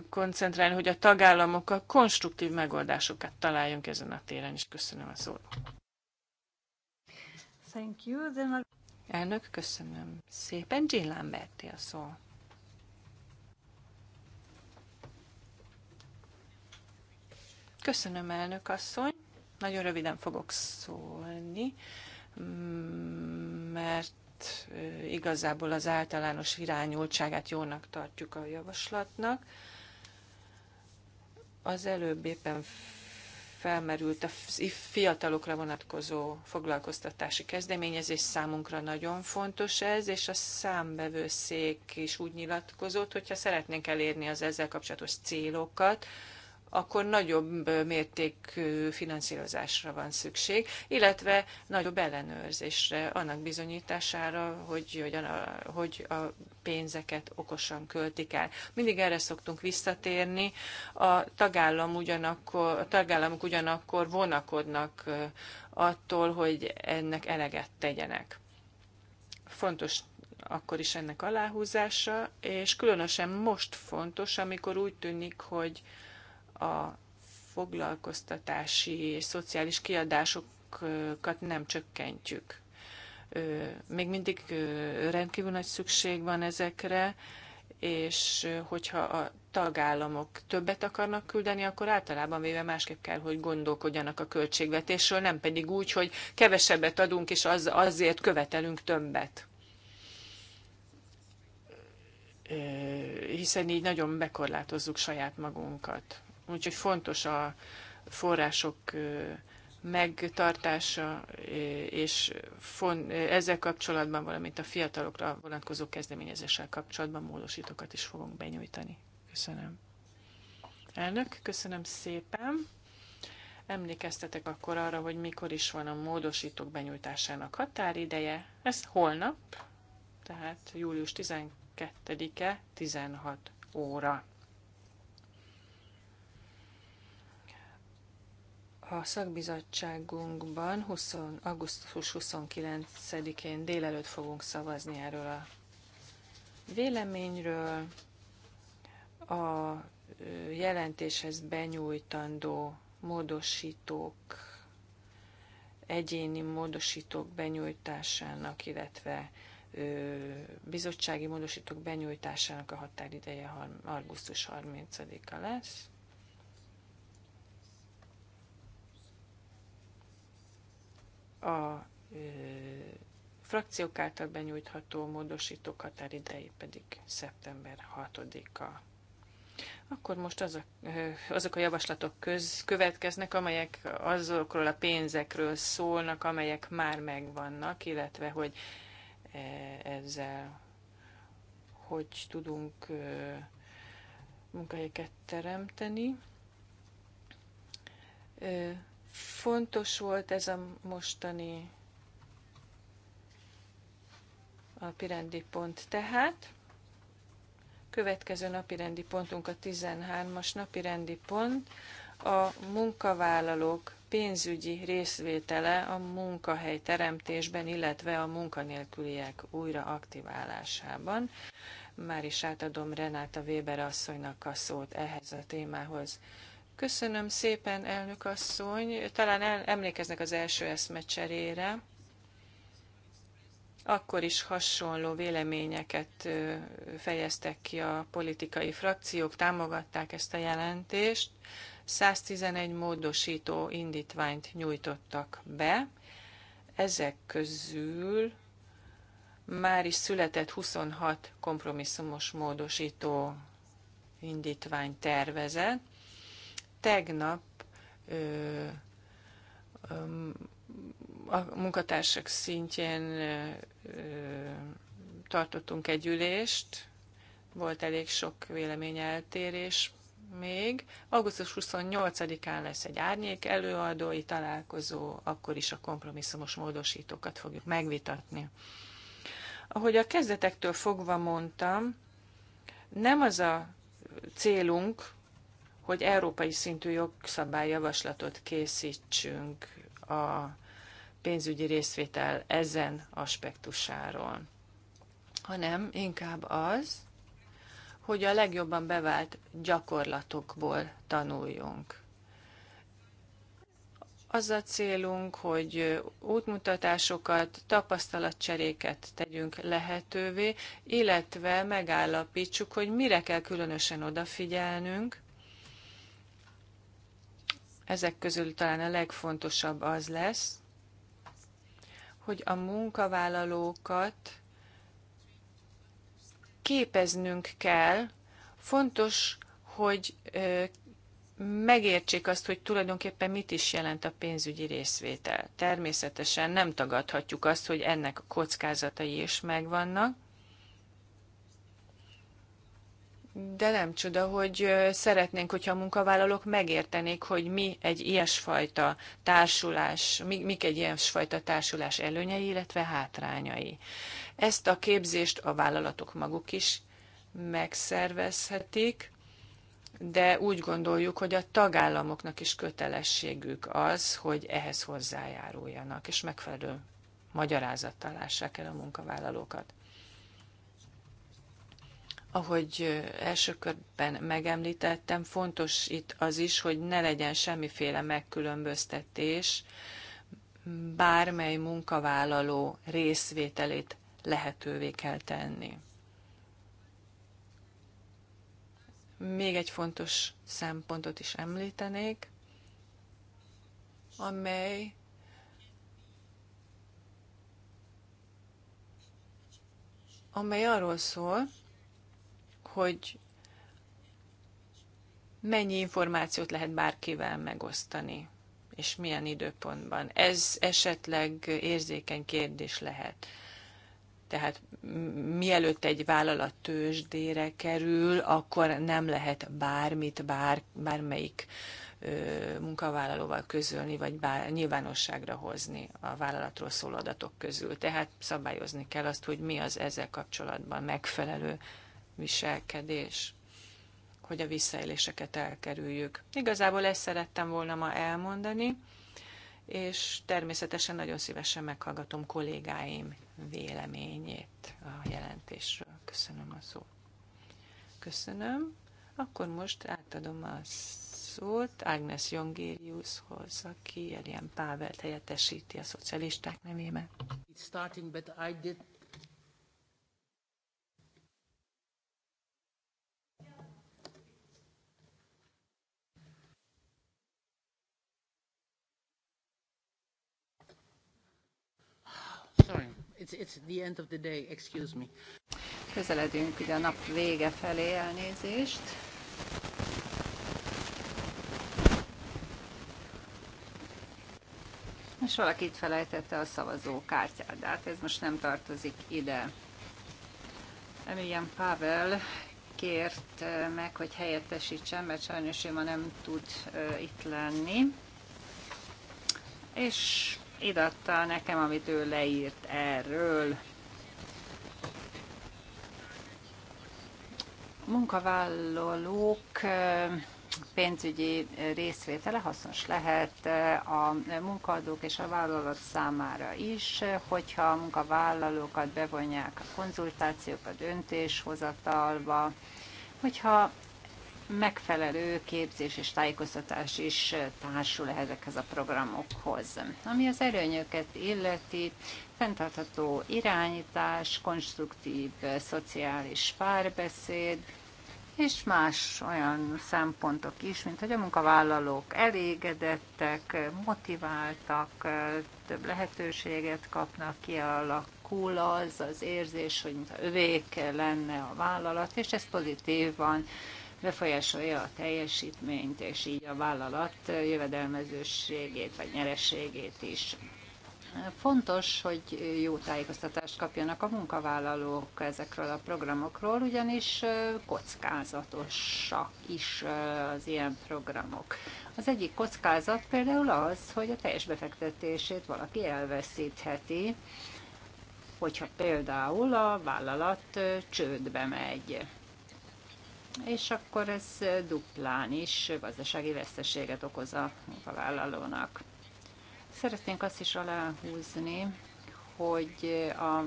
koncentrálni, hogy a tagállamokkal konstruktív megoldásokat találjunk ezen a téren is. Köszönöm a szót. Thank you. Then Elnök, köszönöm szépen. Jean Lamberti a szó. Köszönöm, elnök asszony. Nagyon röviden fogok szólni, mert igazából az általános irányultságát jónak tartjuk a javaslatnak. Az előbb éppen felmerült a fiatalokra vonatkozó foglalkoztatási kezdeményezés, számunkra nagyon fontos ez, és a számbevőszék is úgy nyilatkozott, hogyha szeretnénk elérni az ezzel kapcsolatos célokat, akkor nagyobb mértékű finanszírozásra van szükség, illetve nagyobb ellenőrzésre, annak bizonyítására, hogy, hogy, a, hogy a pénzeket okosan költik el. Mindig erre szoktunk visszatérni. A, tagállam ugyanakkor, a tagállamok ugyanakkor vonakodnak attól, hogy ennek eleget tegyenek. Fontos akkor is ennek aláhúzása, és különösen most fontos, amikor úgy tűnik, hogy a foglalkoztatási és szociális kiadásokat nem csökkentjük. Még mindig rendkívül nagy szükség van ezekre, és hogyha a tagállamok többet akarnak küldeni, akkor általában véve másképp kell, hogy gondolkodjanak a költségvetésről, nem pedig úgy, hogy kevesebbet adunk, és az, azért követelünk többet. Hiszen így nagyon bekorlátozzuk saját magunkat. Úgyhogy fontos a források megtartása, és ezzel kapcsolatban, valamint a fiatalokra vonatkozó kezdeményezéssel kapcsolatban módosítókat is fogunk benyújtani. Köszönöm. Elnök, köszönöm szépen. Emlékeztetek akkor arra, hogy mikor is van a módosítók benyújtásának határideje. Ez holnap, tehát július 12-e, 16 óra. a szakbizottságunkban 20, augusztus 29-én délelőtt fogunk szavazni erről a véleményről, a jelentéshez benyújtandó módosítók, egyéni módosítók benyújtásának, illetve bizottsági módosítók benyújtásának a határideje augusztus 30-a lesz. a ö, frakciók által benyújtható módosítók határidei pedig szeptember 6-a. Akkor most azok, azok a javaslatok köz, következnek, amelyek azokról a pénzekről szólnak, amelyek már megvannak, illetve hogy ezzel hogy tudunk munkahelyeket teremteni. Fontos volt ez a mostani a pirendi pont. Tehát következő napirendi pontunk a 13-as napirendi pont, a munkavállalók pénzügyi részvétele a munkahely teremtésben, illetve a munkanélküliek újra aktiválásában. Már is átadom Renáta Weber asszonynak a szót ehhez a témához. Köszönöm szépen, elnök asszony. Talán el, emlékeznek az első eszmecserére. Akkor is hasonló véleményeket fejeztek ki a politikai frakciók, támogatták ezt a jelentést. 111 módosító indítványt nyújtottak be. Ezek közül már is született 26 kompromisszumos módosító indítvány tervezet tegnap ö, ö, a munkatársak szintjén ö, tartottunk egy ülést, volt elég sok véleményeltérés még. Augusztus 28-án lesz egy árnyék előadói találkozó, akkor is a kompromisszumos módosítókat fogjuk megvitatni. Ahogy a kezdetektől fogva mondtam, nem az a célunk, hogy európai szintű jogszabályjavaslatot készítsünk a pénzügyi részvétel ezen aspektusáról, hanem inkább az, hogy a legjobban bevált gyakorlatokból tanuljunk. Az a célunk, hogy útmutatásokat, tapasztalatcseréket tegyünk lehetővé, illetve megállapítsuk, hogy mire kell különösen odafigyelnünk, ezek közül talán a legfontosabb az lesz, hogy a munkavállalókat képeznünk kell. Fontos, hogy megértsék azt, hogy tulajdonképpen mit is jelent a pénzügyi részvétel. Természetesen nem tagadhatjuk azt, hogy ennek a kockázatai is megvannak, De nem csoda, hogy szeretnénk, hogyha a munkavállalók megértenék, hogy mi egy ilyesfajta társulás, mik egy ilyesfajta társulás előnyei, illetve hátrányai. Ezt a képzést a vállalatok maguk is megszervezhetik, de úgy gondoljuk, hogy a tagállamoknak is kötelességük az, hogy ehhez hozzájáruljanak, és megfelelő magyarázattal lássák el a munkavállalókat. Ahogy első körben megemlítettem, fontos itt az is, hogy ne legyen semmiféle megkülönböztetés, bármely munkavállaló részvételét lehetővé kell tenni. Még egy fontos szempontot is említenék, amely amely arról szól, hogy mennyi információt lehet bárkivel megosztani, és milyen időpontban. Ez esetleg érzékeny kérdés lehet. Tehát mielőtt egy vállalat tőzsdére kerül, akkor nem lehet bármit, bár, bármelyik ö, munkavállalóval közölni, vagy bár, nyilvánosságra hozni a vállalatról szóló adatok közül. Tehát szabályozni kell azt, hogy mi az ezzel kapcsolatban megfelelő viselkedés, hogy a visszaéléseket elkerüljük. Igazából ezt szerettem volna ma elmondani, és természetesen nagyon szívesen meghallgatom kollégáim véleményét a jelentésről. Köszönöm a szót. Köszönöm. Akkor most átadom a szót Agnes Jongériushoz, aki Elian Pávelt helyettesíti a szocialisták nevében. It's starting, but I did it's, it's the end of the day, excuse me. Közeledünk ugye a nap vége felé elnézést. És valaki itt felejtette a szavazókártyát, de hát ez most nem tartozik ide. Emilian Pavel kért eh, meg, hogy helyettesítsem, mert sajnos ő ma nem tud eh, itt lenni. És idatta nekem, amit ő leírt erről. Munkavállalók pénzügyi részvétele hasznos lehet a munkadók és a vállalat számára is, hogyha a munkavállalókat bevonják a konzultációkat, a döntéshozatalba, hogyha megfelelő képzés és tájékoztatás is társul ezekhez a programokhoz. Ami az erőnyöket illeti, fenntartható irányítás, konstruktív szociális párbeszéd, és más olyan szempontok is, mint hogy a munkavállalók elégedettek, motiváltak, több lehetőséget kapnak, kialakul az az érzés, hogy mint övék lenne a vállalat, és ez pozitívan befolyásolja a teljesítményt, és így a vállalat jövedelmezőségét vagy nyerességét is. Fontos, hogy jó tájékoztatást kapjanak a munkavállalók ezekről a programokról, ugyanis kockázatosak is az ilyen programok. Az egyik kockázat például az, hogy a teljes befektetését valaki elveszítheti, hogyha például a vállalat csődbe megy és akkor ez duplán is gazdasági veszteséget okoz a munkavállalónak. Szeretnénk azt is aláhúzni, hogy a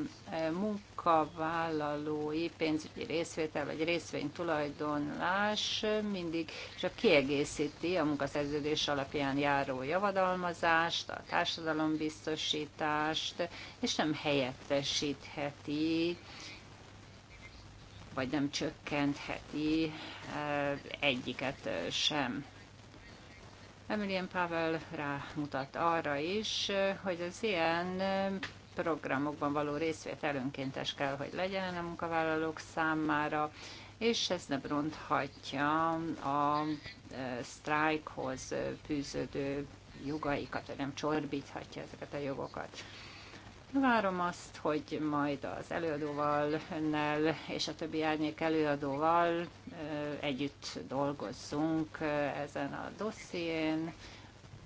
munkavállalói pénzügyi részvétel vagy részvénytulajdonlás mindig csak kiegészíti a munkaszerződés alapján járó javadalmazást, a társadalombiztosítást, és nem helyettesítheti vagy nem csökkentheti e, egyiket e, sem. Emilien Pavel rámutat arra is, e, hogy az ilyen programokban való részvétel önkéntes kell, hogy legyen a munkavállalók számára, és ez nem ronthatja a sztrájkhoz fűződő jogaikat, vagy nem csorbíthatja ezeket a jogokat. Várom azt, hogy majd az előadóval, önnel és a többi árnyék előadóval együtt dolgozzunk ezen a dosszién,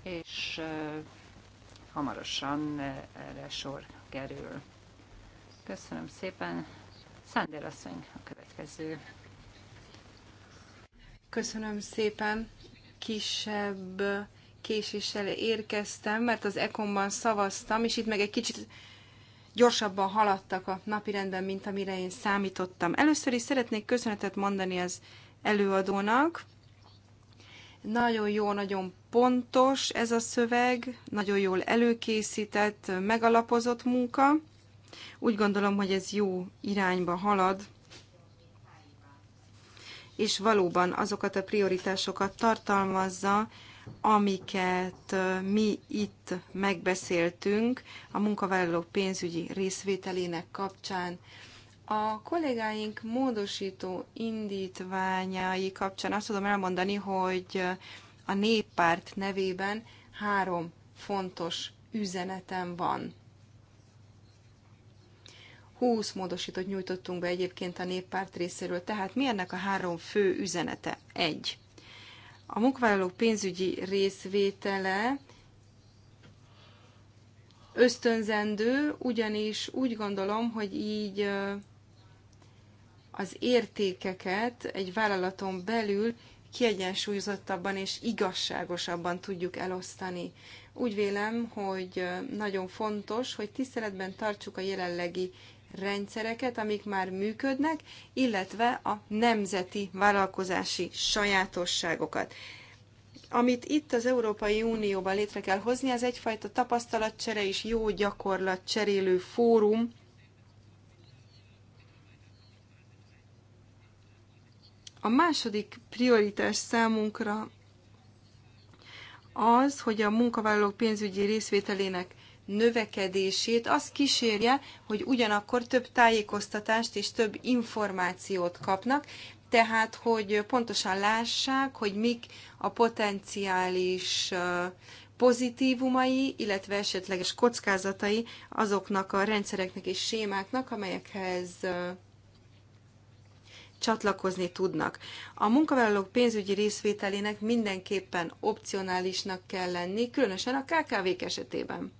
és hamarosan erre sor kerül. Köszönöm szépen. Szándér asszony a következő. Köszönöm szépen. Kisebb késéssel érkeztem, mert az Ekonban szavaztam, és itt meg egy kicsit gyorsabban haladtak a napirendben, mint amire én számítottam. Először is szeretnék köszönetet mondani az előadónak. Nagyon jó, nagyon pontos ez a szöveg, nagyon jól előkészített, megalapozott munka. Úgy gondolom, hogy ez jó irányba halad, és valóban azokat a prioritásokat tartalmazza, amiket mi itt megbeszéltünk a munkavállalók pénzügyi részvételének kapcsán. A kollégáink módosító indítványai kapcsán azt tudom elmondani, hogy a néppárt nevében három fontos üzenetem van. 20 módosítót nyújtottunk be egyébként a néppárt részéről, tehát mi ennek a három fő üzenete? Egy a munkavállalók pénzügyi részvétele ösztönzendő, ugyanis úgy gondolom, hogy így az értékeket egy vállalaton belül kiegyensúlyozottabban és igazságosabban tudjuk elosztani. Úgy vélem, hogy nagyon fontos, hogy tiszteletben tartsuk a jelenlegi rendszereket, amik már működnek, illetve a nemzeti vállalkozási sajátosságokat. Amit itt az Európai Unióban létre kell hozni, az egyfajta tapasztalatcsere és jó gyakorlat cserélő fórum, A második prioritás számunkra az, hogy a munkavállalók pénzügyi részvételének növekedését az kísérje, hogy ugyanakkor több tájékoztatást és több információt kapnak, tehát hogy pontosan lássák, hogy mik a potenciális pozitívumai, illetve esetleges kockázatai azoknak a rendszereknek és sémáknak, amelyekhez csatlakozni tudnak. A munkavállalók pénzügyi részvételének mindenképpen opcionálisnak kell lenni, különösen a KKV-k esetében.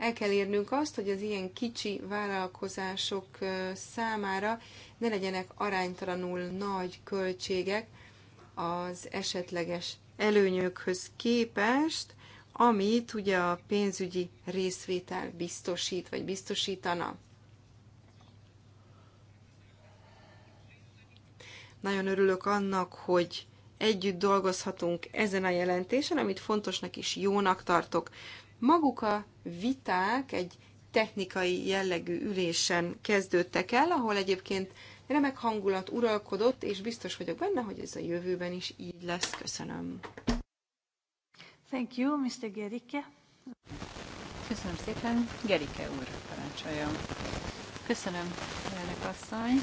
El kell érnünk azt, hogy az ilyen kicsi vállalkozások számára ne legyenek aránytalanul nagy költségek az esetleges előnyökhöz képest, amit ugye a pénzügyi részvétel biztosít, vagy biztosítana. Nagyon örülök annak, hogy együtt dolgozhatunk ezen a jelentésen, amit fontosnak és jónak tartok. Maguk a viták egy technikai jellegű ülésen kezdődtek el, ahol egyébként remek hangulat uralkodott, és biztos vagyok benne, hogy ez a jövőben is így lesz. Köszönöm. Thank you, Mr. Gerike. Köszönöm szépen. Gerike úr, parancsoljon. Köszönöm, elnök asszony.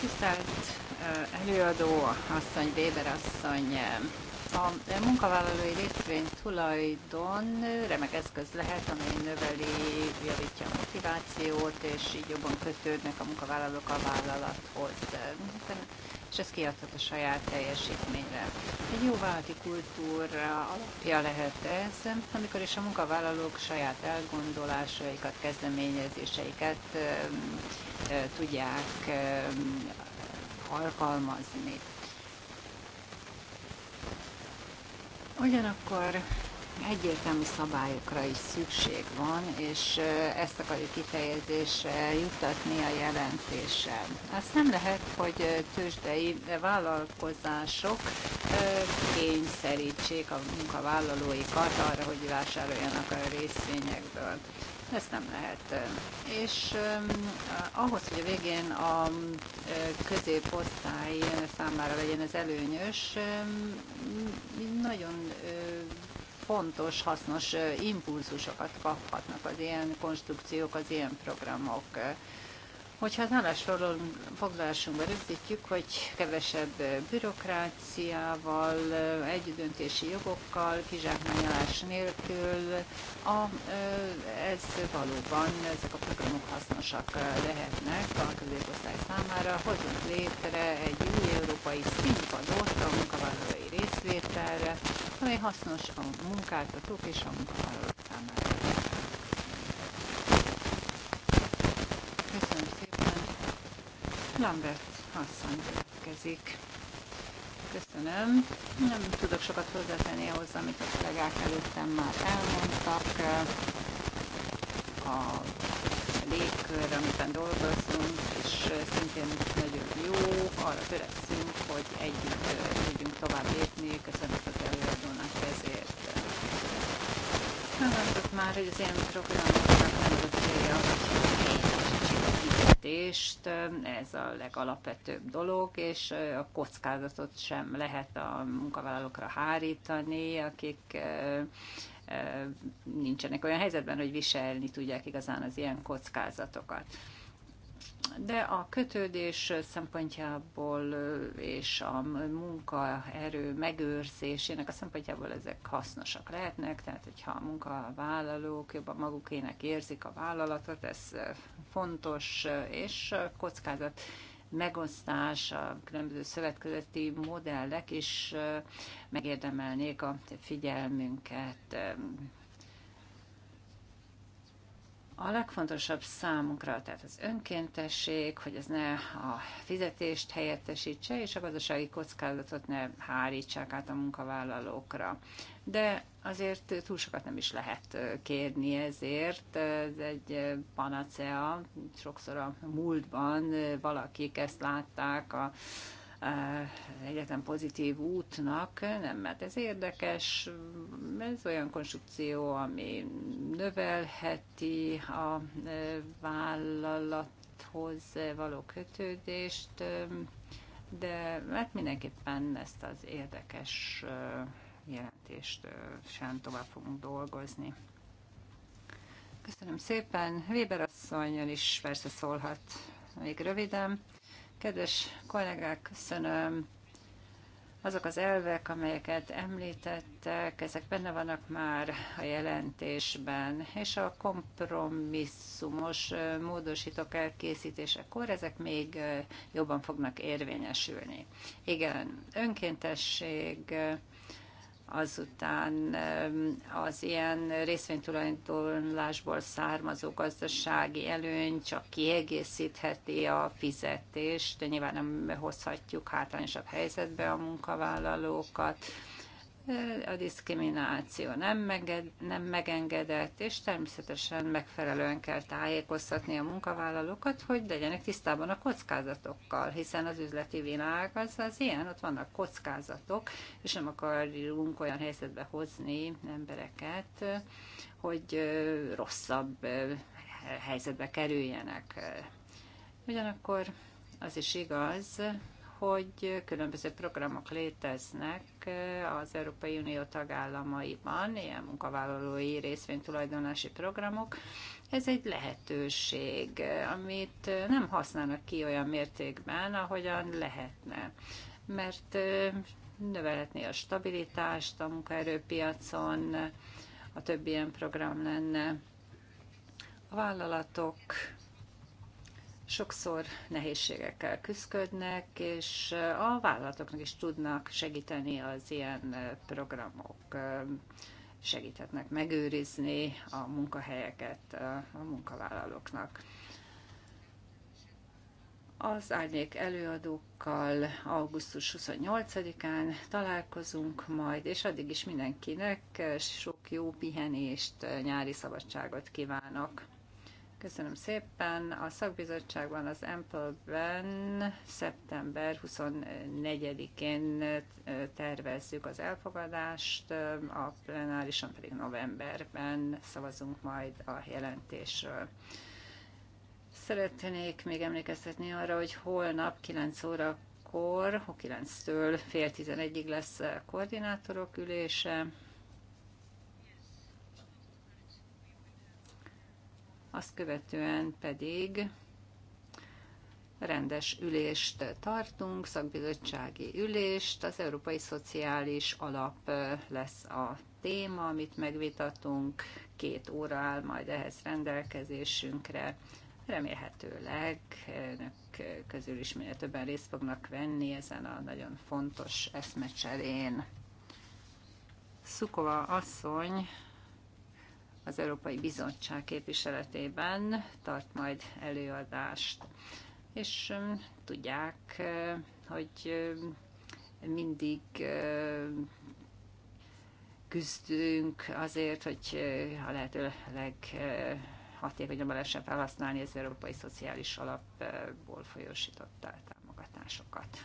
Tisztelt eh, előadó asszony, Weber asszony, eh, a munkavállalói részvény tulajdon remek eszköz lehet, amely növeli, javítja a motivációt, és így jobban kötődnek a munkavállalók a vállalathoz. És ez kiadhat a saját teljesítményre. Egy jó vállalati kultúra alapja lehet ez, amikor is a munkavállalók saját elgondolásaikat, kezdeményezéseiket tudják alkalmazni. Ugyanakkor egyértelmű szabályokra is szükség van, és ezt akarjuk kifejezésre juttatni a jelentéssel. Azt nem lehet, hogy tőzsdei vállalkozások kényszerítsék a munkavállalóikat arra, hogy vásároljanak a részvényekből. Ezt nem lehet. És ahhoz, hogy a végén a középosztály számára legyen ez előnyös, nagyon fontos, hasznos impulzusokat kaphatnak az ilyen konstrukciók, az ilyen programok Hogyha az állásfoglalásunkban rögzítjük, hogy kevesebb bürokráciával, együttdöntési jogokkal, kizsákmányolás nélkül, a, ez valóban, ezek a programok hasznosak lehetnek a középosztály számára. Hozunk létre egy új európai színpadot a munkavállalói részvételre, amely hasznos a munkáltatók és a munkavállalók számára. Lambert asszony érkezik. Köszönöm. Nem tudok sokat hozzátenni ahhoz, amit a kollégák előttem már elmondtak. A légkör, amiben dolgozunk, és szintén nagyon jó, arra törekszünk, hogy együtt tudjunk tovább lépni, Köszönöm az előadónak ezért. Elmondtuk már, hogy az én programoknak nem az a célja, hogy befektetést, ez a legalapvetőbb dolog, és a kockázatot sem lehet a munkavállalókra hárítani, akik nincsenek olyan helyzetben, hogy viselni tudják igazán az ilyen kockázatokat de a kötődés szempontjából és a munkaerő megőrzésének a szempontjából ezek hasznosak lehetnek, tehát hogyha a munkavállalók jobban magukének érzik a vállalatot, ez fontos, és kockázat megosztás, a különböző szövetkezeti modellek is megérdemelnék a figyelmünket a legfontosabb számunkra, tehát az önkéntesség, hogy ez ne a fizetést helyettesítse, és a gazdasági kockázatot ne hárítsák át a munkavállalókra. De azért túl sokat nem is lehet kérni ezért. Ez egy panacea. Sokszor a múltban valakik ezt látták a Eh, egyetlen pozitív útnak, nem, mert ez érdekes, ez olyan konstrukció, ami növelheti a eh, vállalathoz való kötődést, eh, de hát mindenképpen ezt az érdekes jelentést sem tovább fogunk dolgozni. Köszönöm szépen. Weber asszonyon is persze szólhat még röviden. Kedves kollégák, köszönöm. Azok az elvek, amelyeket említettek, ezek benne vannak már a jelentésben, és a kompromisszumos módosítók elkészítésekor ezek még jobban fognak érvényesülni. Igen, önkéntesség, azután az ilyen részvénytulajdonlásból származó gazdasági előny csak kiegészítheti a fizetést, de nyilván nem hozhatjuk hátrányosabb helyzetbe a munkavállalókat a diszkrimináció nem, meged, nem megengedett, és természetesen megfelelően kell tájékoztatni a munkavállalókat, hogy legyenek tisztában a kockázatokkal, hiszen az üzleti világ az, az ilyen, ott vannak kockázatok, és nem akarjunk olyan helyzetbe hozni embereket, hogy rosszabb helyzetbe kerüljenek. Ugyanakkor az is igaz, hogy különböző programok léteznek eh, az Európai Unió tagállamaiban, ilyen munkavállalói részvénytulajdonási programok. Ez egy lehetőség, eh, amit eh, nem használnak ki olyan mértékben, ahogyan lehetne. Mert növelhetné a stabilitást a munkaerőpiacon, a több ilyen program lenne. A vállalatok sokszor nehézségekkel küzdködnek, és a vállalatoknak is tudnak segíteni az ilyen programok, segíthetnek megőrizni a munkahelyeket a munkavállalóknak. Az árnyék előadókkal augusztus 28-án találkozunk majd, és addig is mindenkinek sok jó pihenést, nyári szabadságot kívánok. Köszönöm szépen. A szakbizottságban, az Ample-ben szeptember 24-én tervezzük az elfogadást, a plenárison pedig novemberben szavazunk majd a jelentésről. Szeretnék még emlékeztetni arra, hogy holnap 9 órakor, 9-től fél 11-ig lesz koordinátorok ülése, azt követően pedig rendes ülést tartunk, szakbizottsági ülést, az Európai Szociális Alap lesz a téma, amit megvitatunk, két óra áll majd ehhez rendelkezésünkre. Remélhetőleg önök közül is minél többen részt fognak venni ezen a nagyon fontos eszmecserén. Szukova asszony az Európai Bizottság képviseletében tart majd előadást. És um, tudják, uh, hogy um, mindig uh, küzdünk azért, hogy uh, a lehető leghatékonyabban lehessen felhasználni az Európai Szociális Alapból folyósított támogatásokat.